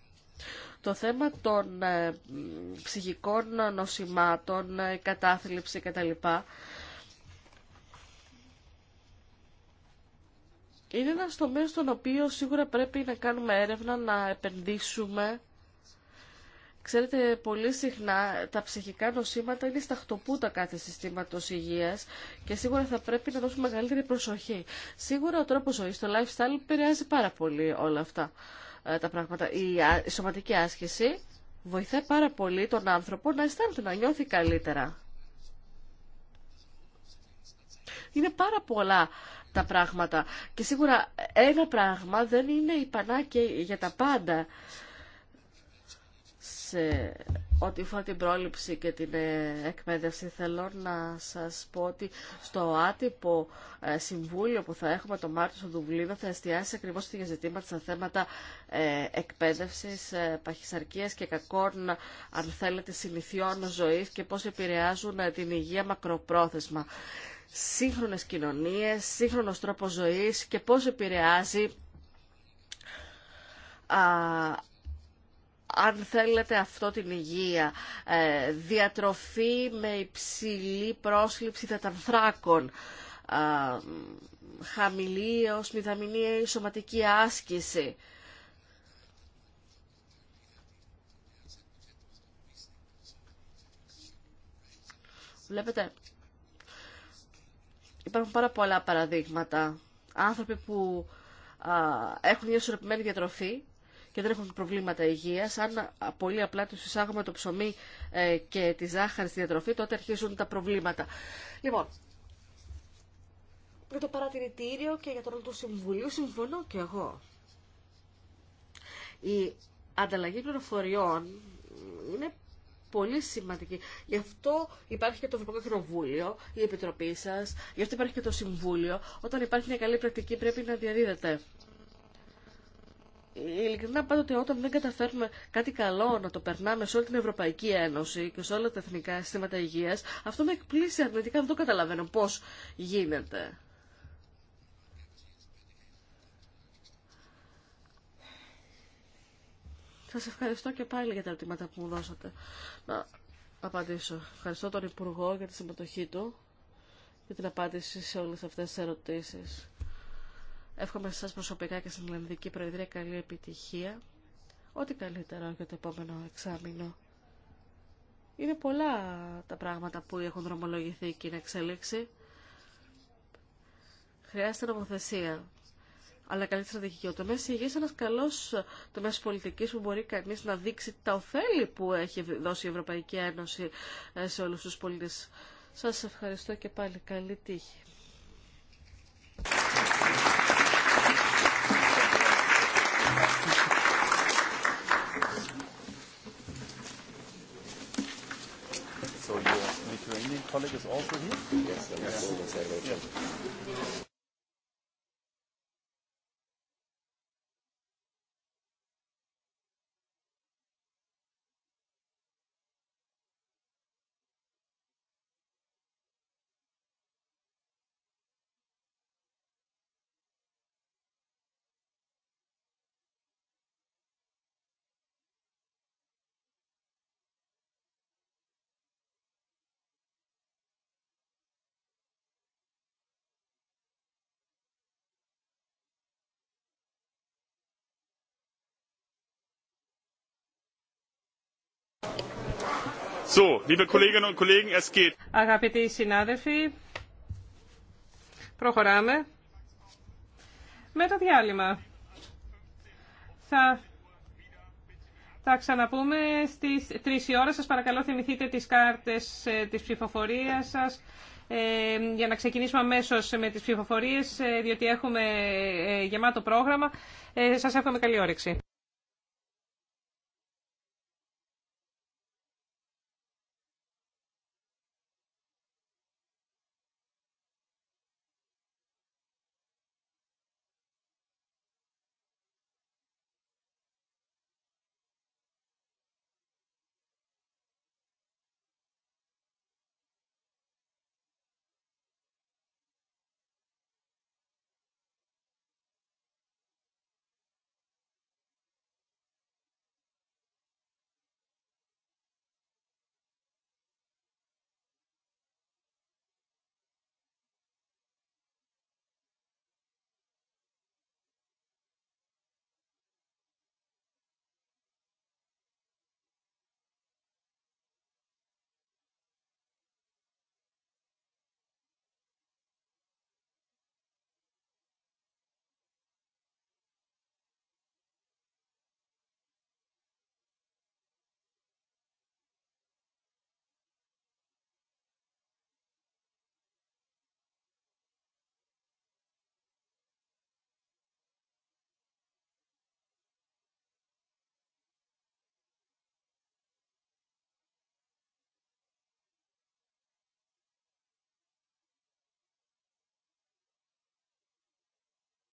Το θέμα των ε, ψυχικών νοσημάτων, ε, κατάθλιψη κτλ. είναι ένα τομέα στον οποίο σίγουρα πρέπει να κάνουμε έρευνα, να επενδύσουμε. Ξέρετε, πολύ συχνά τα ψυχικά νοσήματα είναι στα χτωπούτα κάθε συστήματος υγείας και σίγουρα θα πρέπει να δώσουμε μεγαλύτερη προσοχή. Σίγουρα ο τρόπος ζωής, το lifestyle, επηρεάζει πάρα πολύ όλα αυτά ε, τα πράγματα. Η σωματική άσκηση βοηθάει πάρα πολύ τον άνθρωπο να αισθάνεται, να νιώθει καλύτερα. Είναι πάρα πολλά τα πράγματα. Και σίγουρα ένα πράγμα δεν είναι η και για τα πάντα. Ε, ό,τι αφορά την πρόληψη και την ε, εκπαίδευση θέλω να σας πω ότι στο άτυπο ε, συμβούλιο που θα έχουμε το Μάρτιο στο Δουβλίνο θα εστιάσει ακριβώς τη ζητήματα στα θέματα εκπαίδευσης, παχυσαρκίας και κακών αν θέλετε συνηθιών ζωής και πώς επηρεάζουν την υγεία μακροπρόθεσμα. Σύγχρονες κοινωνίες, σύγχρονος τρόπος ζωής και πώς επηρεάζει αν θέλετε αυτό την υγεία. Ε, διατροφή με υψηλή πρόσληψη θετανθράκων ε, χαμηλή έως μηδαμινή σωματική άσκηση. Βλέπετε, υπάρχουν πάρα πολλά παραδείγματα. Άνθρωποι που έχουν μια ισορροπημένη διατροφή και δεν έχουν προβλήματα υγείας. Αν πολύ απλά τους εισάγουμε το ψωμί ε, και τη ζάχαρη στη διατροφή, τότε αρχίζουν τα προβλήματα. Λοιπόν, για το παρατηρητήριο και για το ρόλο του Συμβουλίου συμφωνώ και εγώ. Η ανταλλαγή πληροφοριών είναι πολύ σημαντική. Γι' αυτό υπάρχει και το Ευρωπαϊκό Κοινοβούλιο, η Επιτροπή σα, γι' αυτό υπάρχει και το Συμβούλιο. Όταν υπάρχει μια καλή πρακτική πρέπει να διαδίδεται ειλικρινά πάντοτε όταν δεν καταφέρουμε κάτι καλό να το περνάμε σε όλη την Ευρωπαϊκή Ένωση και σε όλα τα εθνικά συστήματα υγείας, αυτό με εκπλήσει αρνητικά, δεν το καταλαβαίνω πώς γίνεται. Σας ευχαριστώ και πάλι για τα ερωτήματα που μου δώσατε. Να απαντήσω. Ευχαριστώ τον Υπουργό για τη συμμετοχή του και την απάντηση σε όλες αυτές τις ερωτήσεις. Εύχομαι σας προσωπικά και στην Ελληνική Προεδρία καλή επιτυχία. Ό,τι καλύτερο για το επόμενο εξάμεινο. Είναι πολλά τα πράγματα που έχουν δρομολογηθεί και είναι εξέλιξη. Χρειάζεται νομοθεσία. Αλλά καλή στρατηγική. Ο τομέα υγεία είναι ένα καλό τομέα πολιτική που μπορεί κανεί να δείξει τα ωφέλη που έχει δώσει η Ευρωπαϊκή Ένωση ε, σε όλου του πολίτε. Σα ευχαριστώ και πάλι. Καλή τύχη. Indian colleague is also here? Yes, Αγαπητοί συνάδελφοι, προχωράμε με το διάλειμμα. Θα τα ξαναπούμε στις 3 η ώρα. Σας παρακαλώ θυμηθείτε τις κάρτες ε, της ψηφοφορίας σας ε, για να ξεκινήσουμε αμέσω με τις ψηφοφορίες, ε, διότι έχουμε γεμάτο πρόγραμμα. Σας εύχομαι καλή όρεξη.